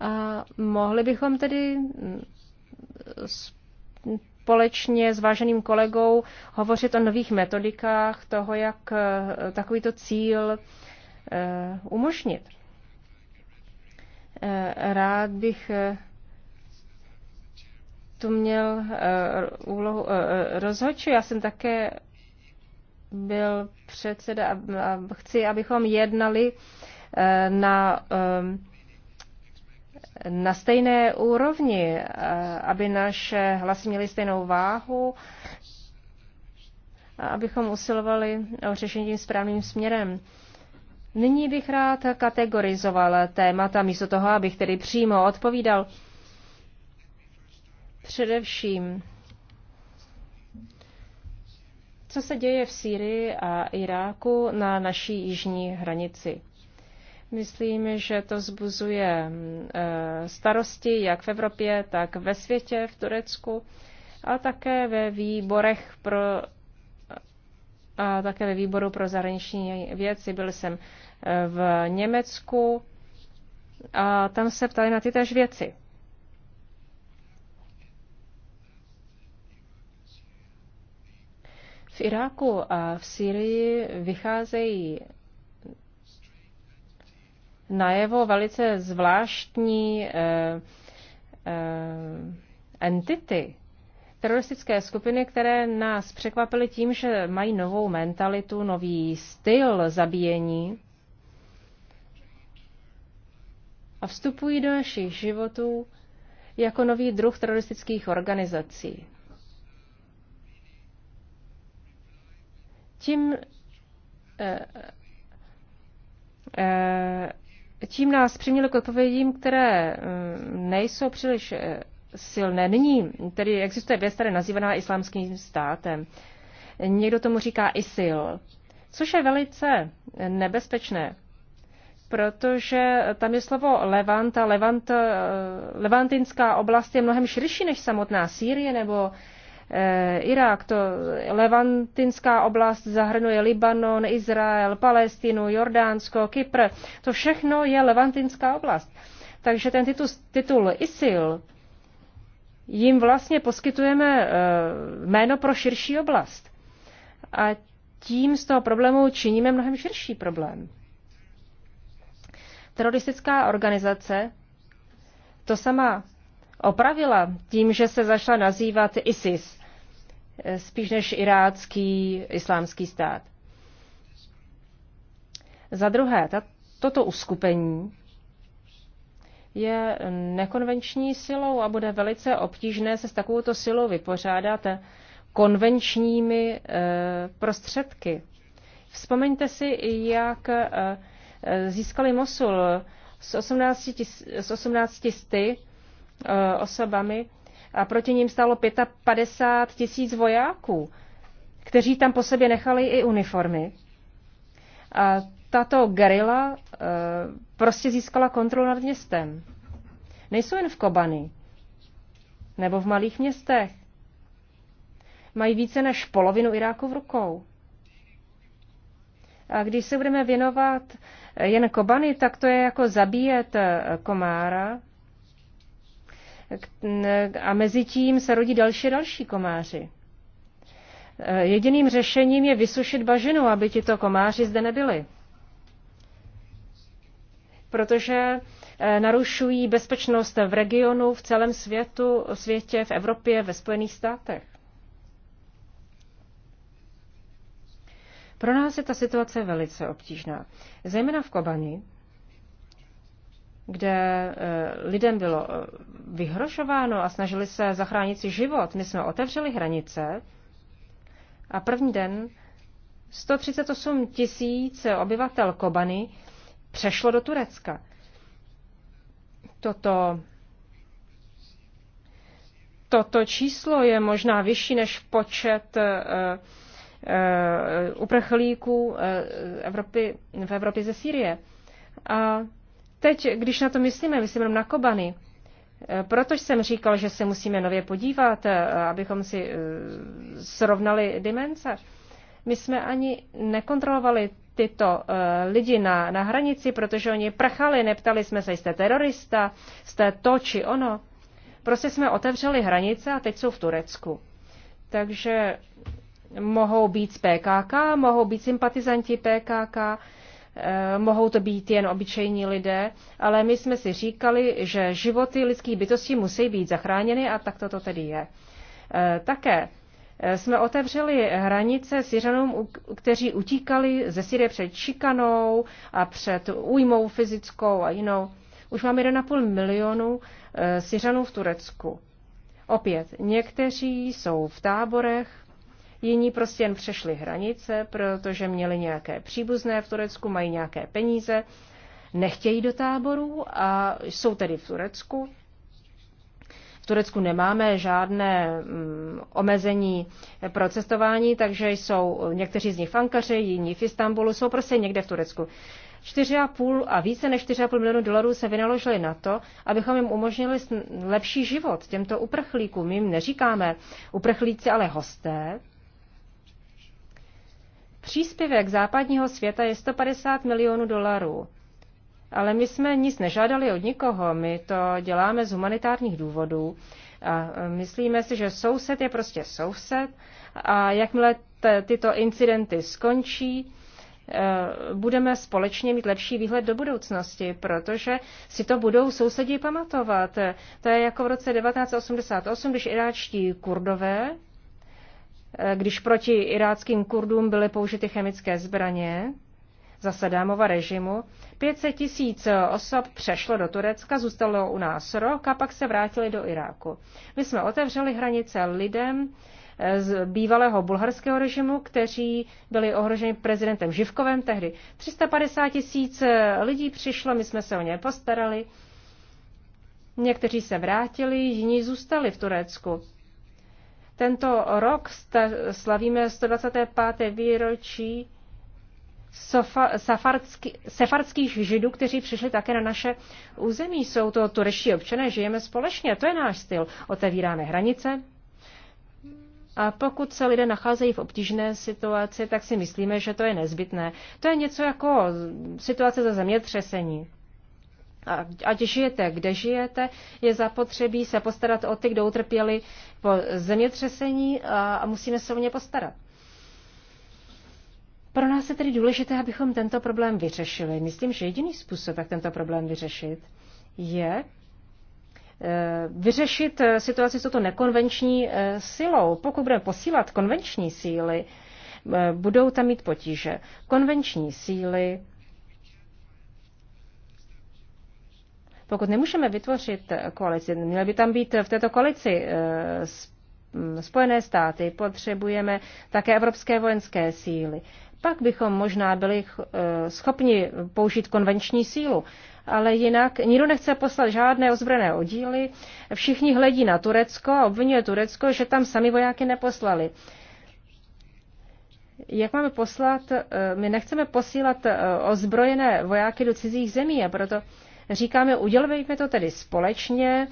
A mohli bychom tedy mm, společně s váženým kolegou hovořit o nových metodikách toho, jak eh, takovýto cíl eh, umožnit. Eh, rád bych tu měl úlohu rozhodčit. Já jsem také byl předseda a chci, abychom jednali eh, na, eh, na stejné úrovni, eh, aby naše hlasy měly stejnou váhu a abychom usilovali o řešení tím správným směrem. Nyní bych rád kategorizoval témata, místo toho, abych tedy přímo odpovídal. Především co se děje v Sýrii a Iráku na naší jižní hranici. Myslím, že to zbuzuje eh, starosti jak v Evropě, tak ve světě, v Turecku a také ve výborech pro a také ve výboru pro zahraniční věci. Byl jsem eh, v Německu a tam se ptali na ty též věci. v Iráku a v Syrii vycházejí najevo velice zvláštní eh, eh, entity, teroristické skupiny, které nás překvapily tím, že mají novou mentalitu, nový styl zabíjení a vstupují do našich životů jako nový druh teroristických organizací. Tím, eh, eh, tím nás přimělo k odpovědím, které mm, nejsou příliš eh, silné. Nyní tedy existuje věc, která je nazývaná islámským státem. Někdo tomu říká ISIL, což je velice nebezpečné, protože tam je slovo Levant a Levant, Levantinská oblast je mnohem širší než samotná Sýrie nebo Eh, Irák, to levantinská oblast zahrnuje Libanon, Izrael, Palestinu, Jordánsko, Kypr. To všechno je levantinská oblast. Takže ten titul, titul ISIL jim vlastně poskytujeme eh, jméno pro širší oblast. A tím z toho problému činíme mnohem širší problém. Teroristická organizace to sama opravila tím, že se zašla nazývat ISIS, eh, spíš než irácký islámský stát. Za druhé, toto uskupení je nekonvenční silou a bude velice obtížné se s takovouto silou vypořádat konvenčními eh, prostředky. Vzpomeňte si, jak eh, získali Mosul z 18, z 18 sty Eh, osobami a proti ním stálo 55 tisíc vojáků, kteří tam po sobě nechali i uniformy. A tato gerila eh, prostě získala kontrolu nad městem. Nejsou jen v Kobani nebo v malých městech. Mají více než polovinu Iráku v rukou. A když se budeme věnovat jen Kobani, tak to je jako zabíjet eh, komára, a mezi tím se rodí další další komáři. E, jediným řešením je vysušit bažinu, aby tito komáři zde nebyli. Protože e, narušují bezpečnost v regionu, v celém světu, světě, v Evropě, ve Spojených státech. Pro nás je ta situace velice obtížná. Zejména v Kobani kde eh, lidem bylo eh, vyhrožováno a snažili se zachránit si život. My jsme otevřeli hranice a první den 138 tisíc obyvatel Kobany přešlo do Turecka. Toto, toto číslo je možná vyšší než počet eh, uprchlíků Evropy, v Evropě ze Sýrie. A Teď, když na to myslíme, myslím na Kobany, eh, Protože jsem říkal, že se musíme nově podívat, eh, abychom si eh, srovnali dimenze. My jsme ani nekontrolovali tyto lidi na, na hranici, protože oni prchali, neptali jsme se, jste terorista, jste to či ono. Prostě jsme otevřeli hranice a teď jsou v Turecku. Takže mohou být z PKK, mohou být sympatizanti PKK, Eh, mohou to být jen obyčejní lidé, ale my jsme si říkali, že životy lidských bytostí musí být zachráněny a tak toto tedy je. Eh, také eh, jsme otevřeli hranice Syřanům, kteří utíkali ze Syrie před šikanou a před újmou fyzickou a jinou. Už máme 1,5 milionu Syřanů v Turecku. Opět, někteří jsou v táborech, Jiní prostě jen přešli hranice, protože měli nějaké příbuzné v Turecku, mají nějaké peníze, nechtějí do táborů a jsou tedy v Turecku. V Turecku nemáme žádné mm, omezení pro cestování, takže jsou někteří z nich v Ankaře, jiní v Istanbulu, jsou prostě někde v Turecku. 4,5 a více než 4,5 milionů dolarů se vynaložili na to, abychom jim umožnili lepší život těmto uprchlíkům. My jim neříkáme uprchlíci, ale hosté. Příspěvek západního světa je 150 milionů dolarů. Ale my jsme nic nežádali od nikoho, my to děláme z humanitárních důvodů. A myslíme si, že soused je prostě soused a jakmile tyto incidenty skončí, eh, budeme společně mít lepší výhled do budoucnosti, protože si to budou sousedí pamatovat. To je jako v roce 1988, když iráčtí kurdové Eh, když proti iráckým Kurdům byly použity chemické zbraně za Sadámova režimu. 500 tisíc osob přešlo do Turecka, zůstalo u nás rok a pak se vrátili do Iráku. My jsme otevřeli hranice lidem eh, z bývalého bulharského režimu, kteří byli ohroženi prezidentem Živkovem tehdy. 350 tisíc eh, lidí přišlo, my jsme se o ně postarali. Někteří se vrátili, jiní zůstali v Turecku. Tento rok slavíme 125. výročí sefardských židů, kteří přišli také na naše území. Jsou to turečtí občané, žijeme společně, to je náš styl. Otevíráme hranice, a pokud se lidé nacházejí v obtížné situaci, tak si myslíme, že to je nezbytné. To je něco jako situace za zemětřesení ať žijete, kde žijete, je zapotřebí se postarat o ty, kdo utrpěli po zemětřesení a musíme se o ně postarat. Pro nás je tedy důležité, abychom tento problém vyřešili. Myslím, že jediný způsob, jak tento problém vyřešit, je e, vyřešit e, situaci s touto nekonvenční e, silou. Pokud budeme posílat konvenční síly, budou tam mít potíže. Konvenční síly Pokud nemůžeme vytvořit koalici, měly by tam být v této koalici eh, mm, Spojené státy, potřebujeme také evropské vojenské síly. Pak bychom možná byli eh, schopni použít konvenční sílu. Ale jinak nikdo nechce poslat žádné ozbrojené oddíly. Všichni hledí na Turecko a obvinuje Turecko, že tam sami vojáky neposlali jak máme poslat, eh, my nechceme posílat ozbrojené vojáky do cizích zemí a proto říkáme, udělejme to tedy společně,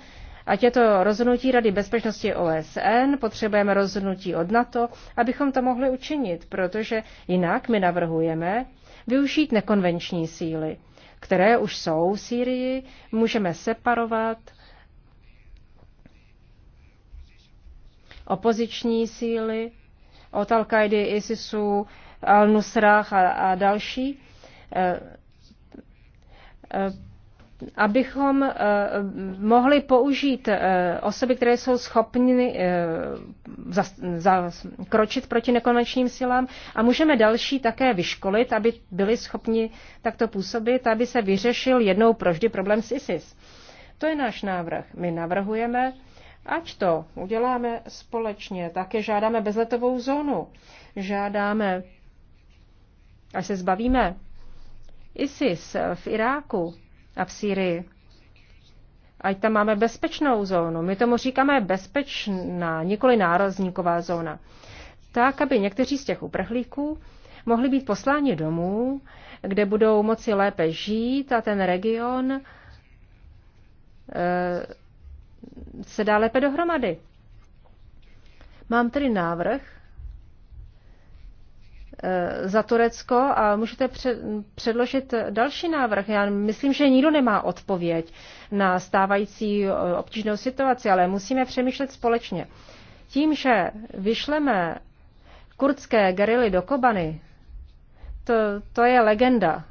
ať je to rozhodnutí Rady bezpečnosti OSN, potřebujeme rozhodnutí od NATO, abychom to mohli učinit, protože jinak my navrhujeme využít nekonvenční síly, které už jsou v Sýrii, můžeme separovat opoziční síly od al qaidi ISISu, Al-Nusrach a, a další. E, e, abychom eh, mohli použít eh, osoby, které jsou schopny eh, kročit proti nekonvenčním silám a můžeme další také vyškolit, aby byli schopni takto působit, aby se vyřešil jednou proždy problém s ISIS. To je náš návrh. My navrhujeme, ať to uděláme společně, také žádáme bezletovou zónu, žádáme, až se zbavíme ISIS v Iráku, a v Sýrii. Ať tam máme bezpečnou zónu. My tomu říkáme bezpečná, nikoli nárazníková zóna. Tak, aby někteří z těch uprchlíků mohli být posláni domů, kde budou moci lépe žít a ten region e, se dá lépe dohromady. Mám tedy návrh, Eh, za Turecko a můžete předložit další návrh. Já myslím, že nikdo nemá odpověď na stávající eh, obtížnou situaci, ale musíme přemýšlet společně. Tím, že vyšleme kurdské gerily do Kobany, to, to je legenda.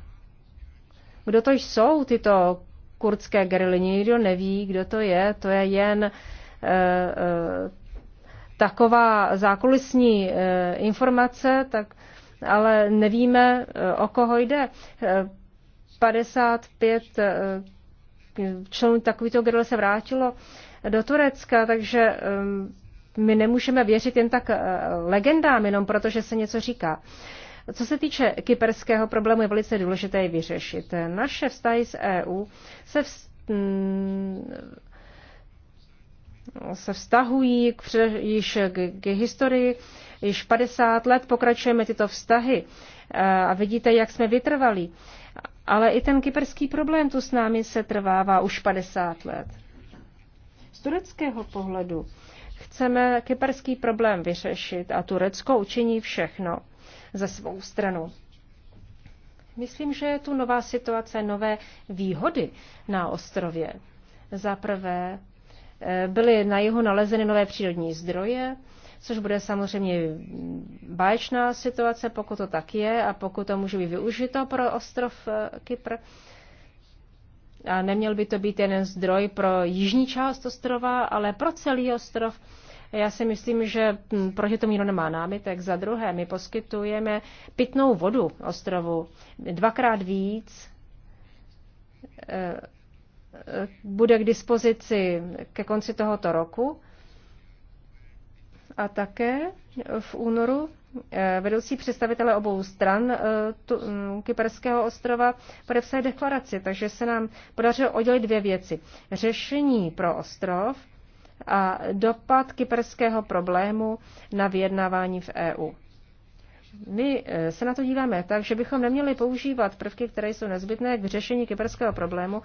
Kdo to jsou tyto kurdské gerily? Nikdo neví, kdo to je. To je jen e, e, taková zákulisní e, informace, tak ale nevíme, eh, o koho jde. 55 eh, eh, členů takovýto grill se vrátilo do Turecka, takže my nemůžeme věřit jen tak legendám, jenom protože se něco říká. Co se týče kyperského problému, je velice důležité vyřešit. Naše vztahy s EU se vz se vztahují k, již k, k historii. Již 50 let pokračujeme tyto vztahy eh, a vidíte, jak jsme vytrvali. Ale i ten kyperský problém tu s námi se trvává už 50 let. Z tureckého pohledu chceme kyperský problém vyřešit a Turecko učiní všechno ze svou stranu. Myslím, že je tu nová situace, nové výhody na ostrově. Za prvé, byly na jihu nalezeny nové přírodní zdroje, což bude samozřejmě báječná situace, pokud to tak je a pokud to může být využito pro ostrov eh, Kypr. A neměl by to být jeden zdroj pro jižní část ostrova, ale pro celý ostrov. Já si myslím, že hm, proti tomu nikdo nemá námitek. Za druhé, my poskytujeme pitnou vodu ostrovu dvakrát víc eh, Eh, bude k dispozici ke konci tohoto roku. A také v únoru eh, vedoucí představitelé obou stran eh, tu, mm, Kyperského ostrova podepsali deklaraci, takže se nám podařilo oddělit dvě věci. Řešení pro ostrov a dopad kyperského problému na vyjednávání v EU. My se na to díváme tak, že bychom neměli používat prvky, které jsou nezbytné k řešení kyperského problému,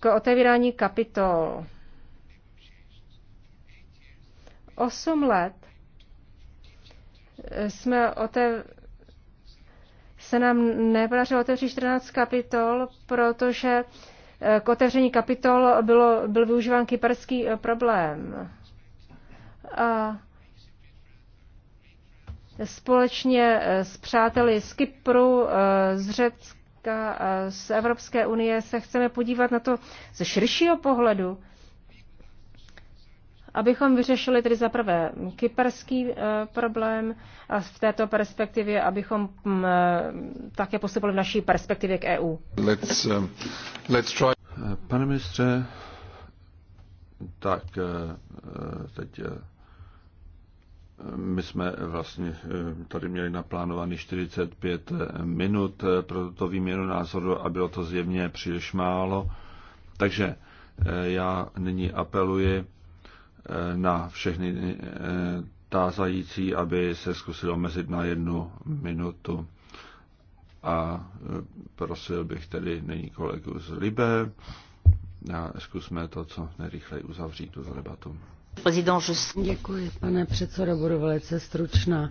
k otevírání kapitol. Osm let jsme otev... se nám nepodařilo otevřít 14 kapitol, protože eh, k otevření kapitol bylo, byl využíván kyperský eh, problém. A společně eh, s přáteli z Kypru, z Řecka, hlediska eh, z Evropské unie se chceme podívat na to ze širšího pohledu, abychom vyřešili tedy zaprvé kyperský eh, problém a v této perspektivě, abychom mm, eh, také postupili v naší perspektivě k EU. Let's, let's try. Pane ministře, tak teď my jsme vlastně eh, tady měli naplánovaný 45 minut eh, pro tuto výměnu názoru a bylo to zjevně příliš málo. Takže eh, já nyní apeluji na všechny tázající, aby se zkusili omezit na jednu minutu. A prosil bych tedy nyní kolegu z Libe a zkusme to, co nejrychleji uzavřít tu debatu. Děkuji, pane předsedo, budu velice stručná.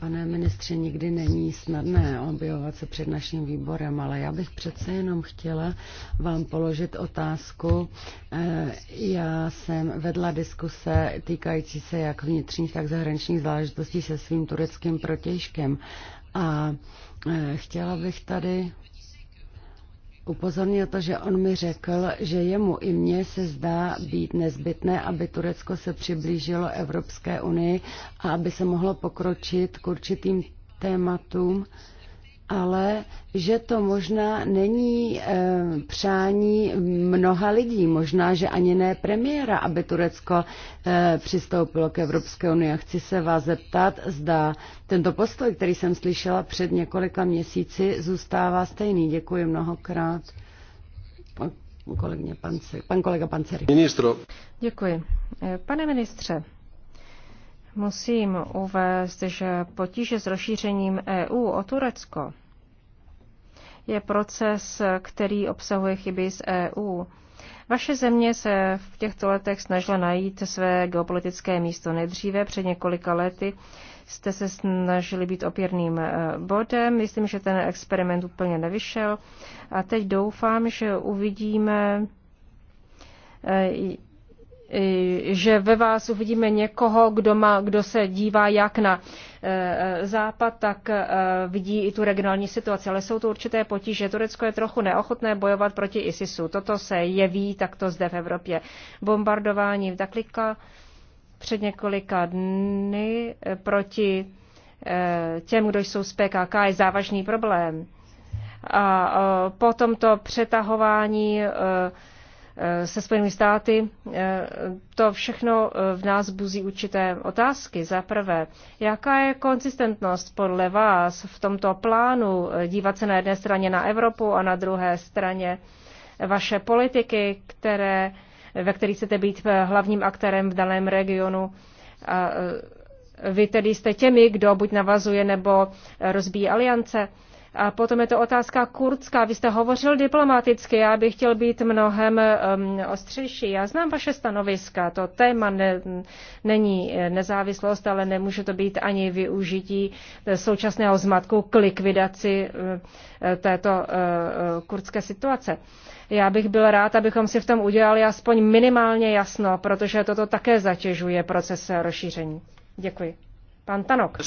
Pane ministře, nikdy není snadné objevovat se před naším výborem, ale já bych přece jenom chtěla vám položit otázku. Eh, já jsem vedla diskuse týkající se jak vnitřních, tak zahraničních záležitostí se svým tureckým protějškem. A eh, chtěla bych tady upozornil to, že on mi řekl, že jemu i mně se zdá být nezbytné, aby Turecko se přiblížilo Evropské unii a aby se mohlo pokročit k určitým tématům, ale že to možná není e, přání mnoha lidí, možná, že ani ne premiéra, aby Turecko e, přistoupilo k Evropské unii. A chci se vás zeptat, zda tento postoj, který jsem slyšela před několika měsíci, zůstává stejný. Děkuji mnohokrát. Pan, Panceri, pan kolega Panceri. Ministro. Děkuji. Eh, pane ministře, Musím uvést, že potíže s rozšířením EU o Turecko je proces, který obsahuje chyby z EU. Vaše země se v těchto letech snažila najít své geopolitické místo. Nejdříve před několika lety jste se snažili být opěrným e, bodem. Myslím, že ten experiment úplně nevyšel. A teď doufám, že uvidíme e, že ve vás uvidíme někoho, kdo, má, kdo se dívá jak na e, západ, tak e, vidí i tu regionální situaci. Ale jsou tu určité potíže. Turecko je trochu neochotné bojovat proti ISISu. Toto se jeví takto zde v Evropě. Bombardování v Daklika před několika dny e, proti těm, kdo jsou z PKK, je závažný problém. A po tomto přetahování Eh, se Spojenými státy, eh, to všechno eh, v nás buzí určité otázky. Za prvé, jaká je konsistentnost podle vás v tomto plánu dívat se na jedné straně na Evropu a na druhé straně vaše politiky, které, ve kterých chcete být hlavním aktérem v daném regionu? A vy tedy jste těmi, kdo buď navazuje nebo rozbíjí aliance. A potom je to otázka kurdská. Vy jste hovořil diplomaticky, já bych chtěl být mnohem um, ostřejší. Já znám vaše stanoviska, to téma ne, není eh, nezávislost, ale nemůže to být ani využití eh, současného zmatku k likvidaci uh, této uh, kurdské situace. Já bych byl rád, abychom si v tom udělali aspoň minimálně jasno, protože toto také zatěžuje proces rozšíření. Děkuji. Pan Tanok.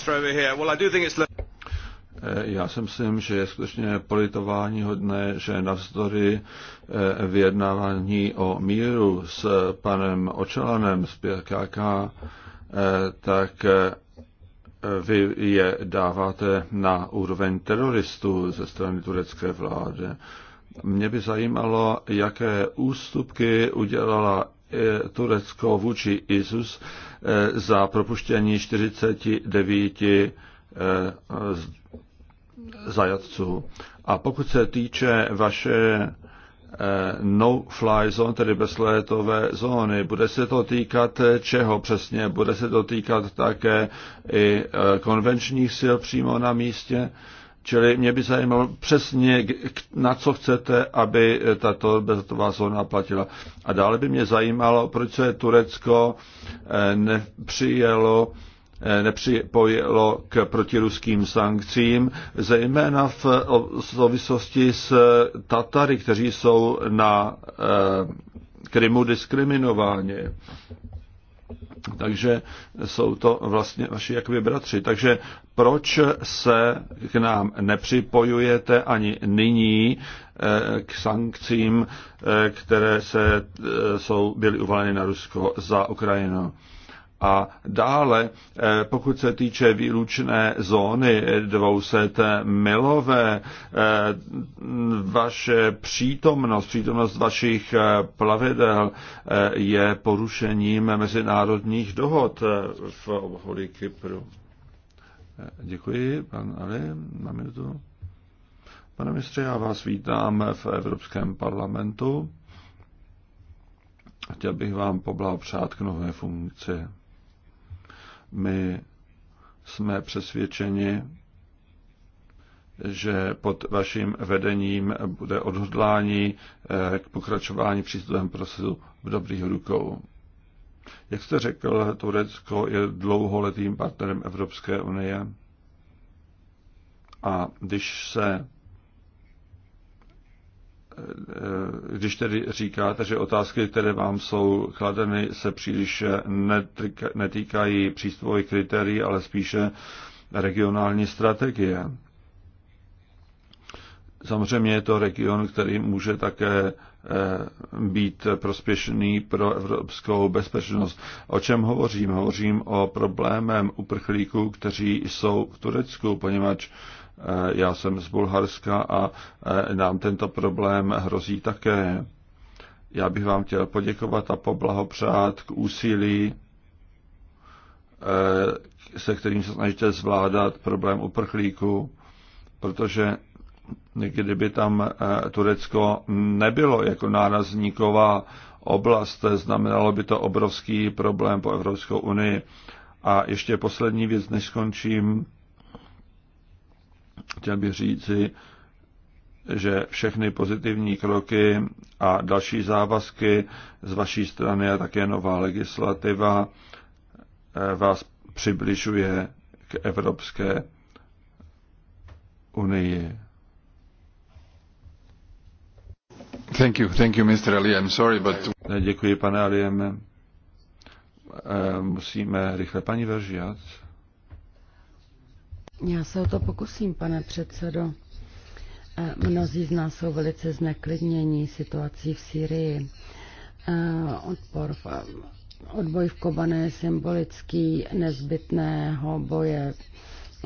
Eh, já si myslím, že je skutečně politování hodné, že navzdory eh, vyjednávání o míru s panem Očelanem z PKK, eh, tak vy je dáváte na úroveň teroristů ze strany turecké vlády. Mě by zajímalo, jaké ústupky udělala Turecko vůči ISUS za propuštění 49 zajatců. A pokud se týče vaše eh, no-fly zone, tedy bezletové zóny. Bude se to týkat eh, čeho přesně? Bude se to týkat také i eh, konvenčních sil přímo na místě? Čili mě by zajímalo přesně, na co chcete, aby tato bezletová zóna platila. A dále by mě zajímalo, proč se Turecko nepřijelo nepřipojilo k protiruským sankcím, zejména v souvislosti s Tatary, kteří jsou na eh, Krymu diskriminováni. Takže jsou to vlastně vaši jakoby bratři. Takže proč se k nám nepřipojujete ani nyní eh, k sankcím, eh, které se, jsou, byly uvaleny na Rusko za Ukrajinu? A dále, eh, pokud se týče výlučné zóny 200 milové, eh, vaše přítomnost, přítomnost vašich eh, plavidel je porušením mezinárodních dohod v obchodě Kypru. Děkuji, pan Ali, na minutu. Pane ministře, já vás vítám v Evropském parlamentu. Chtěl bych vám poblahopřát k nové funkci. My jsme přesvědčeni, že pod vaším vedením bude odhodlání eh, k pokračování přístupem procesu v dobrých rukou. Jak jste řekl, Turecko je dlouholetým partnerem Evropské unie a když se když tedy říkáte, že otázky, které vám jsou kladeny, se příliš netýkají přístupových kritérií, ale spíše regionální strategie. Samozřejmě je to region, který může také eh, být prospěšný pro evropskou bezpečnost. O čem hovořím? Hovořím o problémem uprchlíků, kteří jsou v Turecku, poněvadž Eh, já jsem z Bulharska a eh, nám tento problém hrozí také. Já bych vám chtěl poděkovat a poblahopřát k úsilí, eh, se kterým se snažíte zvládat problém uprchlíků, protože kdyby tam Turecko nebylo jako nárazníková oblast, znamenalo by to obrovský problém po Evropskou unii. A ještě poslední věc, než skončím chtěl bych říci, že všechny pozitivní kroky a další závazky z vaší strany a také nová legislativa eh, vás přibližuje k Evropské unii. Thank you, thank you, Mr. Ali. I'm sorry, but... Eh, děkuji, pane Aliem. Eh, musíme rychle paní Veržiac. Já se o to pokusím, pane předsedo. Eh, mnozí z nás jsou velice zneklidnění situací v Syrii. Eh, odpor v, odboj v Kobane je symbolický nezbytného boje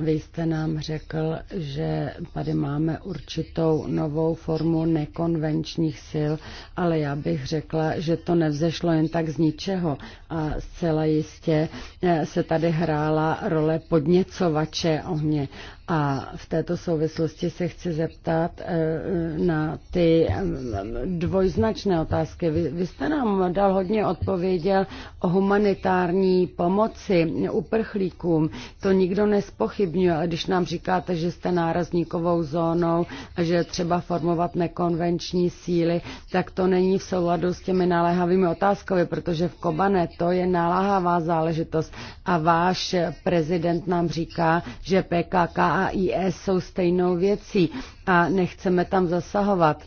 vy jste nám řekl, že tady máme určitou novou formu nekonvenčních sil, ale já bych řekla, že to nevzešlo jen tak z ničeho. A zcela jistě eh, se tady hrála role podněcovače ohně. A v této souvislosti se chci zeptat eh, na ty eh, dvojznačné otázky. Vy, vy jste nám dal hodně odpověděl o humanitární pomoci uprchlíkům. To nikdo nespochybňuje, ale když nám říkáte, že jste nárazníkovou zónou a že třeba formovat nekonvenční síly, tak to není v souladu s těmi naléhavými otázkami, protože v Kobane to je naléhavá záležitost. A váš prezident nám říká, že PKK a AIS e jsou stejnou věcí a nechceme tam zasahovat.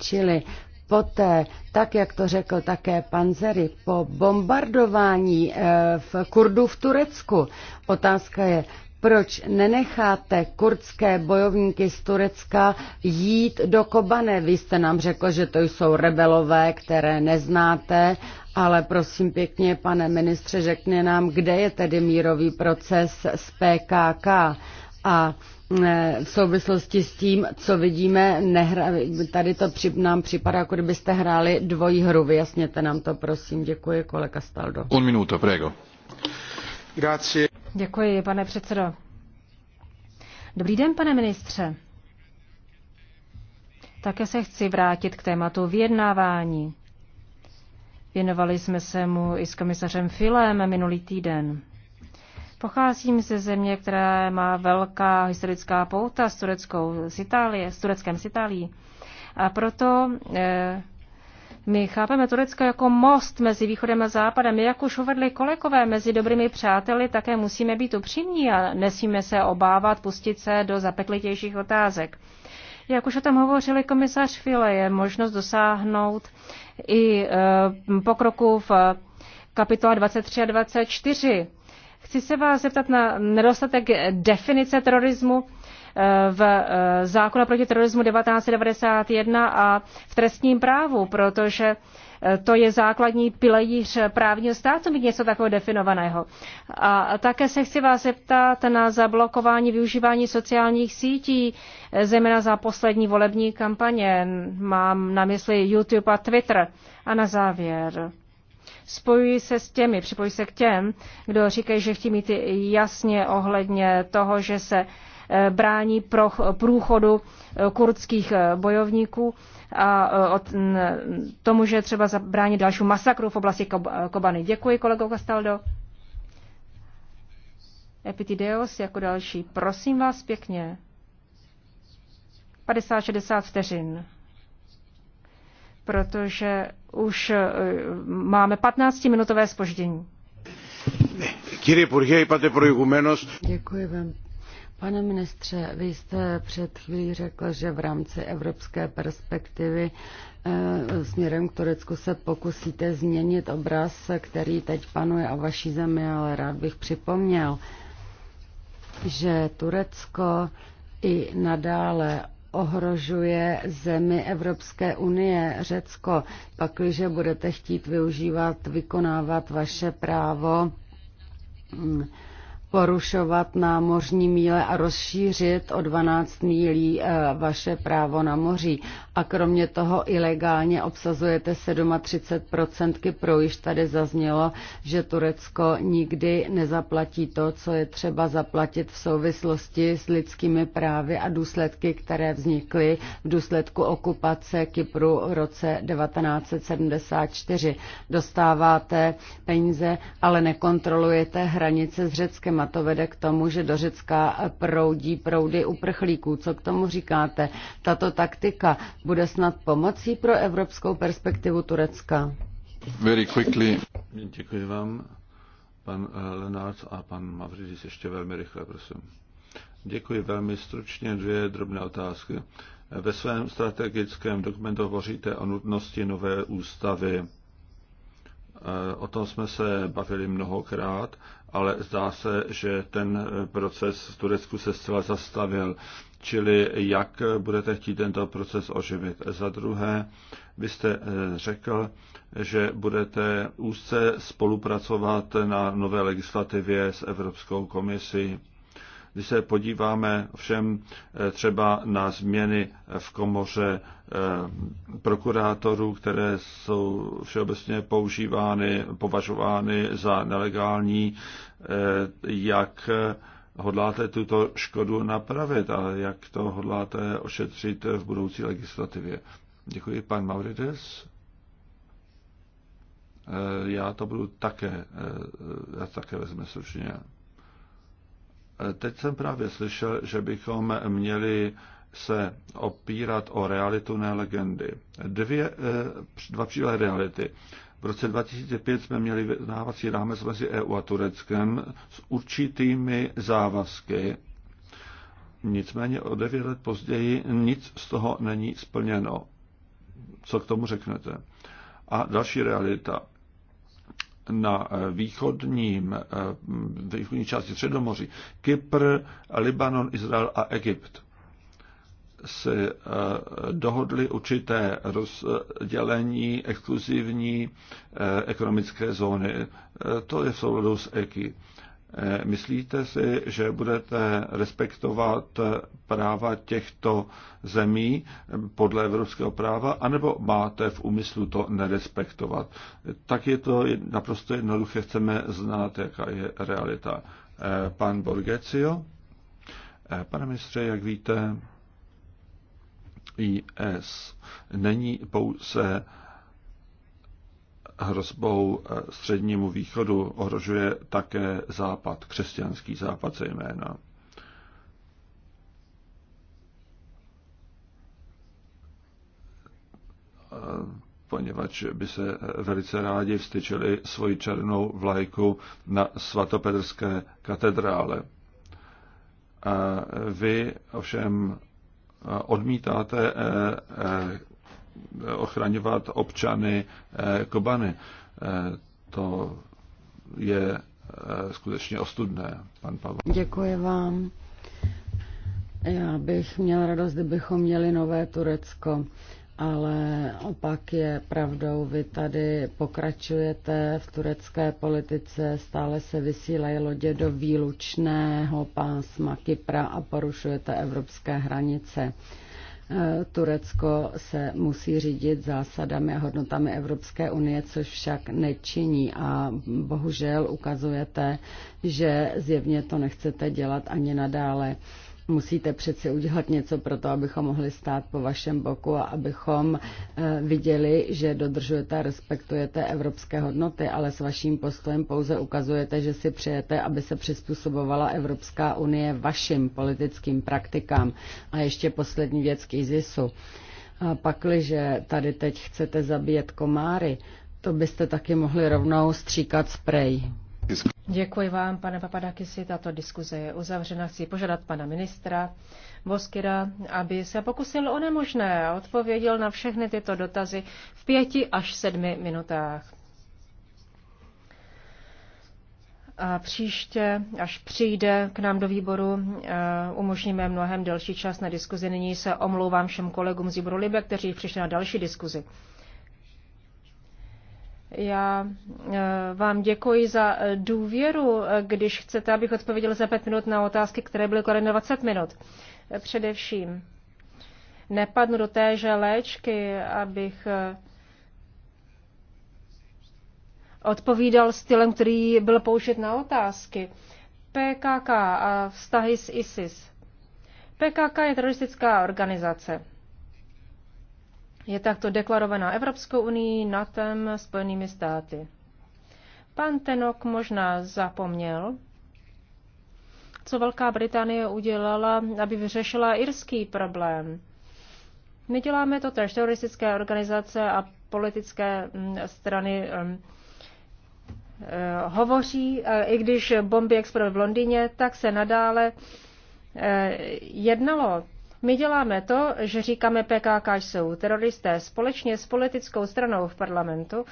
Čili poté, tak jak to řekl také Panzery, po bombardování eh, v Kurdu v Turecku. Otázka je, proč nenecháte kurdské bojovníky z Turecka jít do Kobane? Vy jste nám řekl, že to jsou rebelové, které neznáte, ale prosím pěkně, pane ministře, řekně nám, kde je tedy mírový proces z PKK a e, v souvislosti s tím, co vidíme, nehra, tady to při, nám připadá, jako kdybyste hráli dvojí hru. Vyjasněte nám to, prosím. Děkuji, kolega Staldo. Un minuto, prego. Grazie. Děkuji, pane předsedo. Dobrý den, pane ministře. Také se chci vrátit k tématu vyjednávání. Věnovali jsme se mu i s komisařem Filem minulý týden. Pocházím ze země, která má velká historická pouta s, tureckou, s, Itálie, s Tureckem z Itálií. A proto eh, my chápeme Turecko jako most mezi východem a západem. Jak už uvedli kolegové, mezi dobrými přáteli také musíme být upřímní a nesmíme se obávat pustit se do zapeklitějších otázek. Jak už o tom hovořili komisař File, je možnost dosáhnout i e, pokroku v kapitola 23 a 24. Chci se vás zeptat na nedostatek definice terorismu Eh, v eh, zákonu proti terorismu 1991 a v trestním právu, protože eh, to je základní pilíř právního státu mít něco takového definovaného. A také se chci vás zeptat na zablokování využívání sociálních sítí, zejména za poslední volební kampaně. Mám na mysli YouTube a Twitter. A na závěr. Spojuji se s těmi, připojuji se k těm, kdo říkají, že chtějí mít jasně ohledně toho, že se brání pro průchodu eh, kurdských eh, bojovníků a eh, tomu, že třeba zabránit dalšímu masakru v oblasti Kobany. Děkuji, kolego Castaldo. Epitideos jako další. Prosím vás pěkně. 50-60 vteřin. Protože už máme 15-minutové spoždění. Děkuji vám, Pane ministře, vy jste před chvílí řekl, že v rámci evropské perspektivy eh, směrem k Turecku se pokusíte změnit obraz, který teď panuje o vaší zemi, ale rád bych připomněl, že Turecko i nadále ohrožuje zemi Evropské unie, Řecko, pakliže budete chtít využívat, vykonávat vaše právo hm, porušovat námořní míle a rozšířit o 12 mílí eh, vaše právo na moří. A kromě toho ilegálně obsazujete 37 Kypru. Již tady zaznělo, že Turecko nikdy nezaplatí to, co je třeba zaplatit v souvislosti s lidskými právy a důsledky, které vznikly v důsledku okupace Kypru v roce 1974. Dostáváte peníze, ale nekontrolujete hranice s Řeckem problém a to vede k tomu, že do Řecka proudí proudy uprchlíků. Co k tomu říkáte? Tato taktika bude snad pomocí pro evropskou perspektivu Turecka? Very quickly. Děkuji vám. Pan eh, Lenard a pan Mavridis ještě velmi rychle, prosím. Děkuji velmi stručně. Dvě drobné otázky. Ve svém strategickém dokumentu hovoříte o nutnosti nové ústavy. Eh, o tom jsme se bavili mnohokrát ale zdá se, že ten eh, proces v Turecku se zcela zastavil. Čili jak budete chtít tento proces oživit? Za druhé, vy jste eh, řekl, že budete úzce spolupracovat na nové legislativě s Evropskou komisí. Když se podíváme všem eh, třeba na změny eh, v komoře eh, prokurátorů, které jsou všeobecně používány, považovány za nelegální, jak hodláte tuto škodu napravit a jak to hodláte ošetřit v budoucí legislativě. Děkuji, pan Maurides. Já to budu také, já také vezmu slušně. Teď jsem právě slyšel, že bychom měli se opírat o realitu, ne legendy. Dvě, eh, dva příklady reality. V roce 2005 jsme měli vyznávací rámec mezi EU a Tureckem s určitými závazky. Nicméně o devět let později nic z toho není splněno. Co k tomu řeknete? A další realita na východním, eh, východní části Středomoří, Kypr, Libanon, Izrael a Egypt, se eh, dohodli určité rozdělení exkluzivní eh, ekonomické zóny. To je v souladu s EKI. Eh, myslíte si, že budete respektovat práva těchto zemí podle evropského práva, anebo máte v úmyslu to nerespektovat? Tak je to naprosto jednoduché, chceme znát, jaká je realita. Eh, pan Borgecio? Eh, pane ministře, jak víte, IS není pouze hrozbou eh, střednímu východu ohrožuje také západ, křesťanský západ zejména. Eh, poněvadž by se eh, velice rádi vstyčili svoji černou vlajku na svatopetrské katedrále. A vy ovšem odmítáte ochraňovat občany eh, Kobany. Eh, to je eh, skutečně ostudné, pan Pavel. Děkuji vám. Já bych měl radost, kdybychom měli nové Turecko, ale opak je pravdou. Vy tady pokračujete v turecké politice, stále se vysílají lodě do výlučného pásma Kypra a porušujete evropské hranice. Turecko se musí řídit zásadami a hodnotami Evropské unie, což však nečiní a bohužel ukazujete, že zjevně to nechcete dělat ani nadále. Musíte přeci udělat něco pro to, abychom mohli stát po vašem boku a abychom eh, viděli, že dodržujete a respektujete evropské hodnoty, ale s vaším postojem pouze ukazujete, že si přejete, aby se přizpůsobovala Evropská unie vašim politickým praktikám. A ještě poslední věc k ISISu. A pakliže tady teď chcete zabíjet komáry, to byste taky mohli rovnou stříkat sprej. Děkuji vám, pane Papadakisi, tato diskuze je uzavřena. Chci požádat pana ministra Boskira, aby se pokusil o nemožné a odpověděl na všechny tyto dotazy v pěti až sedmi minutách. A příště, až přijde k nám do výboru, eh, umožníme mnohem delší čas na diskuzi. Nyní se omlouvám všem kolegům z výboru Libe, kteří přišli na další diskuzi. Já eh, vám děkuji za eh, důvěru, eh, když chcete, abych odpověděl za pět minut na otázky, které byly kolem 20 minut. Především nepadnu do téže léčky, abych odpovídal stylem, který byl použit na otázky. PKK a vztahy s ISIS. PKK je teroristická organizace je takto deklarovaná Evropskou unii, NATO, Spojenými státy. Pan Tenok možná zapomněl, co Velká Británie udělala, aby vyřešila irský problém. My děláme to tež teroristické organizace a politické mm, strany mm, eh, hovoří, eh, i když bomby explodovaly v Londýně, tak se nadále eh, jednalo. My děláme to, že říkáme PKK jsou teroristé. Společně s politickou stranou v parlamentu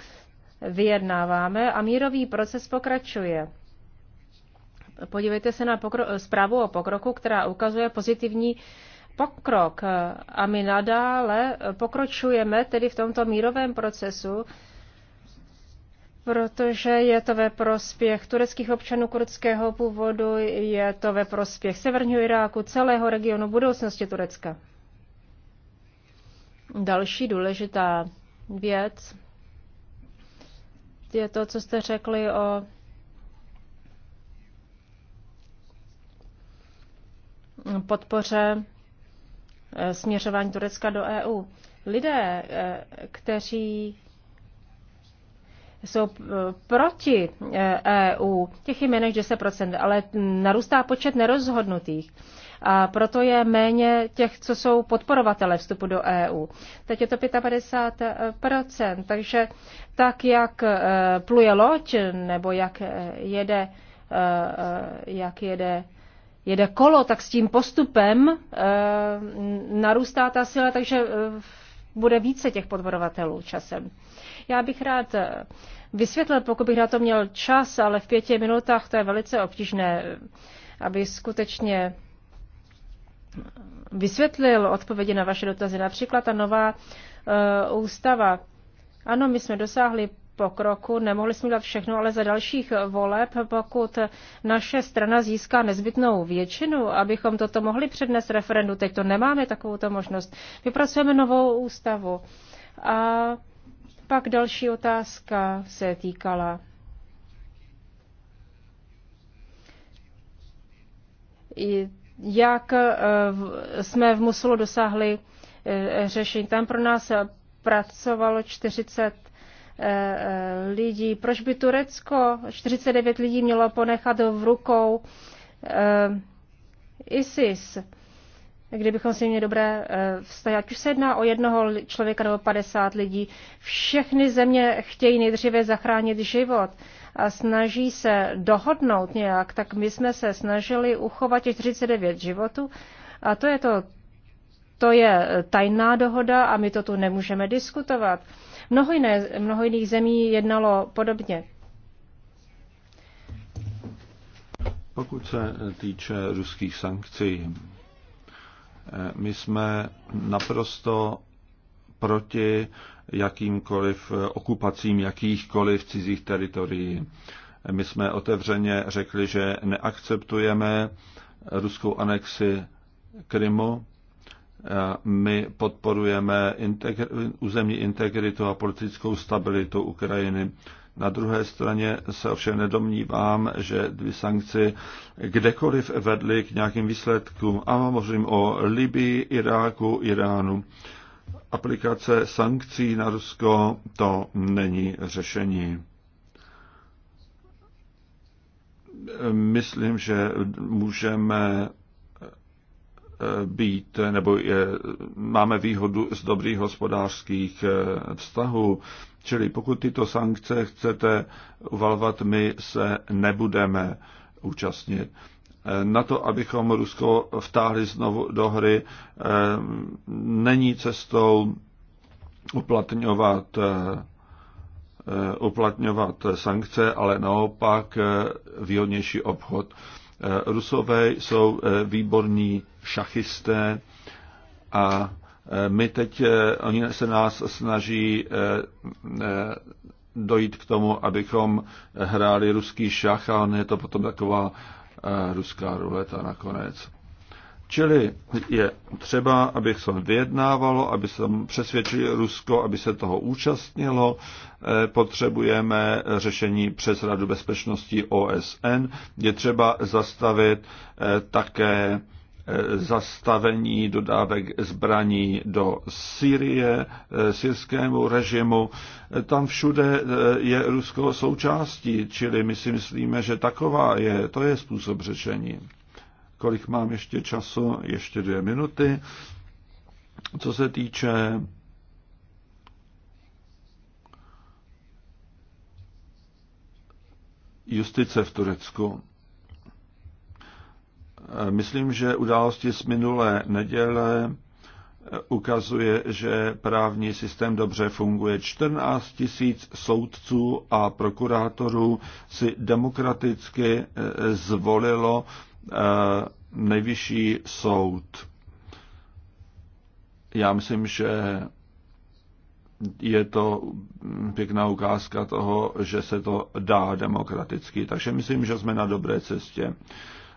vyjednáváme a mírový proces pokračuje. Podívejte se na pokro- zprávu o pokroku, která ukazuje pozitivní pokrok a my nadále pokročujeme tedy v tomto mírovém procesu protože je to ve prospěch tureckých občanů kurdského původu, je to ve prospěch severního Iráku, celého regionu budoucnosti Turecka. Další důležitá věc je to, co jste řekli o podpoře eh, směřování Turecka do EU. Lidé, eh, kteří jsou eh, proti EU, eh, e těch je méně než 10%, ale narůstá počet nerozhodnutých. A proto je méně těch, co jsou podporovatele vstupu do EU. Teď je to 55%, takže tak, jak eh, pluje loď, nebo jak jede, jak jede jede kolo, tak s tím postupem narůstá ta síla, takže bude více těch podporovatelů časem. Já bych rád eh, vysvětlil, pokud bych na to měl čas, ale v pěti minutách to je velice obtížné, eh, aby skutečně vysvětlil odpovědi na vaše dotazy. Například ta nová uh, ústava. Ano, my jsme dosáhli pokroku, nemohli jsme dát všechno, ale za dalších voleb, pokud naše strana získá nezbytnou většinu, abychom toto mohli přednést referendu, teď to nemáme takovou možnost, vypracujeme novou ústavu. A pak další otázka se týkala jak eh, jsme v Musulu dosáhli eh, řešení. Tam pro nás pracovalo 40 eh, lidí. Proč by Turecko 49 lidí mělo ponechat v rukou ISIS? kdybychom si měli dobré eh, vztahy, ať už se jedná o jednoho člověka nebo 50 lidí, všechny země chtějí nejdříve zachránit život a snaží se dohodnout nějak, tak my jsme se snažili uchovat těch 39 životů a to je to, to je eh, tajná dohoda a my to tu nemůžeme diskutovat. Mnoho, jiné, mnoho jiných zemí jednalo podobně. Pokud se týče ruských sankcí, Eh, my jsme naprosto proti jakýmkoliv eh, okupacím jakýchkoliv cizích teritorií. Eh, my jsme otevřeně řekli, že neakceptujeme ruskou anexi Krymu. My podporujeme integr- územní integritu a politickou stabilitu Ukrajiny. Na druhé straně se ovšem nedomnívám, že dvě sankce, kdekoliv vedly k nějakým výsledkům. A mluvím o Libii, Iráku, Iránu. Aplikace sankcí na Rusko to není řešení. Myslím, že můžeme eh, být, nebo je, máme výhodu z dobrých hospodářských eh, vztahů. Čili pokud tyto sankce chcete uvalovat, my se nebudeme účastnit. Na to, abychom Rusko vtáhli znovu do hry, eh, není cestou uplatňovat eh, uplatňovat sankce, ale naopak eh, výhodnější obchod. Rusové jsou výborní šachisté a Eh, my teď, eh, oni se nás snaží eh, dojít k tomu, abychom hráli ruský šach a on je to potom taková ruská ruleta nakonec. Čili je třeba, aby se vyjednávalo, aby se přesvědčili Rusko, aby se toho účastnilo. Potřebujeme řešení přes Radu bezpečnosti OSN. Je třeba zastavit také zastavení dodávek zbraní do Syrie, eh, syrskému režimu. Tam všude eh, je Rusko součástí, čili my si myslíme, že taková je, to je způsob řešení. Kolik mám ještě času? Ještě dvě minuty. Co se týče justice v Turecku. Myslím, že události z minulé neděle eh, ukazuje, že právní systém dobře funguje. 14 tisíc soudců a prokurátorů si demokraticky eh, zvolilo eh, nejvyšší soud. Já myslím, že je to pěkná ukázka toho, že se to dá demokraticky. Takže myslím, že jsme na dobré cestě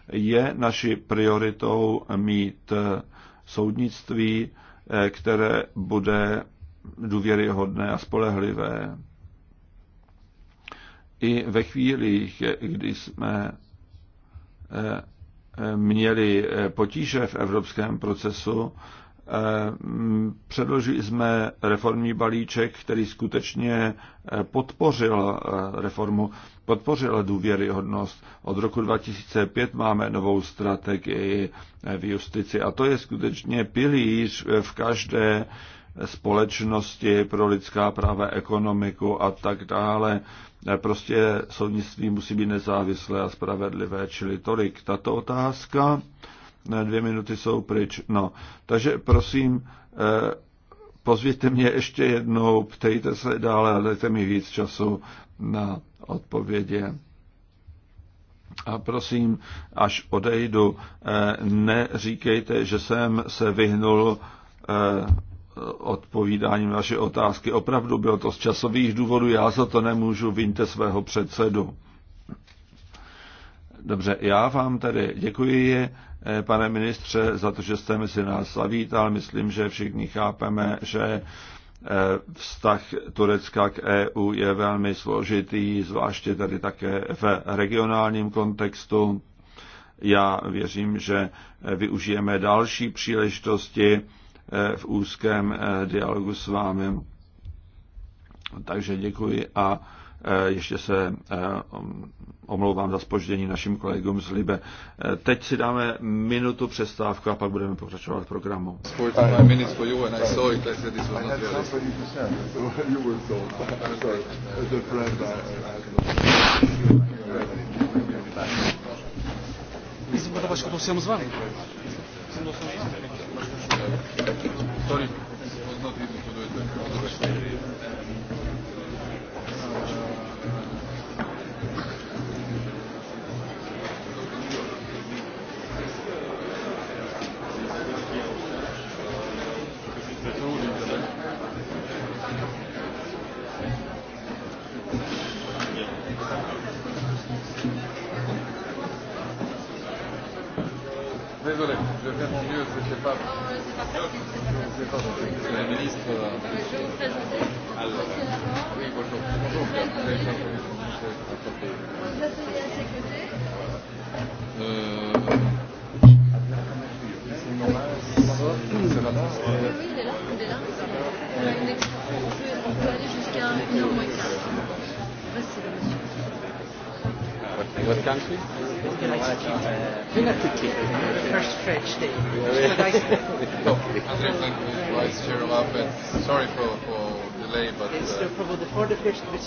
je naší prioritou mít eh, soudnictví, eh, které bude důvěryhodné a spolehlivé. I ve chvílích, kdy jsme eh, měli potíže v evropském procesu, Předložili jsme reformní balíček, který skutečně eh, podpořil eh, reformu, podpořil důvěryhodnost. Od roku 2005 máme novou strategii eh, v justici a to je skutečně pilíř v každé společnosti pro lidská práva, ekonomiku a tak dále. Prostě soudnictví musí být nezávislé a spravedlivé, čili tolik tato otázka dvě minuty jsou pryč. No, takže prosím, eh, pozvěte mě ještě jednou, ptejte se dále a dejte mi víc času na odpovědi. A prosím, až odejdu, eh, neříkejte, že jsem se vyhnul eh, odpovídáním na vaše otázky. Opravdu bylo to z časových důvodů, já za to nemůžu, vinte svého předsedu. Dobře, já vám tedy děkuji Eh, pane ministře, za to, že jste mezi nás zavítal. Myslím, že všichni chápeme, že eh, vztah Turecka k EU je velmi složitý, zvláště tady také v regionálním kontextu. Já věřím, že eh, využijeme další příležitosti v úzkém dialogu s vámi. Takže děkuji a Eh, ještě se eh, omlouvám za spoždění našim kolegům z Libe. Eh, teď si dáme minutu přestávku a pak budeme pokračovat programu. Sorry.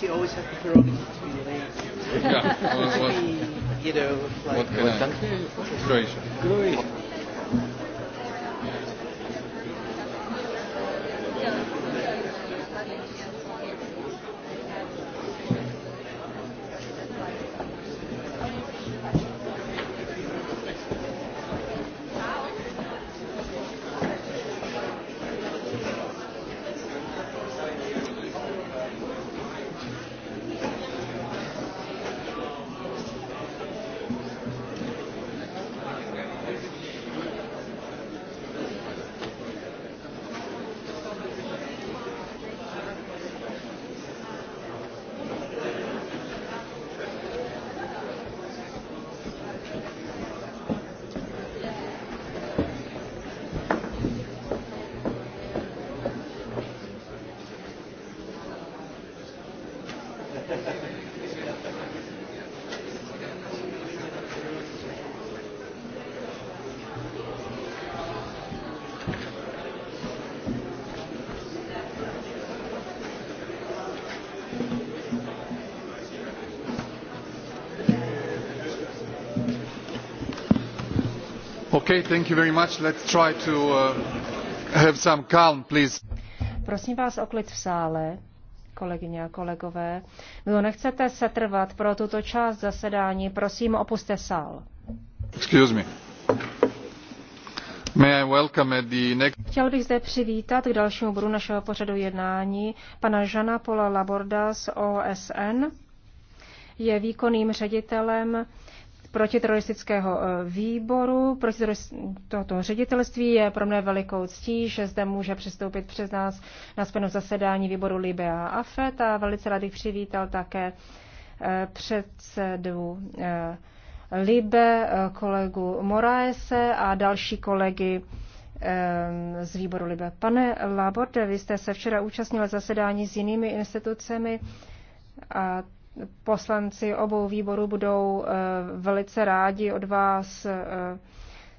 you always have the plurality. Prosím vás o klid v sále, kolegyně a kolegové. Kdo nechcete setrvat pro tuto část zasedání, prosím opuste sál. Excuse me. May I welcome the next... Chtěl bych zde přivítat k dalšímu bodu našeho pořadu jednání pana Žana Pola Laborda z OSN. Je výkonným ředitelem protiteroristického eh, výboru, tohoto ředitelství je pro mě velikou ctí, že zde může přistoupit přes nás na spěnou zasedání výboru Libe a AFET a velice rád bych přivítal také eh, předsedu eh, Libe, kolegu Moraese a další kolegy z výboru Libe. Pane Laborde, vy jste se včera účastnil zasedání s jinými institucemi a poslanci obou výborů budou eh, velice rádi od vás eh,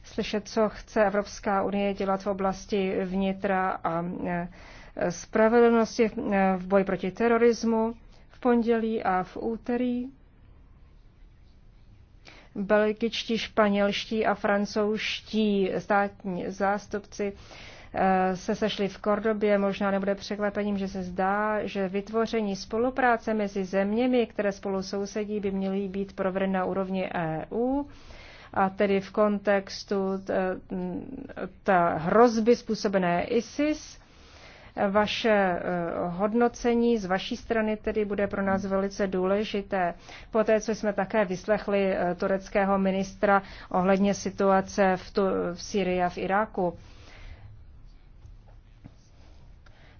slyšet, co chce Evropská unie dělat v oblasti vnitra a eh, spravedlnosti v boji proti terorismu v pondělí a v úterý. Belgičtí, španělští a francouzští státní zástupci Eh, se sešli v Kordobě, možná nebude překvapením, že se zdá, že vytvoření spolupráce mezi zeměmi, které spolu sousedí, by měly být provedeny na úrovni EU a tedy v kontextu eh, mm, ta hrozby způsobené ISIS. Vaše eh, hodnocení z vaší strany tedy bude pro nás velice důležité. Poté, co jsme také vyslechli tureckého ministra ohledně situace v, tu, v Syrii a v Iráku.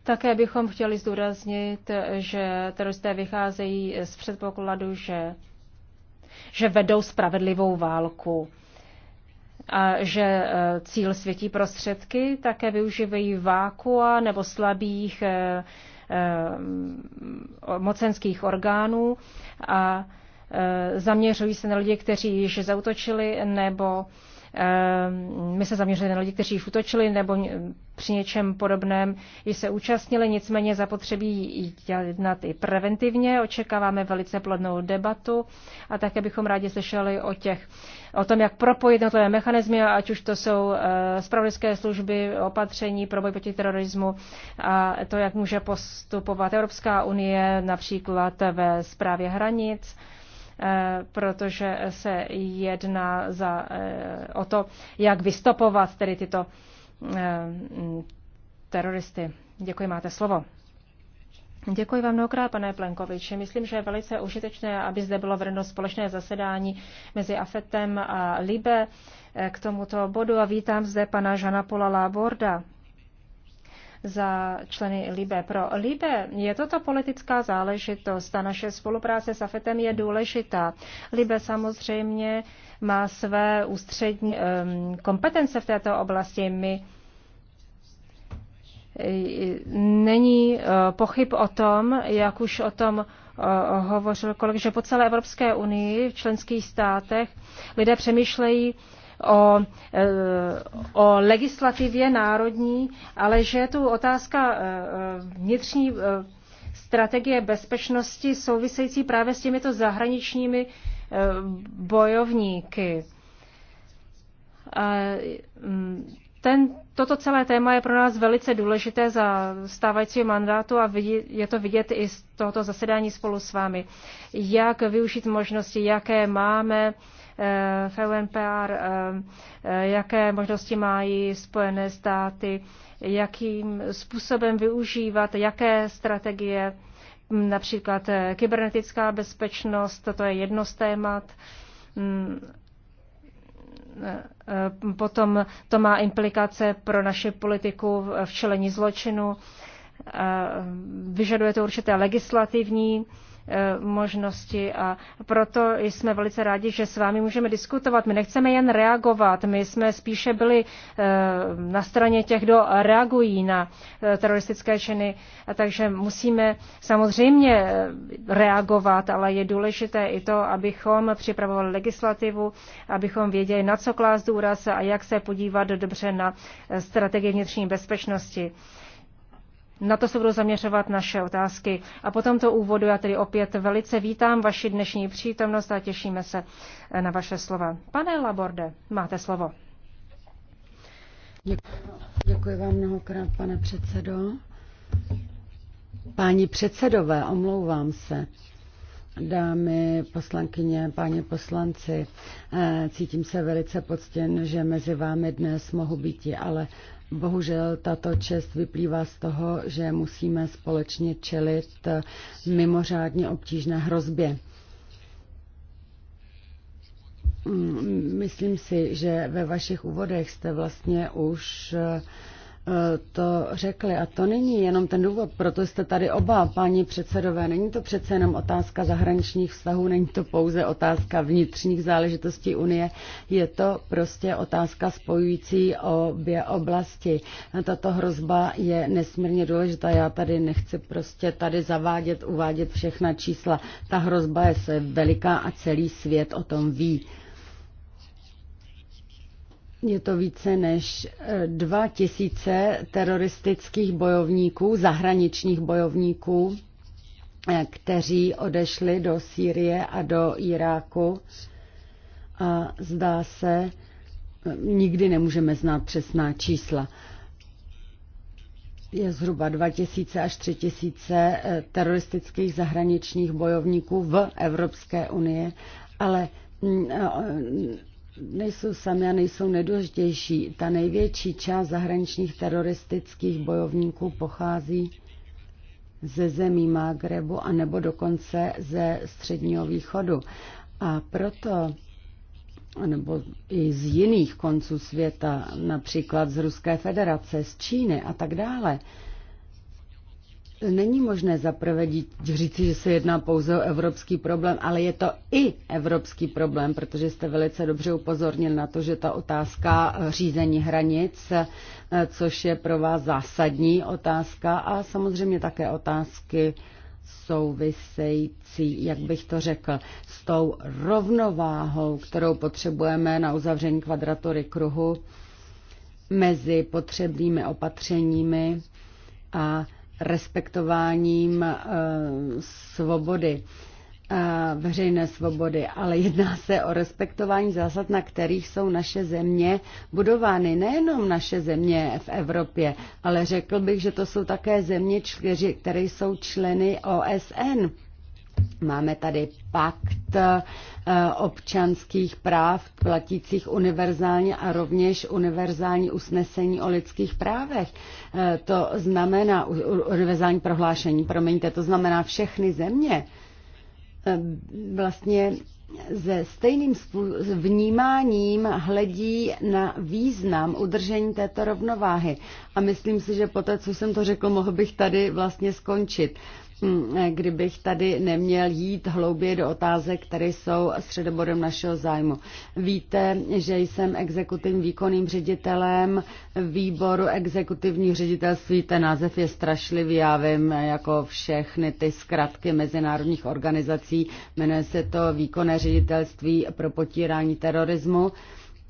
Také bychom chtěli zdůraznit, že teroristé vycházejí z předpokladu, že, že vedou spravedlivou válku a že e, cíl světí prostředky, také využívají vákua nebo slabých e, e, mocenských orgánů a zaměřují se na lidi, kteří již zautočili nebo Ehm, my se zaměřili na lidi, kteří již utočili nebo při něčem podobném již se účastnili, nicméně zapotřebí jednat i preventivně. Očekáváme velice plodnou debatu a také bychom rádi slyšeli o těch, o tom, jak propojit tohle mechanizmy, ať už to jsou spravodajské eh, služby, opatření pro boj proti terorismu a to, jak může postupovat Evropská unie například ve zprávě hranic Eh, protože se jedná za, eh, o to, jak vystopovat tedy tyto eh, teroristy. Děkuji, máte slovo. Děkuji vám mnohokrát, pane Plenkoviči. Myslím, že je velice užitečné, aby zde bylo vedeno společné zasedání mezi AFETem a LIBE k tomuto bodu a vítám zde pana Žana Pola Láborda, za členy Libe. Pro Libe je toto politická záležitost a naše spolupráce s AFETem je důležitá. Libe samozřejmě má své ústřední kompetence v této oblasti. My e, Není e, pochyb o tom, jak už o tom e, hovořil kolik, že po celé Evropské unii v členských státech lidé přemýšlejí o, eh, o legislativě národní, ale že je tu otázka eh, eh, vnitřní strategie bezpečnosti související právě s těmito zahraničními bojovníky. Mm, ten, toto celé téma je pro nás velice důležité za stávajícího mandátu a vidí, je to vidět i z tohoto zasedání spolu s vámi. Jak využít možnosti, jaké máme, v eh, eh, eh, jaké možnosti mají Spojené státy, jakým způsobem využívat, jaké strategie, hm, například kybernetická bezpečnost, to je jedno z témat. Hm, potom to má implikace pro naši politiku v čelení zločinu vyžaduje to určité legislativní Eh, možnosti a proto jsme velice rádi, že s vámi můžeme diskutovat. My nechceme jen reagovat, my jsme spíše byli eh, na straně těch, kdo reagují na eh, teroristické činy, takže musíme samozřejmě reagovat, ale je důležité i to, abychom připravovali legislativu, abychom věděli, na co klást důraz a jak se podívat dobře na strategii vnitřní bezpečnosti. Na to se budou zaměřovat naše otázky. A po tomto úvodu já tedy opět velice vítám vaši dnešní přítomnost a těšíme se eh, na vaše slova. Pane Laborde, máte slovo. Děkuji, děkuji vám mnohokrát, pane předsedo. Páni předsedové, omlouvám se. Dámy poslankyně, páni poslanci, eh, cítím se velice poctěn, že mezi vámi dnes mohu být, ale Bohužel tato čest vyplývá z toho, že musíme společně čelit mimořádně obtížné hrozbě. Mm, myslím si, že ve vašich úvodech jste vlastně už to řekli. A to není jenom ten důvod, proto jste tady oba, paní předsedové. Není to přece jenom otázka zahraničních vztahů, není to pouze otázka vnitřních záležitostí Unie, je to prostě otázka spojující obě oblasti. Tato hrozba je nesmírně důležitá. Já tady nechci prostě tady zavádět, uvádět všechna čísla. Ta hrozba je veliká a celý svět o tom ví. Je to více než 2000 eh, teroristických bojovníků, zahraničních bojovníků, eh, kteří odešli do Sýrie a do Iráku. A zdá se, eh, nikdy nemůžeme znát přesná čísla. Je zhruba 2000 až 3000 teroristických zahraničních bojovníků v Evropské unii, ale mm, nejsou sami a nejsou nedůležitější. Ta největší část zahraničních teroristických bojovníků pochází ze zemí Magrebu a nebo dokonce ze středního východu. A proto nebo i z jiných konců světa, například z Ruské federace, z Číny a tak dále. Není možné zaprovedit říci, že se jedná pouze o evropský problém, ale je to i evropský problém, protože jste velice dobře upozornil na to, že ta otázka řízení hranic, eh, což je pro vás zásadní otázka a samozřejmě také otázky související, jak bych to řekl, s tou rovnováhou, kterou potřebujeme na uzavření kvadratury kruhu mezi potřebnými opatřeními a respektováním eh, svobody eh, veřejné svobody, ale jedná se o respektování zásad, na kterých jsou naše země budovány. Nejenom naše země v Evropě, ale řekl bych, že to jsou také země, které jsou členy OSN. Máme tady pakt eh, občanských práv platících univerzálně a rovněž univerzální usnesení o lidských právech. Eh, to znamená univerzální prohlášení, promiňte, to znamená všechny země eh, vlastně se stejným vnímáním hledí na význam udržení této rovnováhy. A myslím si, že po té, co jsem to řekl, mohl bych tady vlastně skončit. Hm, kdybych tady neměl jít hlouběji do otázek, které jsou středobodem našeho zájmu. Víte, že jsem exekutivním výkonným ředitelem výboru exekutivního ředitelství. Ten název je strašlivý, já vím, jako všechny ty zkratky mezinárodních organizací. Jmenuje se to výkonné ředitelství pro potírání terorismu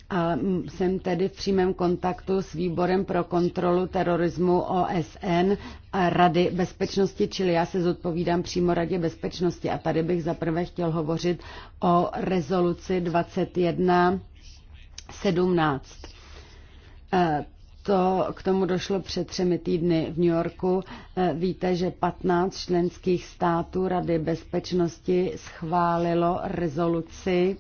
a jsem tedy v přímém kontaktu s výborem pro kontrolu terorismu OSN a Rady bezpečnosti, čili já se zodpovídám přímo Radě bezpečnosti. A tady bych zaprvé chtěl hovořit o rezoluci 2117. Eh, to k tomu došlo před třemi týdny v New Yorku. Eh, víte, že 15 členských států Rady bezpečnosti schválilo rezoluci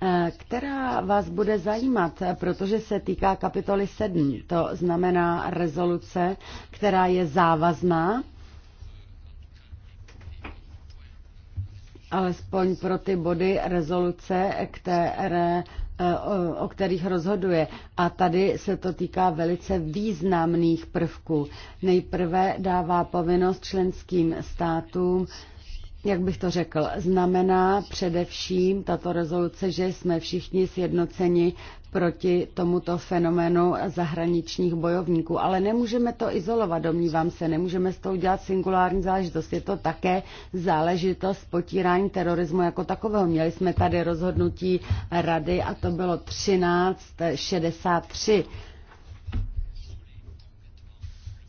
Eh, která vás bude zajímat, protože se týká kapitoly 7, to znamená rezoluce, která je závazná, alespoň pro ty body rezoluce, které eh, o kterých rozhoduje. A tady se to týká velice významných prvků. Nejprve dává povinnost členským státům jak bych to řekl, znamená především tato rezoluce, že jsme všichni sjednoceni proti tomuto fenoménu zahraničních bojovníků. Ale nemůžeme to izolovat, domnívám se, nemůžeme s tou dělat singulární záležitost. Je to také záležitost potírání terorismu jako takového. Měli jsme tady rozhodnutí rady a to bylo 1363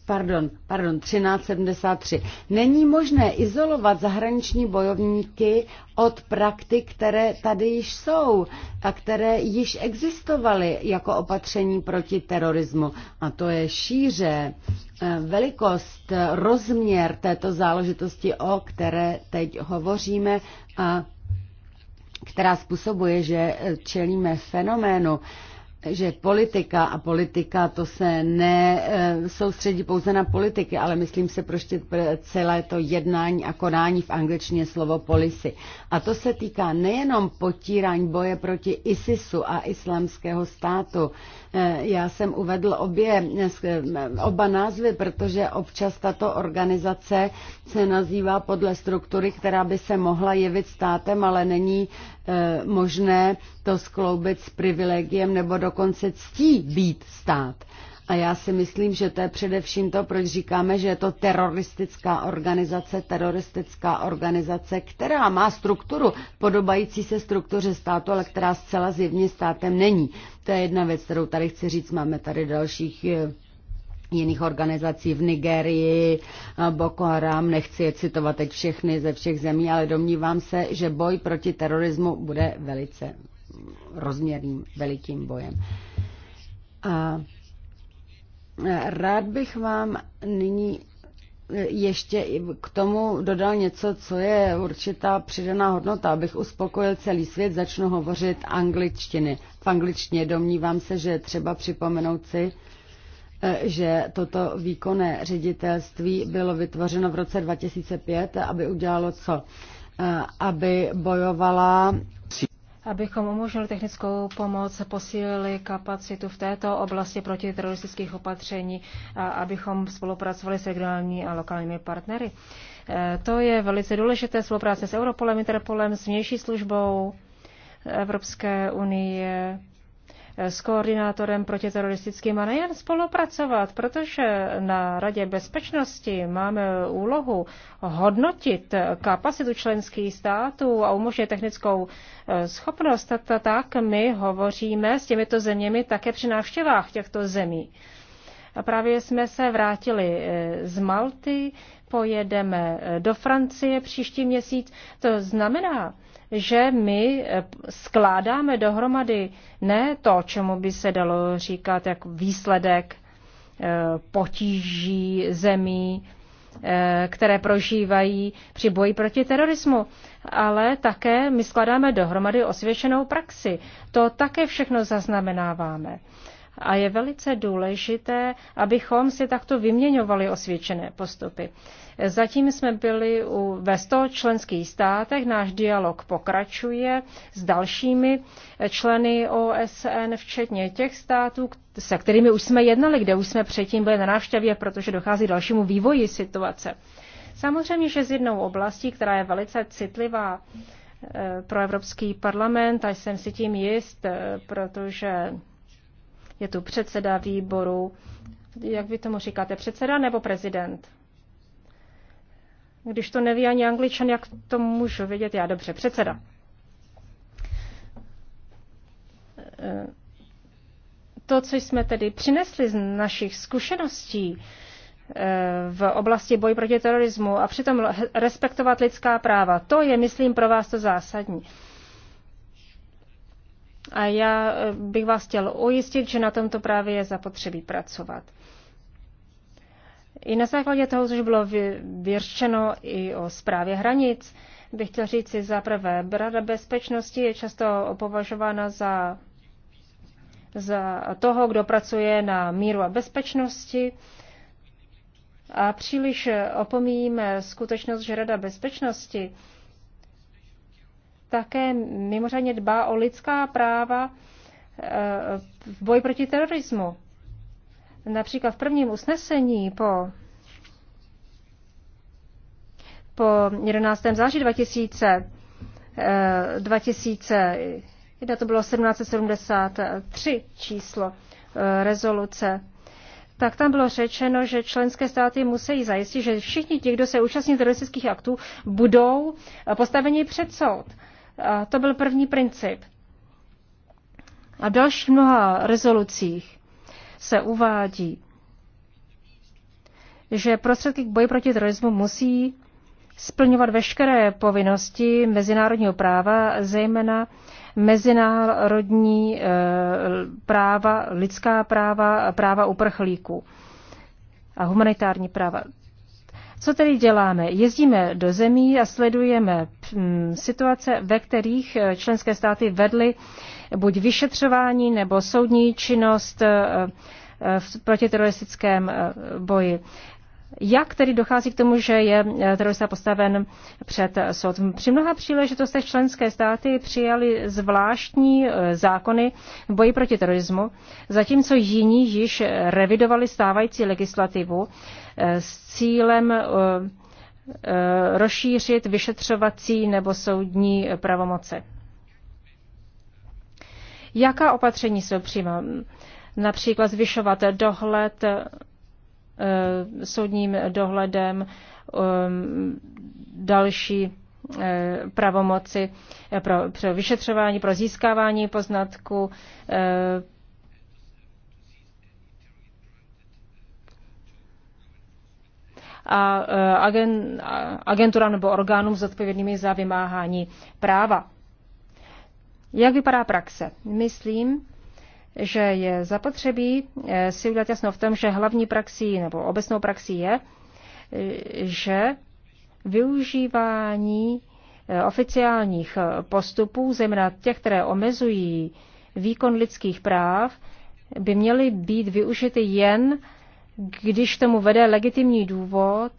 pardon, pardon, 1373. Není možné izolovat zahraniční bojovníky od praktik, které tady již jsou a které již existovaly jako opatření proti terorismu. A to je šíře, eh, velikost, rozměr této záležitosti, o které teď hovoříme a která způsobuje, že čelíme fenoménu, že politika a politika to se ne eh, soustředí pouze na politiky, ale myslím se prostě celé to jednání a konání v angličtině slovo policy. A to se týká nejenom potírání boje proti ISISu a islamského státu. Eh, já jsem uvedl obě, eh, oba názvy, protože občas tato organizace se nazývá podle struktury, která by se mohla jevit státem, ale není Eh, možné to skloubit s privilegiem nebo dokonce ctí být stát. A já si myslím, že to je především to, proč říkáme, že je to teroristická organizace, teroristická organizace, která má strukturu podobající se struktuře státu, ale která zcela zjevně státem není. To je jedna věc, kterou tady chci říct. Máme tady dalších eh, jiných organizací v Nigerii, eh, Boko Haram, nechci je citovat teď všechny ze všech zemí, ale domnívám se, že boj proti terorismu bude velice rozměrným, velikým bojem. A eh, rád bych vám nyní eh, ještě k tomu dodal něco, co je určitá přidaná hodnota. Abych uspokojil celý svět, začnu hovořit angličtiny. V angličtině domnívám se, že třeba připomenout si, že toto výkonné ředitelství bylo vytvořeno v roce 2005, aby udělalo co? Eh, aby bojovala abychom umožnili technickou pomoc, posílili kapacitu v této oblasti proti teroristických opatření a abychom spolupracovali s regionální a lokálními partnery. Eh, to je velice důležité spolupráce s Europolem, Interpolem, s vnější službou Evropské unie, s koordinátorem protiteroristickým a nejen spolupracovat, protože na Radě bezpečnosti máme úlohu hodnotit kapacitu členských států a umožnit technickou eh, schopnost, tak my hovoříme s těmito zeměmi také při návštěvách těchto zemí. A právě jsme se vrátili eh, z Malty, pojedeme eh, do Francie příští měsíc. To znamená, že my eh, skládáme dohromady ne to, čemu by se dalo říkat jako výsledek eh, potíží zemí, eh, které prožívají při boji proti terorismu, ale také my skládáme dohromady osvědčenou praxi. To také všechno zaznamenáváme a je velice důležité, abychom si takto vyměňovali osvědčené postupy. Zatím jsme byli u, ve 100 členských státech, náš dialog pokračuje s dalšími členy OSN, včetně těch států, se kterými už jsme jednali, kde už jsme předtím byli na návštěvě, protože dochází dalšímu vývoji situace. Samozřejmě, že z jednou oblastí, která je velice citlivá eh, pro Evropský parlament, a jsem si tím jist, eh, protože je tu předseda výboru. Jak vy tomu říkáte, předseda nebo prezident? Když to neví ani angličan, jak to můžu vědět já? Dobře, předseda. To, co jsme tedy přinesli z našich zkušeností, eh, v oblasti boj proti terorismu a přitom respektovat lidská práva. To je, myslím, pro vás to zásadní. A já eh, bych vás chtěl ujistit, že na tomto právě je zapotřebí pracovat. I na základě toho, což bylo vyřčeno i o zprávě hranic, bych chtěl říct si zaprvé, brada bezpečnosti je často považována za, za toho, kdo pracuje na míru a bezpečnosti. A příliš opomíjíme skutečnost, že Rada bezpečnosti také mimořádně dbá o lidská práva e, v boji proti terorismu. Například v prvním usnesení po, po 11. září 2000, 2001, e, to bylo 1773 číslo e, rezoluce, tak tam bylo řečeno, že členské státy musí zajistit, že všichni ti, kdo se účastní teroristických aktů, budou postaveni před soud to byl první princip. A v dalších mnoha rezolucích se uvádí, že prostředky k boji proti terorismu musí splňovat veškeré povinnosti mezinárodního práva, zejména mezinárodní e, práva, lidská práva, práva uprchlíků a humanitární práva. Co tedy děláme? Jezdíme do zemí a sledujeme mm, situace, ve kterých eh, členské státy vedly buď vyšetřování nebo soudní činnost eh, eh, v protiteroristickém boji. Jak tedy dochází k tomu, že je eh, terorista postaven před soud? Při mnoha příležitostech členské státy přijali zvláštní eh, zákony v boji proti terorismu, zatímco jiní již revidovali stávající legislativu eh, s cílem rozšířit vyšetřovací nebo soudní pravomoce. Jaká opatření jsou přijímá? Například zvyšovat dohled Eh, soudním dohledem, eh, další eh, pravomoci pro, pro vyšetřování, pro získávání poznatku, a agenturám nebo orgánům zodpovědnými za vymáhání práva. Jak vypadá praxe? Myslím, že je zapotřebí eh, si udělat jasno v tom, že hlavní praxí nebo obecnou praxí je, eh, že využívání eh, oficiálních postupů, zejména těch, které omezují výkon lidských práv, by měly být využity jen, když tomu vede legitimní důvod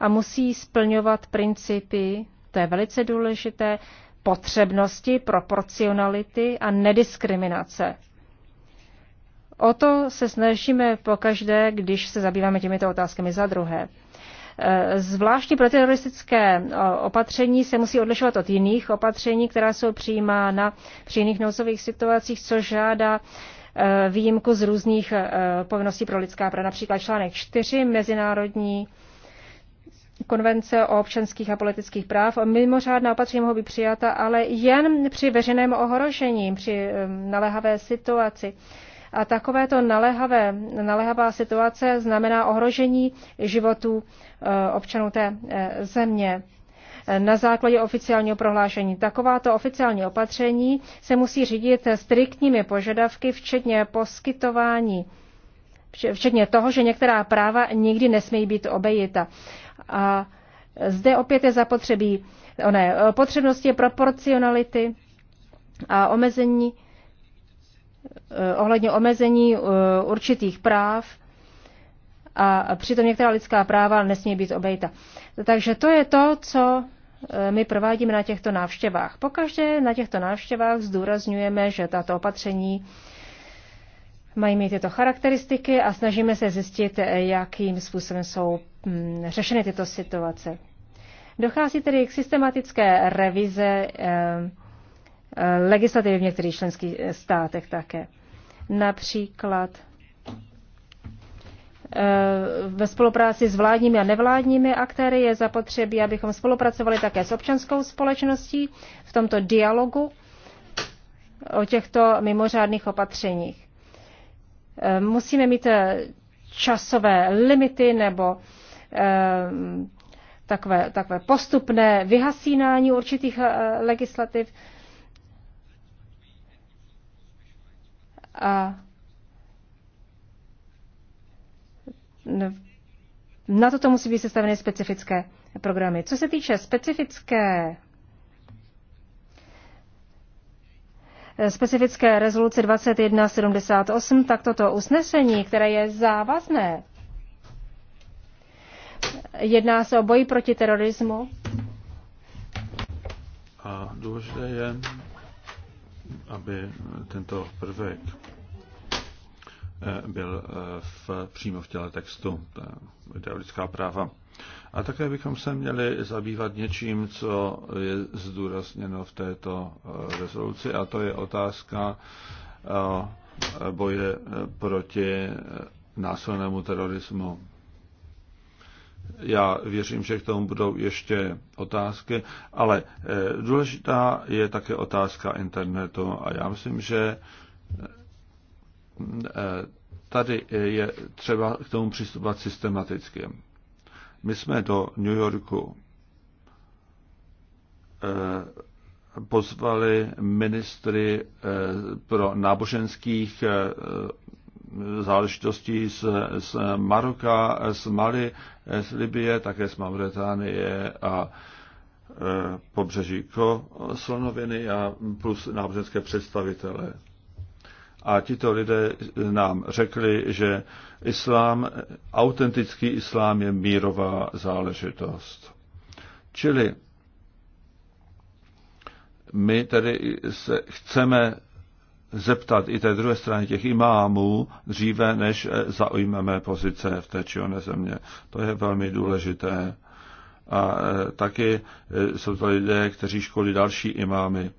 a musí splňovat principy, to je velice důležité, potřebnosti, proporcionality a nediskriminace. O to se snažíme pokaždé, když se zabýváme těmito otázkami za druhé. E, zvláštní protiteroristické e, opatření se musí odlišovat od jiných opatření, která jsou přijímána při jiných nouzových situacích, což žádá e, výjimku z různých povinností pro lidská práva. Například článek 4 Mezinárodní konvence o občanských a politických práv. Mimořádná opatření mohou být přijata, ale jen při veřejném ohrožení, při naléhavé situaci. A takovéto naléhavé, naléhavá situace znamená ohrožení životů eh, občanů té eh, země eh, na základě oficiálního prohlášení. Takováto oficiální opatření se musí řídit striktními požadavky, včetně poskytování, včetně toho, že některá práva nikdy nesmí být obejita. A zde opět je zapotřebí ne, potřebnosti proporcionality a omezení Eh, ohledně omezení eh, určitých práv a přitom některá lidská práva nesmí být obejta. Takže to je to, co eh, my provádíme na těchto návštěvách. Pokaždé na těchto návštěvách zdůrazňujeme, že tato opatření mají mít tyto charakteristiky a snažíme se zjistit, jakým způsobem jsou hm, řešeny tyto situace. Dochází tedy k systematické revize legislativy v některých členských eh, státech také. Například eh, ve spolupráci s vládními a nevládními aktéry je zapotřebí, abychom spolupracovali také s občanskou společností v tomto dialogu o těchto mimořádných opatřeních. Eh, musíme mít časové limity nebo takové, takové postupné vyhasínání určitých legislativ, A na toto musí být sestaveny specifické programy. Co se týče specifické specifické rezoluce 2178, tak toto usnesení, které je závazné, jedná se o boji proti terorismu. A důležité je, aby tento prvek eh, byl eh, v, přímo v těle textu, ta lidská práva. A také bychom se měli zabývat něčím, co je zdůrazněno v této eh, rezoluci, a to je otázka boje proti násilnému terorismu. Já věřím, že k tomu budou ještě otázky, ale eh, důležitá je také otázka internetu a já myslím, že eh, tady je třeba k tomu přistupovat systematicky. My jsme do New Yorku eh, pozvali ministry pro náboženských záležitostí z, z Maroka, z Mali, z Libie, také z Mauretánie a e, pobřeží Koslonoviny a plus náboženské představitele. A tito lidé nám řekli, že islám, autentický islám je mírová záležitost. Čili my tedy se chceme zeptat i té druhé strany těch imámů dříve, než eh, zaujmeme pozice v té či oné země. To je velmi důležité. A eh, taky eh, jsou to lidé, kteří školí další imámy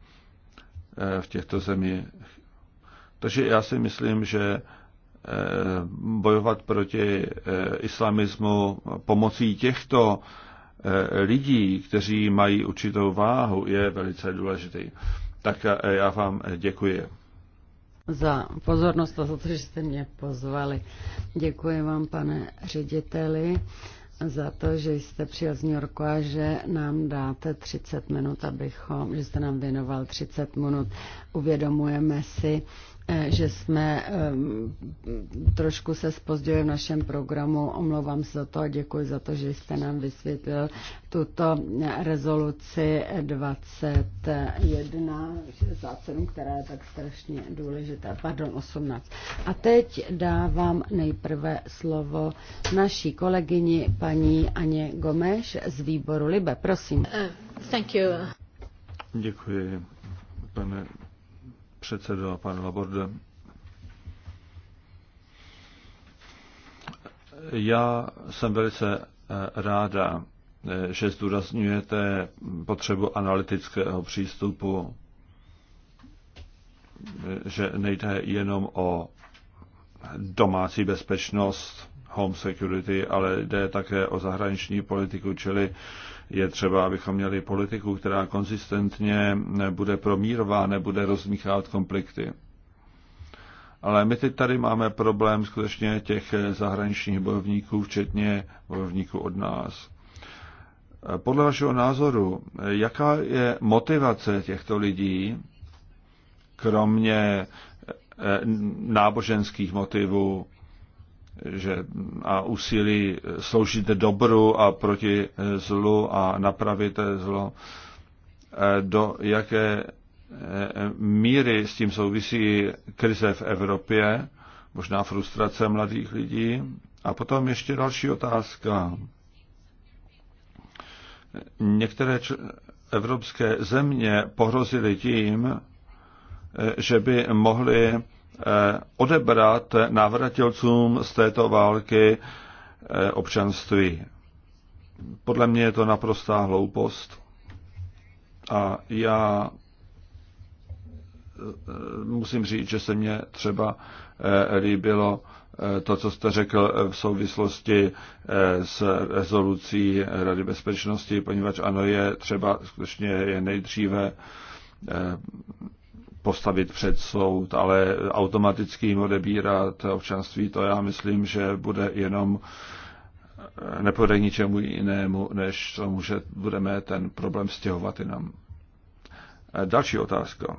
v těchto zemích. Takže já si myslím, že bojovat proti islamismu pomocí těchto lidí, kteří mají určitou váhu, je velice důležitý. Tak já vám děkuji za pozornost a za to, že jste mě pozvali. Děkuji vám, pane řediteli, za to, že jste přijel z New Yorku a že nám dáte 30 minut, abychom, že jste nám věnoval 30 minut. Uvědomujeme si, Eh, že jsme eh, trošku se spozdili v našem programu. Omlouvám se za to a děkuji za to, že jste nám vysvětlil tuto eh, rezoluci 21, 67, která je tak strašně důležitá, pardon, 18. A teď dávám nejprve slovo naší kolegyni paní Aně Gomeš z výboru Libe. Prosím. Uh, thank you. Děkuji, pane předsedo, pan Laborde. Já jsem velice eh, ráda, eh, že zdůrazňujete potřebu analytického přístupu, eh, že nejde jenom o domácí bezpečnost, home security, ale jde také o zahraniční politiku, čili je třeba, abychom měli politiku, která konzistentně bude promírová, nebude rozmíchávat konflikty. Ale my teď tady máme problém skutečně těch zahraničních bojovníků, včetně bojovníků od nás. Podle vašeho názoru, jaká je motivace těchto lidí, kromě eh, náboženských motivů, že a úsilí sloužit dobru a proti zlu a napravit zlo, e, do jaké e, míry s tím souvisí krize v Evropě, možná frustrace mladých lidí. A potom ještě další otázka. Některé evropské země pohrozily tím, e, že by mohly Eh, odebrat návratilcům z této války eh, občanství. Podle mě je to naprostá hloupost. A já eh, musím říct, že se mně třeba líbilo to, co jste řekl v souvislosti s rezolucí Rady bezpečnosti, poněvadž ano, je třeba skutečně je nejdříve postavit před soud, ale automaticky jim odebírat občanství, to já myslím, že bude jenom nepovede ničemu jinému, než tomu, že budeme ten problém stěhovat jinam. Další otázka.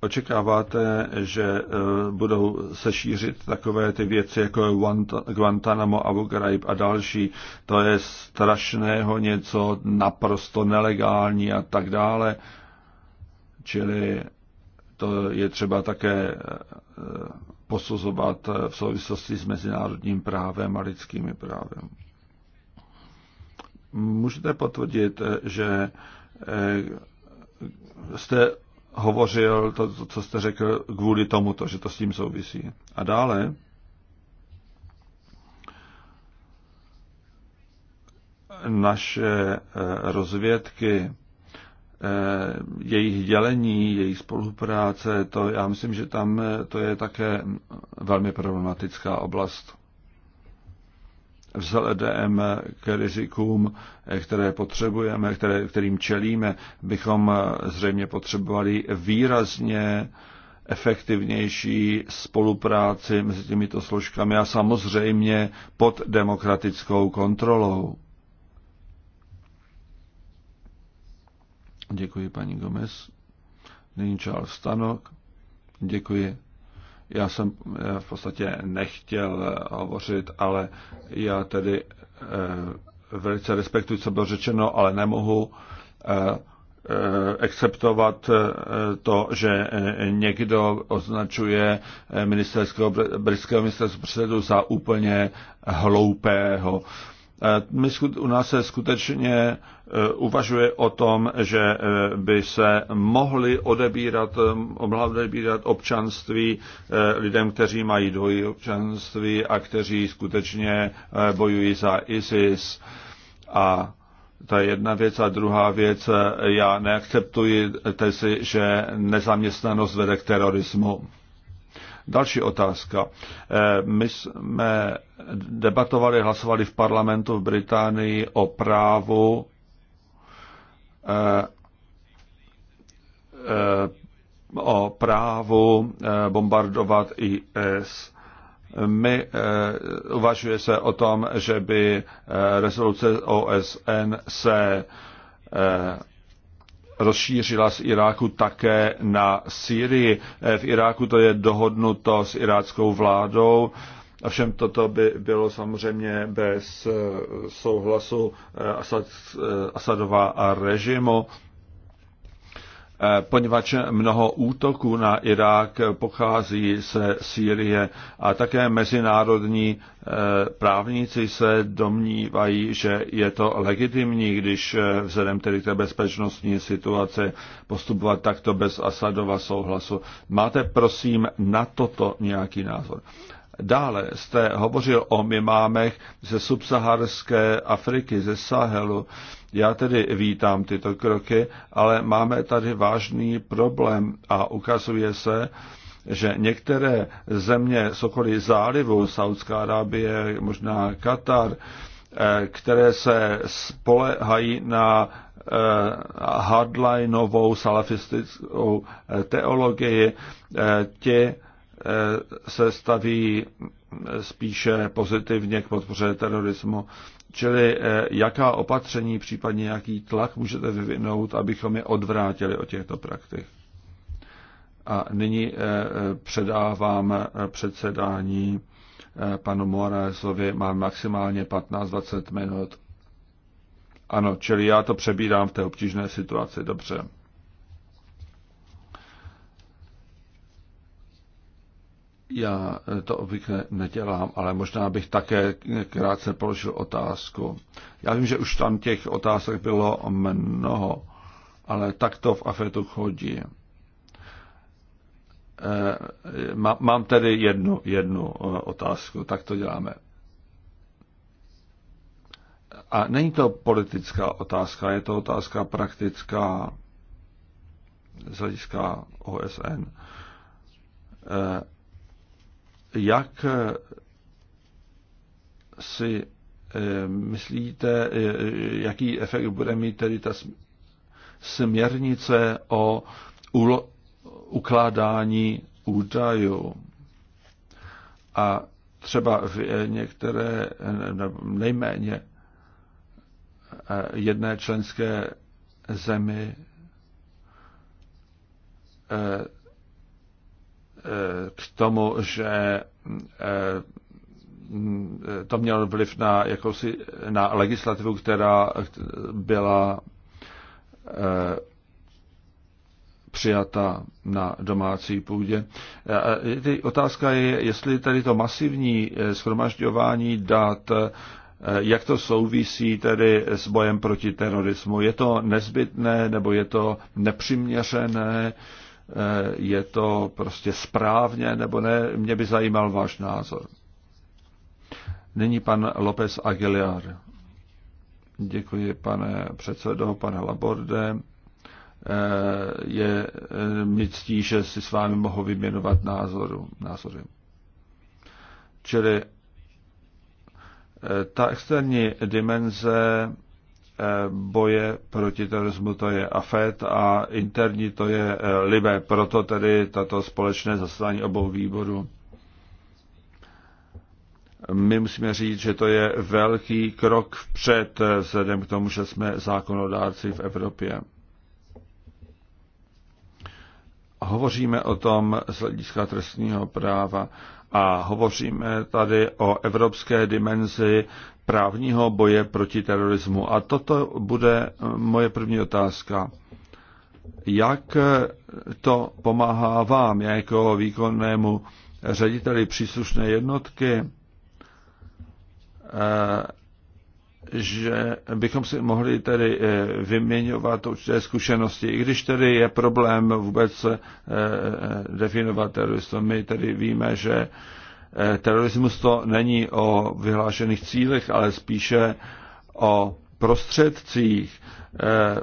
očekáváte, že eh, budou se šířit takové ty věci jako Guantanamo, Abu Ghraib a další. To je strašného něco naprosto nelegální a tak dále. Čili to je třeba také eh, posuzovat eh, v souvislosti s mezinárodním právem a lidskými právem. Můžete potvrdit, že jste hovořil, to, to, co jste řekl, kvůli tomuto, že to s tím souvisí. A dále, naše eh, rozvědky, eh, jejich dělení, jejich spolupráce, to já myslím, že tam eh, to je také velmi problematická oblast vzhledem k rizikům, které potřebujeme, které, kterým čelíme, bychom zřejmě potřebovali výrazně efektivnější spolupráci mezi těmito složkami a samozřejmě pod demokratickou kontrolou. Děkuji, paní Gomez. Nyní Charles Stanok. Děkuji. Já jsem v podstatě nechtěl eh, hovořit, ale já tedy eh, velice respektuji, co bylo řečeno, ale nemohu eh, akceptovat to, že někdo označuje ministerského, britského ministerského předsedu za úplně hloupého. My, u nás se skutečně e, uvažuje o tom, že e, by se mohli odebírat, e, odebírat občanství lidem, kteří mají dvojí občanství a kteří skutečně bojují za ISIS. A ta je jedna věc. A druhá věc, já neakceptuji tezi, že nezaměstnanost vede k terorismu. Další otázka. Eh, my jsme debatovali, hlasovali v parlamentu v Británii o právu eh, eh, o právu bombardovat IS. My uvažuje se o tom, že by rezoluce OSN se rozšířila z Iráku také na Sýrii. Eh, v Iráku to je dohodnuto s iráckou vládou. Ovšem toto by bylo samozřejmě bez eh, souhlasu eh, Asad, Asadova režimu. Eh, poněvadž mnoho útoků na Irák pochází se Sýrie a také mezinárodní eh, právníci se domnívají, že je to legitimní, když eh, vzhledem tedy k té bezpečnostní situace postupovat takto bez Asadova souhlasu. Máte prosím na toto nějaký názor? Dále jste hovořil o mimámech ze subsaharské Afriky, ze Sahelu. Já tedy vítám tyto kroky, ale máme tady vážný problém a ukazuje se, že některé země z okolí zálivu, Saudská Arábie, možná Katar, eh, které se spolehají na eh, hardlineovou salafistickou eh, teologii, ti se staví mm, spíše pozitivně k podpoře terorismu Čili eh, jaká opatření, případně jaký tlak můžete vyvinout, abychom je odvrátili od těchto praktik. A nyní eh, eh, předávám předsedání panu Moraesovi. Mám maximálně 15-20 minut. Ano, čili já to přebírám v té obtížné situaci. Dobře. Já eh, to obvykle nedělám, ale možná bych také krátce položil otázku. Já vím, že už tam těch otázek bylo mnoho, ale tak to v afetu chodí. Eh, mám tedy jednu, jednu eh, otázku, tak to děláme. A není to politická otázka, je to otázka praktická z hlediska OSN jak eh, si eh, myslíte, eh, jaký efekt bude mít tedy ta směrnice o ukládání údajů. A třeba v některé, nejméně jedné členské zemi k tomu, že eh, to mělo vliv na, jakousi, na legislativu, která byla eh, přijata na domácí půdě. Eh, otázka je, jestli tady to masivní schromažďování dat, jak to souvisí tedy s bojem proti terorismu. Je to nezbytné nebo je to nepřiměřené? Eh, je to prostě správně nebo ne, mě by zajímal váš názor. Nyní pan López Aguilar. Děkuji, pane předsedo, pane Laborde. Eh, je eh, mi ctí, že si s vámi mohu vyměnovat názoru, názory. Čili ta externí dimenze boje proti terorismu to je AFET a interní to je eh, LIBE. Proto tedy tato společné zasedání obou výborů. My musíme říct, že to je velký krok vpřed eh, vzhledem k tomu, že jsme zákonodárci v Evropě. Hovoříme o tom z hlediska trestního práva a hovoříme tady o evropské dimenzi právního boje proti terorismu. A toto bude moje první otázka. Jak to pomáhá vám, jako výkonnému řediteli příslušné jednotky, eh, že bychom si mohli tedy eh, vyměňovat určité zkušenosti, i když tedy je problém vůbec eh, definovat teroristu. My tedy víme, že Eh, terorismus to není o vyhlášených cílech, ale spíše o prostředcích eh,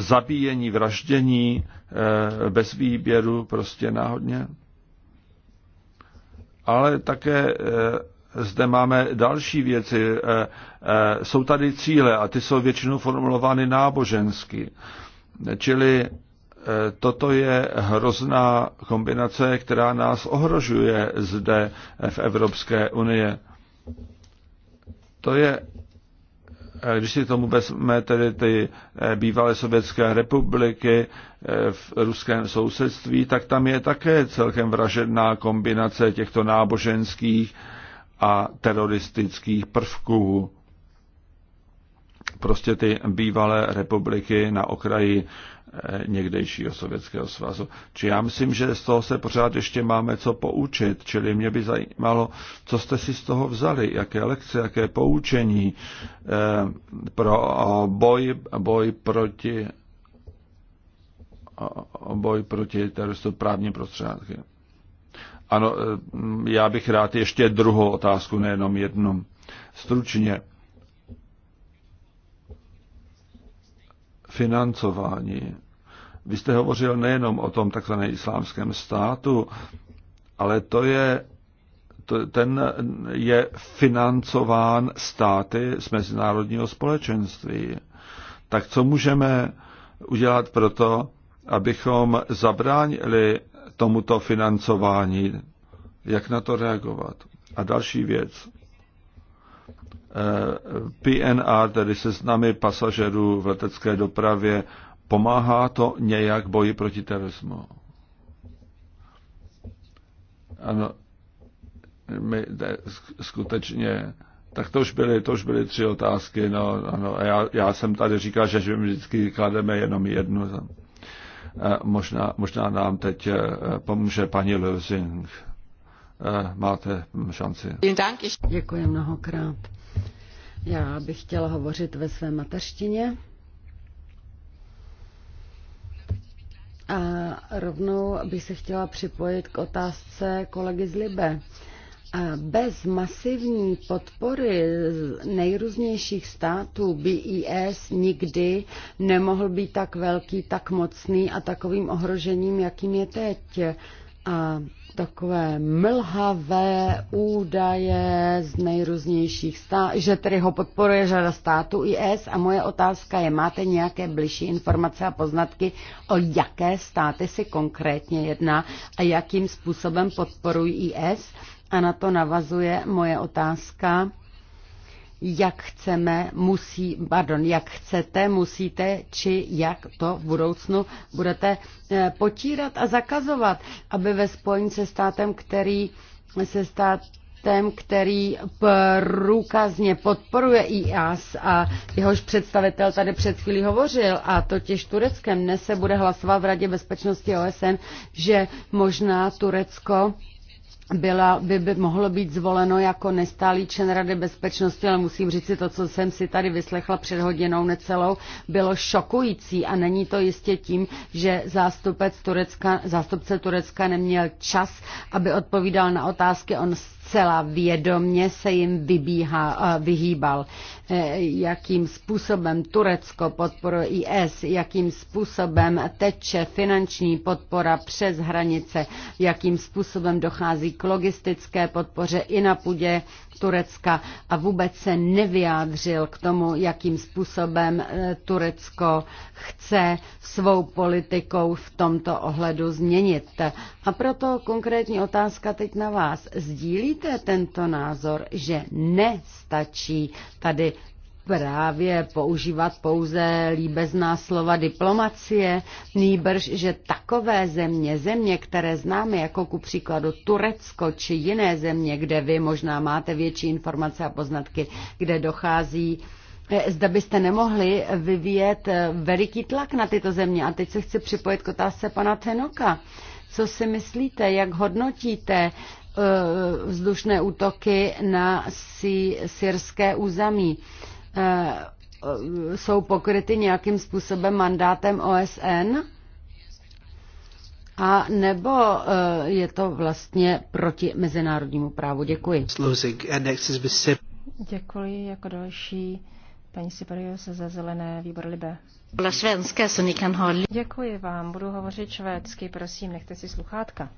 zabíjení, vraždění eh, bez výběru, prostě náhodně. Ale také zde máme další věci. Jsou tady cíle a ty jsou většinou formulovány nábožensky. Čili Eh, toto je hrozná kombinace, která nás ohrožuje zde v Evropské unii. To je, eh, když si tomu vezme tedy ty eh, bývalé sovětské republiky v ruském sousedství, tak tam je také celkem vražedná kombinace těchto náboženských a teroristických prvků. Prostě ty bývalé republiky na okraji Eh, někdejšího Sovětského svazu. Či já myslím, že z toho se pořád ještě máme co poučit, čili mě by zajímalo, co jste si z toho vzali, jaké lekce, jaké poučení eh, pro boj, boj proti boj proti teroristům právní prostředky. Ano, eh, já bych rád ještě druhou otázku, nejenom jednu. Stručně, financování. Vy jste hovořil nejenom o tom takzvaném islámském státu, ale to je, to, ten je financován státy z mezinárodního společenství. Tak co můžeme udělat pro to, abychom zabránili tomuto financování? Jak na to reagovat? A další věc. PNR, tedy seznamy pasažerů v letecké dopravě, pomáhá to nějak boji proti terorismu? Ano, my skutečně tak to už byly, to už byly tři otázky. No, ano, já, já jsem tady říkal, že my vždycky klademe jenom jednu. Eh, možná, možná nám teď eh, pomůže paní Lösing. Eh, máte šanci. Děkuji mnohokrát. Já bych chtěla hovořit ve své mateřštině. A rovnou bych se chtěla připojit k otázce kolegy z Libe. Bez masivní podpory nejrůznějších států BIS e nikdy nemohl být tak velký, tak mocný a takovým ohrožením, jakým je teď a takové mlhavé údaje z nejrůznějších států, že tedy ho podporuje řada států IS a moje otázka je, máte nějaké bližší informace a poznatky, o jaké státy si konkrétně jedná a jakým způsobem podporují IS? A na to navazuje moje otázka jak chceme, musí, pardon, jak chcete, musíte, či jak to v budoucnu budete eh, potírat a zakazovat, aby ve spojení se státem, který se stát ten, který průkazně podporuje IAS a jehož představitel tady před chvílí hovořil, a totiž Tureckem dnes se bude hlasovat v Radě bezpečnosti OSN, že možná Turecko byla, by, by mohlo být zvoleno jako nestálý člen Rady bezpečnosti, ale musím říct si to, co jsem si tady vyslechla před hodinou necelou, bylo šokující a není to jistě tím, že zástupec Turecka, zástupce Turecka neměl čas, aby odpovídal na otázky. On zcela vědomně se jim vybíhá, eh, vyhýbal. Eh, jakým způsobem Turecko podporuje IS, jakým způsobem teče finanční podpora přes hranice, jakým způsobem dochází k logistické podpoře i na půdě Turecka a vůbec se nevyjádřil k tomu, jakým způsobem eh, Turecko chce svou politikou v tomto ohledu změnit. A proto konkrétní otázka teď na vás. Sdílí sdílíte tento názor, že nestačí tady právě používat pouze líbezná slova diplomacie, nýbrž, že takové země, země, které známe jako ku příkladu Turecko či jiné země, kde vy možná máte větší informace a poznatky, kde dochází eh, Zda byste nemohli vyvíjet eh, veliký tlak na tyto země. A teď se chci připojit k otázce pana Tenoka. Co si myslíte, jak hodnotíte Eh, vzdušné útoky na syrské území eh, jsou pokryty nějakým způsobem mandátem OSN? A nebo eh, je to vlastně proti mezinárodnímu právu? Děkuji. Děkuji. Jako další paní Siparius ze Zelené výbor Libe. Děkuji vám. Budu hovořit švédsky. Prosím, nechte si sluchátka.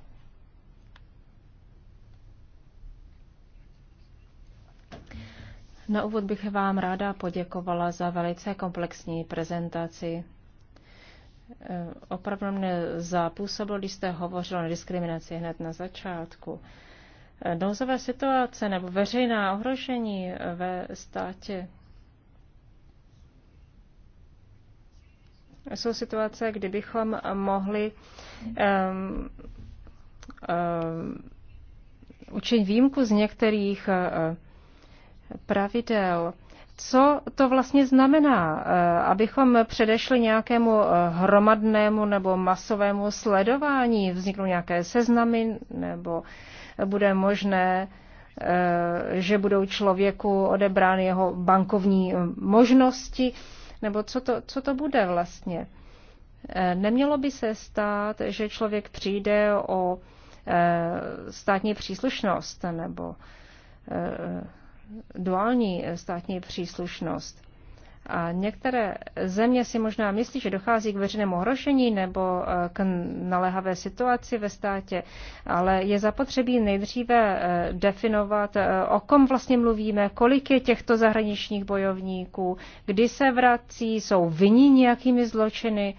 Na úvod bych vám ráda poděkovala za velice komplexní prezentaci. E, opravdu mě zapůsobilo, když jste hovořil o diskriminaci hned na začátku. E, nouzové situace nebo veřejná ohrožení ve státě jsou situace, kdy bychom mohli um, um, učinit výjimku z některých uh, pravidel. Co to vlastně znamená, eh, abychom předešli nějakému eh, hromadnému nebo masovému sledování? Vzniknou nějaké seznamy nebo bude možné, eh, že budou člověku odebrány jeho bankovní možnosti? Nebo co to, co to bude vlastně? Nemělo by se stát, že člověk přijde o státní příslušnost nebo duální eh, státní příslušnost. A některé země si možná myslí, že dochází k veřejnému ohrožení nebo eh, k naléhavé situaci ve státě, ale je zapotřebí nejdříve eh, definovat, o kom vlastně mluvíme, kolik je těchto zahraničních bojovníků, kdy se vrací, jsou viní nějakými zločiny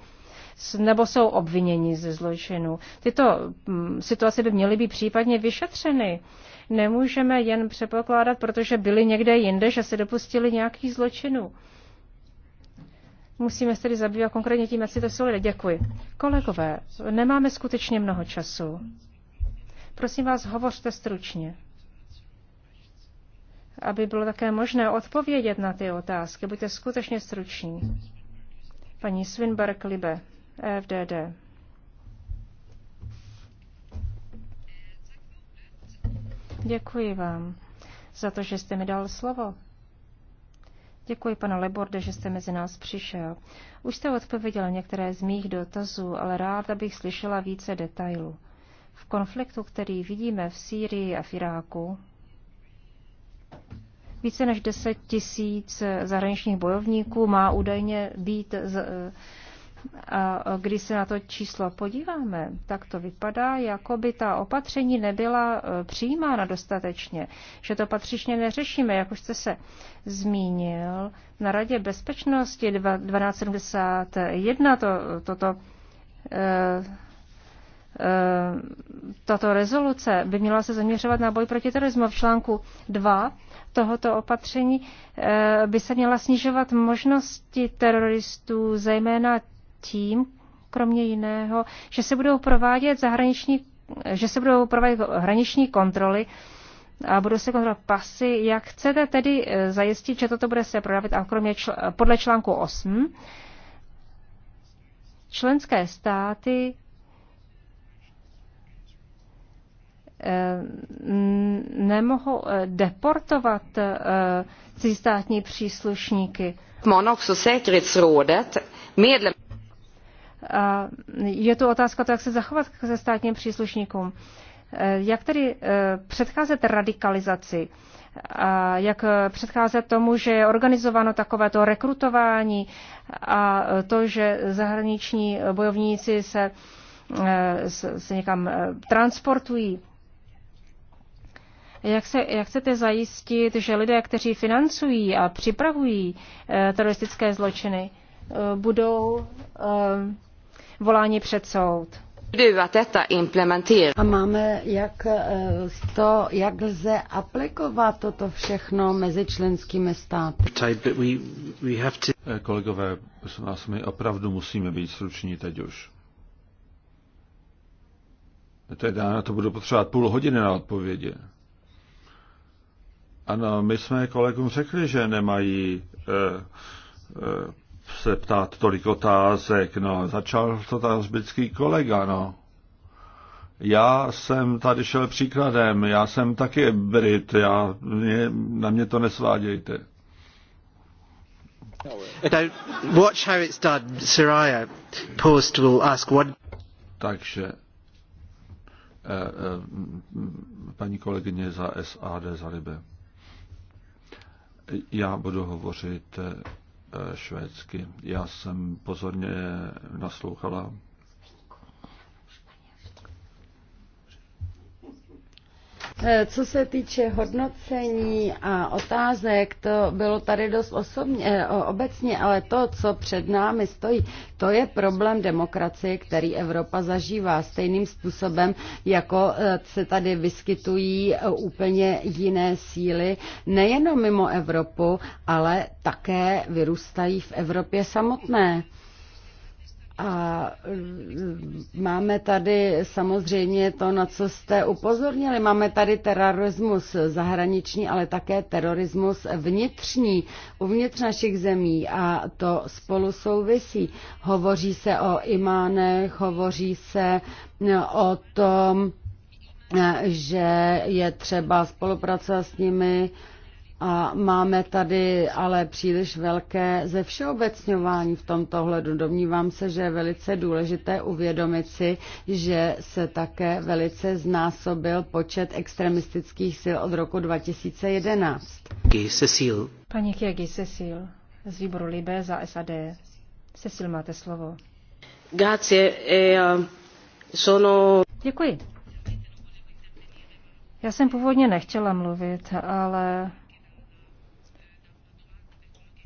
nebo jsou obviněni ze zločinu. Tyto mm, situace by měly být případně vyšetřeny nemůžeme jen přepokládat, protože byli někde jinde, že se dopustili nějakých zločinů. Musíme se tedy zabývat konkrétně tím, jestli to jsou lidé. Děkuji. Kolegové, nemáme skutečně mnoho času. Prosím vás, hovořte stručně. Aby bylo také možné odpovědět na ty otázky, buďte skutečně struční. Paní Swinberg-Libe, FDD. Děkuji vám za to, že jste mi dal slovo. Děkuji, pane Leborde, že jste mezi nás přišel. Už jste odpověděl některé z mých dotazů, ale rád, abych slyšela více detailů. V konfliktu, který vidíme v Sýrii a v Iráku, více než 10 tisíc zahraničních bojovníků má údajně být z, a když se na to číslo podíváme, tak to vypadá, jako by ta opatření nebyla e, přijímána dostatečně, že to patřičně neřešíme, jak už jste se zmínil. Na Radě bezpečnosti 1271 to, toto e, e, tato rezoluce by měla se zaměřovat na boj proti terorismu. V článku 2 tohoto opatření by se měla snižovat možnosti teroristů, zejména tím, kromě jiného, že se budou provádět zahraniční, že se budou provádět hraniční kontroly a budou se kontrolovat pasy. Jak chcete tedy eh, zajistit, že toto bude se prodávat a kromě čl, eh, podle článku 8 členské státy eh, nemohou deportovat cizí státní příslušníky. Man också säkerhetsrådet, medlem... A je tu otázka to, jak se zachovat se státním příslušníkům. Eh, jak tedy eh, předcházet radikalizaci? A jak eh, předcházet tomu, že je organizováno takovéto rekrutování a to, že zahraniční bojovníci se, se někam transportují? Jak, se, jak chcete zajistit, že lidé, kteří financují a připravují teroristické zločiny, budou volání před soud. A máme, jak, eh, to, jak lze aplikovat toto všechno mezi členskými státy. Eh, kolegové, nás, my opravdu musíme být struční teď už. Teda na to budu potřebovat půl hodiny na odpovědi. Ano, my jsme kolegům řekli, že nemají eh, eh, se ptát tolik otázek. No, začal to zbytský kolega, no. Já jsem tady šel příkladem, já jsem taky Brit, já, mě, na mě to nesvádějte. Watch how it's done. Soraya Post will ask one... Takže eh, eh, paní kolegyně za SAD za Libe. Já budu hovořit eh, švédsky. Já jsem pozorně naslouchala Eh, co se týče hodnocení a otázek, to bylo tady dost osobně, eh, obecně, ale to, co před námi stojí, to je problém demokracie, který Evropa zažívá stejným způsobem, jako eh, se tady vyskytují úplně jiné síly, nejenom mimo Evropu, ale také vyrůstají v Evropě samotné. A mm, máme tady samozřejmě to, na co jste upozornili. Máme tady terorismus zahraniční, ale také terorismus vnitřní, uvnitř našich zemí a to spolu souvisí. Hovoří se o imánech, hovoří se mm, o tom, mm, že je třeba spolupracovat s nimi a máme tady ale příliš velké zevšeobecňování v tomto hledu. Domnívám se, že je velice důležité uvědomit si, že se také velice znásobil počet extremistických sil od roku 2011. Cecil. Paní Kiegi Cecil z výboru Libe za SAD. Cecil, máte slovo. Grazie, e, eh, sono... Děkuji. Já jsem původně nechtěla mluvit, ale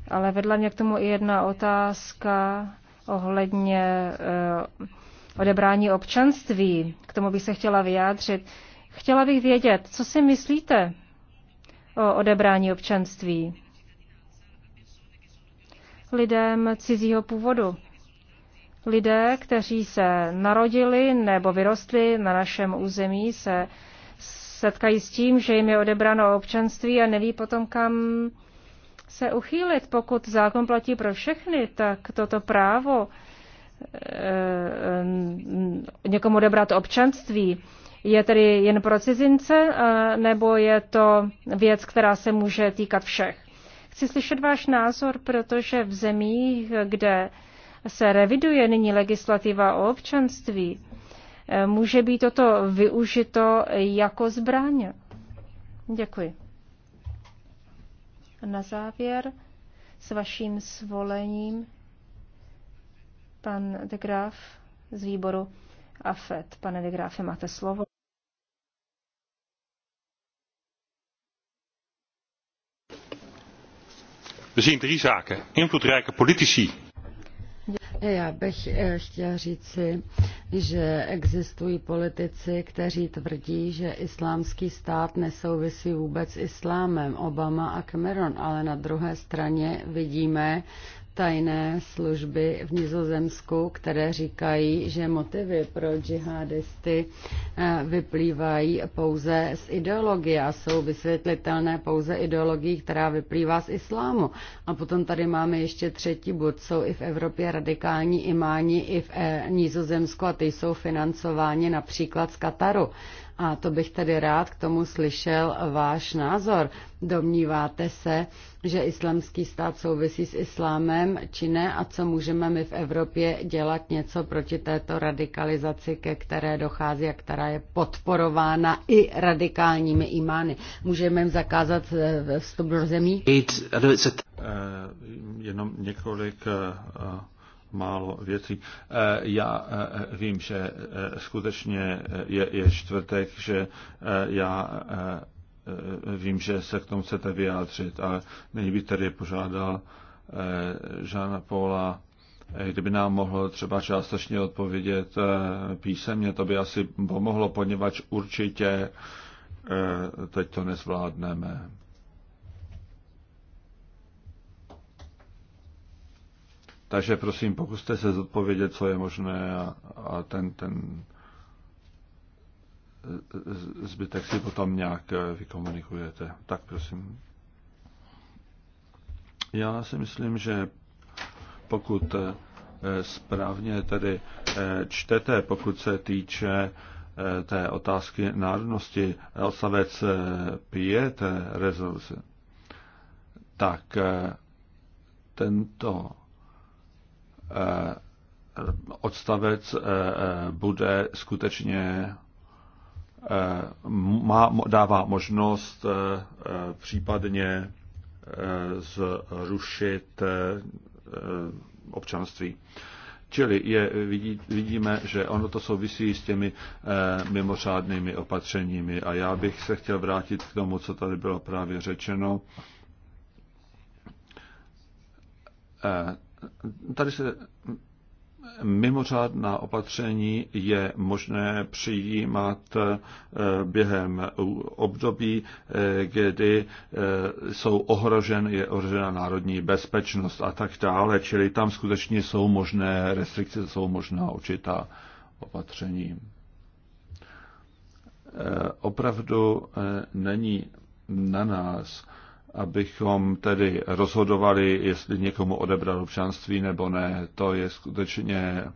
ale vedla mě k tomu i jedna otázka ohledně eh, odebrání občanství. K tomu bych se chtěla vyjádřit. Chtěla bych vědět, co si myslíte o odebrání občanství lidem cizího původu. Lidé, kteří se narodili nebo vyrostli na našem území, se setkají s tím, že jim je odebráno občanství a neví potom, kam se uchýlit. Pokud zákon platí pro všechny, tak toto právo eh, eh, někomu odebrat občanství je tedy jen pro cizince, eh, nebo je to věc, která se může týkat všech. Chci slyšet váš názor, protože v zemích, kde se reviduje nyní legislativa o občanství, může být toto využito jako zbraň. Děkuji na závěr s vaším svolením pan de Graf z výboru AFET. Pane de Grafe, máte slovo. We zien drie zaken. Invloedrijke politici já bych eh, chtěla říci, že existují politici, kteří tvrdí, že islámský stát nesouvisí vůbec s islámem, Obama a Cameron, ale na druhé straně vidíme tajné služby v Nizozemsku, které říkají, že motivy pro džihadisty eh, vyplývají pouze z ideologie a jsou vysvětlitelné pouze ideologií, která vyplývá z islámu. A potom tady máme ještě třetí bod. Jsou i v Evropě radikální imáni i v eh, Nizozemsku a ty jsou financováni například z Kataru. A to bych tedy rád k tomu slyšel váš názor. Domníváte se, že islamský stát souvisí s islámem, či ne? A co můžeme my v Evropě dělat něco proti této radikalizaci, ke které dochází a která je podporována i radikálními imány? Můžeme jim zakázat eh, vstup do zemí? Eh, jenom několik eh, málo věcí. Eh, já eh, vím, že eh, skutečně je, je čtvrtek, že já vím, že se k tomu chcete vyjádřit, ale nyní bych tady požádal Žána Paula, kdyby nám mohl třeba částečně odpovědět písemně, to by asi pomohlo, poněvadž určitě teď to nezvládneme. Takže prosím, pokuste se zodpovědět, co je možné a, a ten, ten zbytek si potom nějak vykomunikujete. Tak prosím. Já si myslím, že pokud eh, správně tedy eh, čtete, pokud se týče eh, té otázky národnosti odstavec 5 rezoluce, tak tento Eh, odstavec eh, eh, bude skutečně má, dává možnost případně zrušit občanství. Čili je, vidí, vidíme, že ono to souvisí s těmi e, mimořádnými opatřeními. A já bych se chtěl vrátit k tomu, co tady bylo právě řečeno. E, tady se mimořádná opatření je možné přijímat eh, během období, eh, kdy eh, jsou ohrožen, je ohrožena národní bezpečnost a tak dále, čili tam skutečně jsou možné restrikce, jsou možná určitá opatření. Opravdu není na nás, abychom tedy rozhodovali, jestli někomu odebral občanství nebo ne. To je skutečně eh,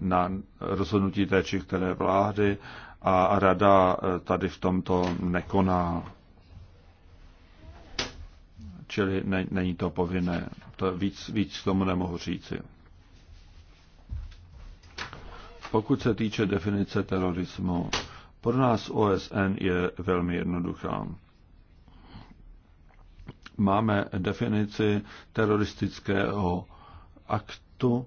na rozhodnutí té či které vlády a rada eh, tady v tomto nekoná. Čili ne, není to povinné. To víc, víc k tomu nemohu říci. Pokud se týče definice terorismu, pro nás OSN je velmi jednoduchá máme definici teroristického aktu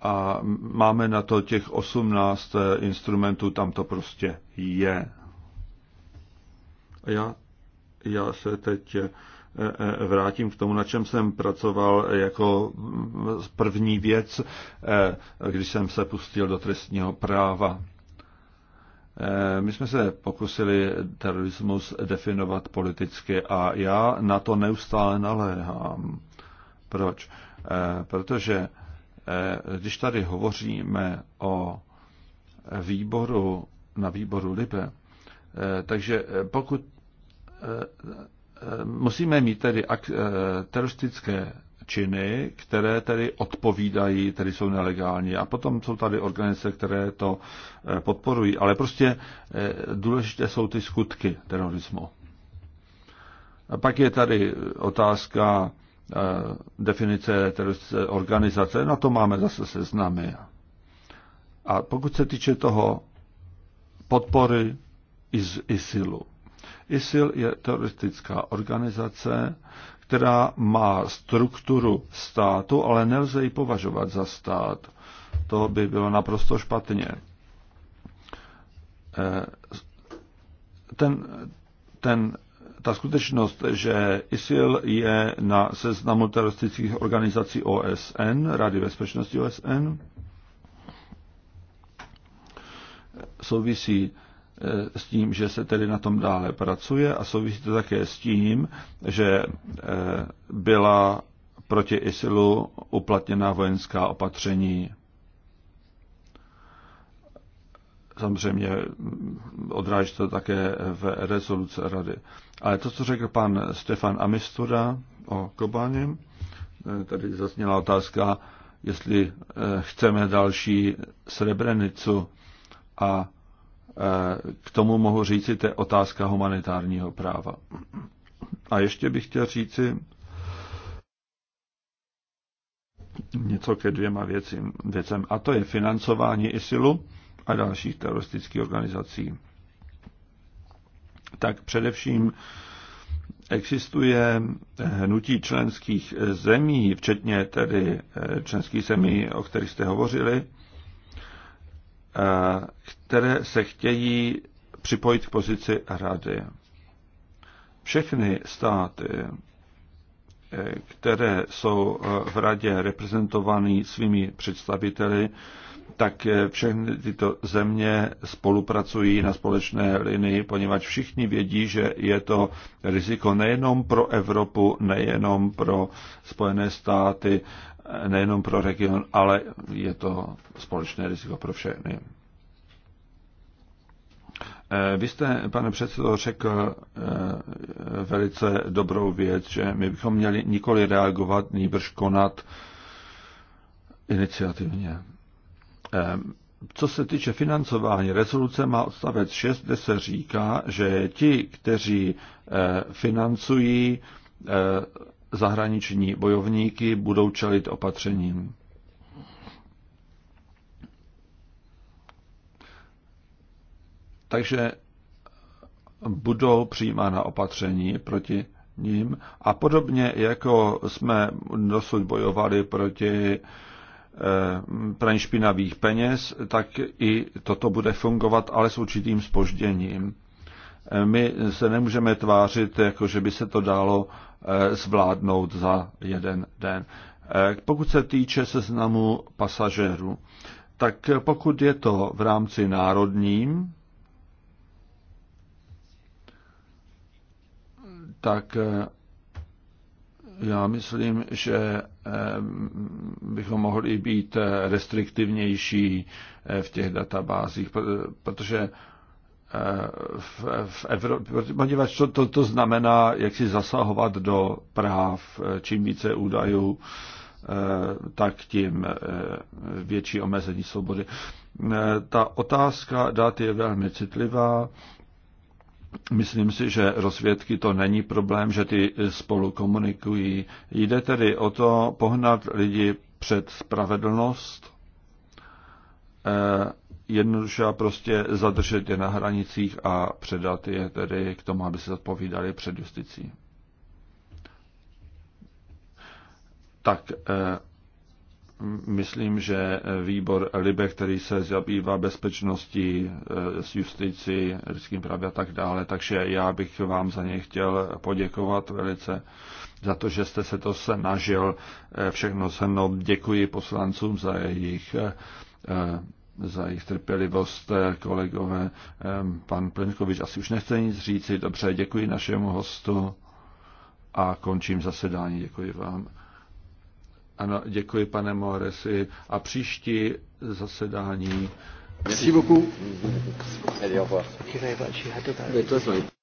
a máme na to těch 18 eh, instrumentů, tam to prostě je. Já, já se teď eh, eh, vrátím k tomu, na čem jsem pracoval jako mm, první věc, když jsem se pustil do trestního práva. Eh, my jsme se pokusili terorismus definovat politicky a já na to neustále naléhám. Proč? Eh, protože eh, když tady hovoříme o výboru na výboru Libe, takže pokud musíme mít tedy teroristické činy, které tedy odpovídají, tedy jsou nelegální. A potom jsou tady organizace, které to eh, podporují. Ale prostě eh, důležité jsou ty skutky terorismu. A pak je tady otázka eh, definice teroristické organizace. Na to máme zase seznamy. A pokud se týče toho podpory ISILu, ISIL je teroristická organizace, která má strukturu státu, ale nelze ji považovat za stát. To by bylo naprosto špatně. Eh, ten, ten, ta skutečnost, že ISIL je na seznamu teroristických organizací OSN, Rady bezpečnosti OSN, souvisí Eh, s tím, že se tedy na tom dále pracuje a souvisí to také s tím, že eh, byla proti ISILu uplatněna vojenská opatření. Samozřejmě mm, odráží to také v rezoluce rady. Ale to, co řekl pan Stefan Amistura o Kobáně, eh, tady zazněla otázka, jestli chceme další Srebrenicu a k tomu mohu říci, to je otázka humanitárního práva. A ještě bych chtěl říci něco ke dvěma věcím, věcem, a to je financování ISILu a dalších teroristických organizací. Tak především existuje hnutí členských zemí, včetně tedy eh, členských zemí, o kterých jste hovořili, které se chtějí připojit k pozici rady. Všechny státy, e, které jsou e, v radě reprezentovány svými představiteli, tak e, všechny tyto země spolupracují na společné linii, poněvadž všichni vědí, že je to riziko nejenom pro Evropu, nejenom pro Spojené státy, nejenom pro region, ale je to společné riziko pro všechny. Eh, vy jste, pane předsedo, řekl eh, velice dobrou věc, že my bychom měli nikoli reagovat, nýbrž konat iniciativně. Eh, co se týče financování, rezoluce má odstavec 6, kde se říká, že ti, kteří financují zahraniční bojovníky budou čelit opatřením. Takže budou přijímána opatření proti ním a podobně jako jsme dosud bojovali proti eh, praní špinavých peněz, tak i toto bude fungovat, ale s určitým spožděním. My se nemůžeme tvářit, jako že by se to dalo eh, zvládnout za jeden den. Eh, pokud se týče seznamu pasažérů, tak pokud je to v rámci národním, tak eh, já myslím, že bychom mohli být restriktivnější v těch databázích, protože v, v Evropě, poněvadž to, to, to znamená, jak si zasahovat do práv, eh, čím více údajů, eh, tak tím eh, větší omezení svobody. Ta otázka dat je velmi citlivá. Myslím si, že rozvědky to není problém, že ty spolu komunikují. Jde tedy o to pohnat lidi před spravedlnost jednoduše a prostě zadržet je na hranicích a předat je tedy k tomu, aby se odpovídali před justicí. Tak eh, myslím, že výbor LIBE, který se zabývá bezpečností eh, s justicí, lidským právě a tak dále, takže já bych vám za něj chtěl poděkovat velice za to, že jste se to snažil eh, všechno mnou. Děkuji poslancům za jejich za jejich trpělivost eh, kolegové. Pan Plenkovič asi už nechce nic říci. Dobře, děkuji našemu hostu a končím zasedání. Děkuji vám. Ano, děkuji pane Moresi a příští zasedání. Merci beaucoup. Allez, au revoir.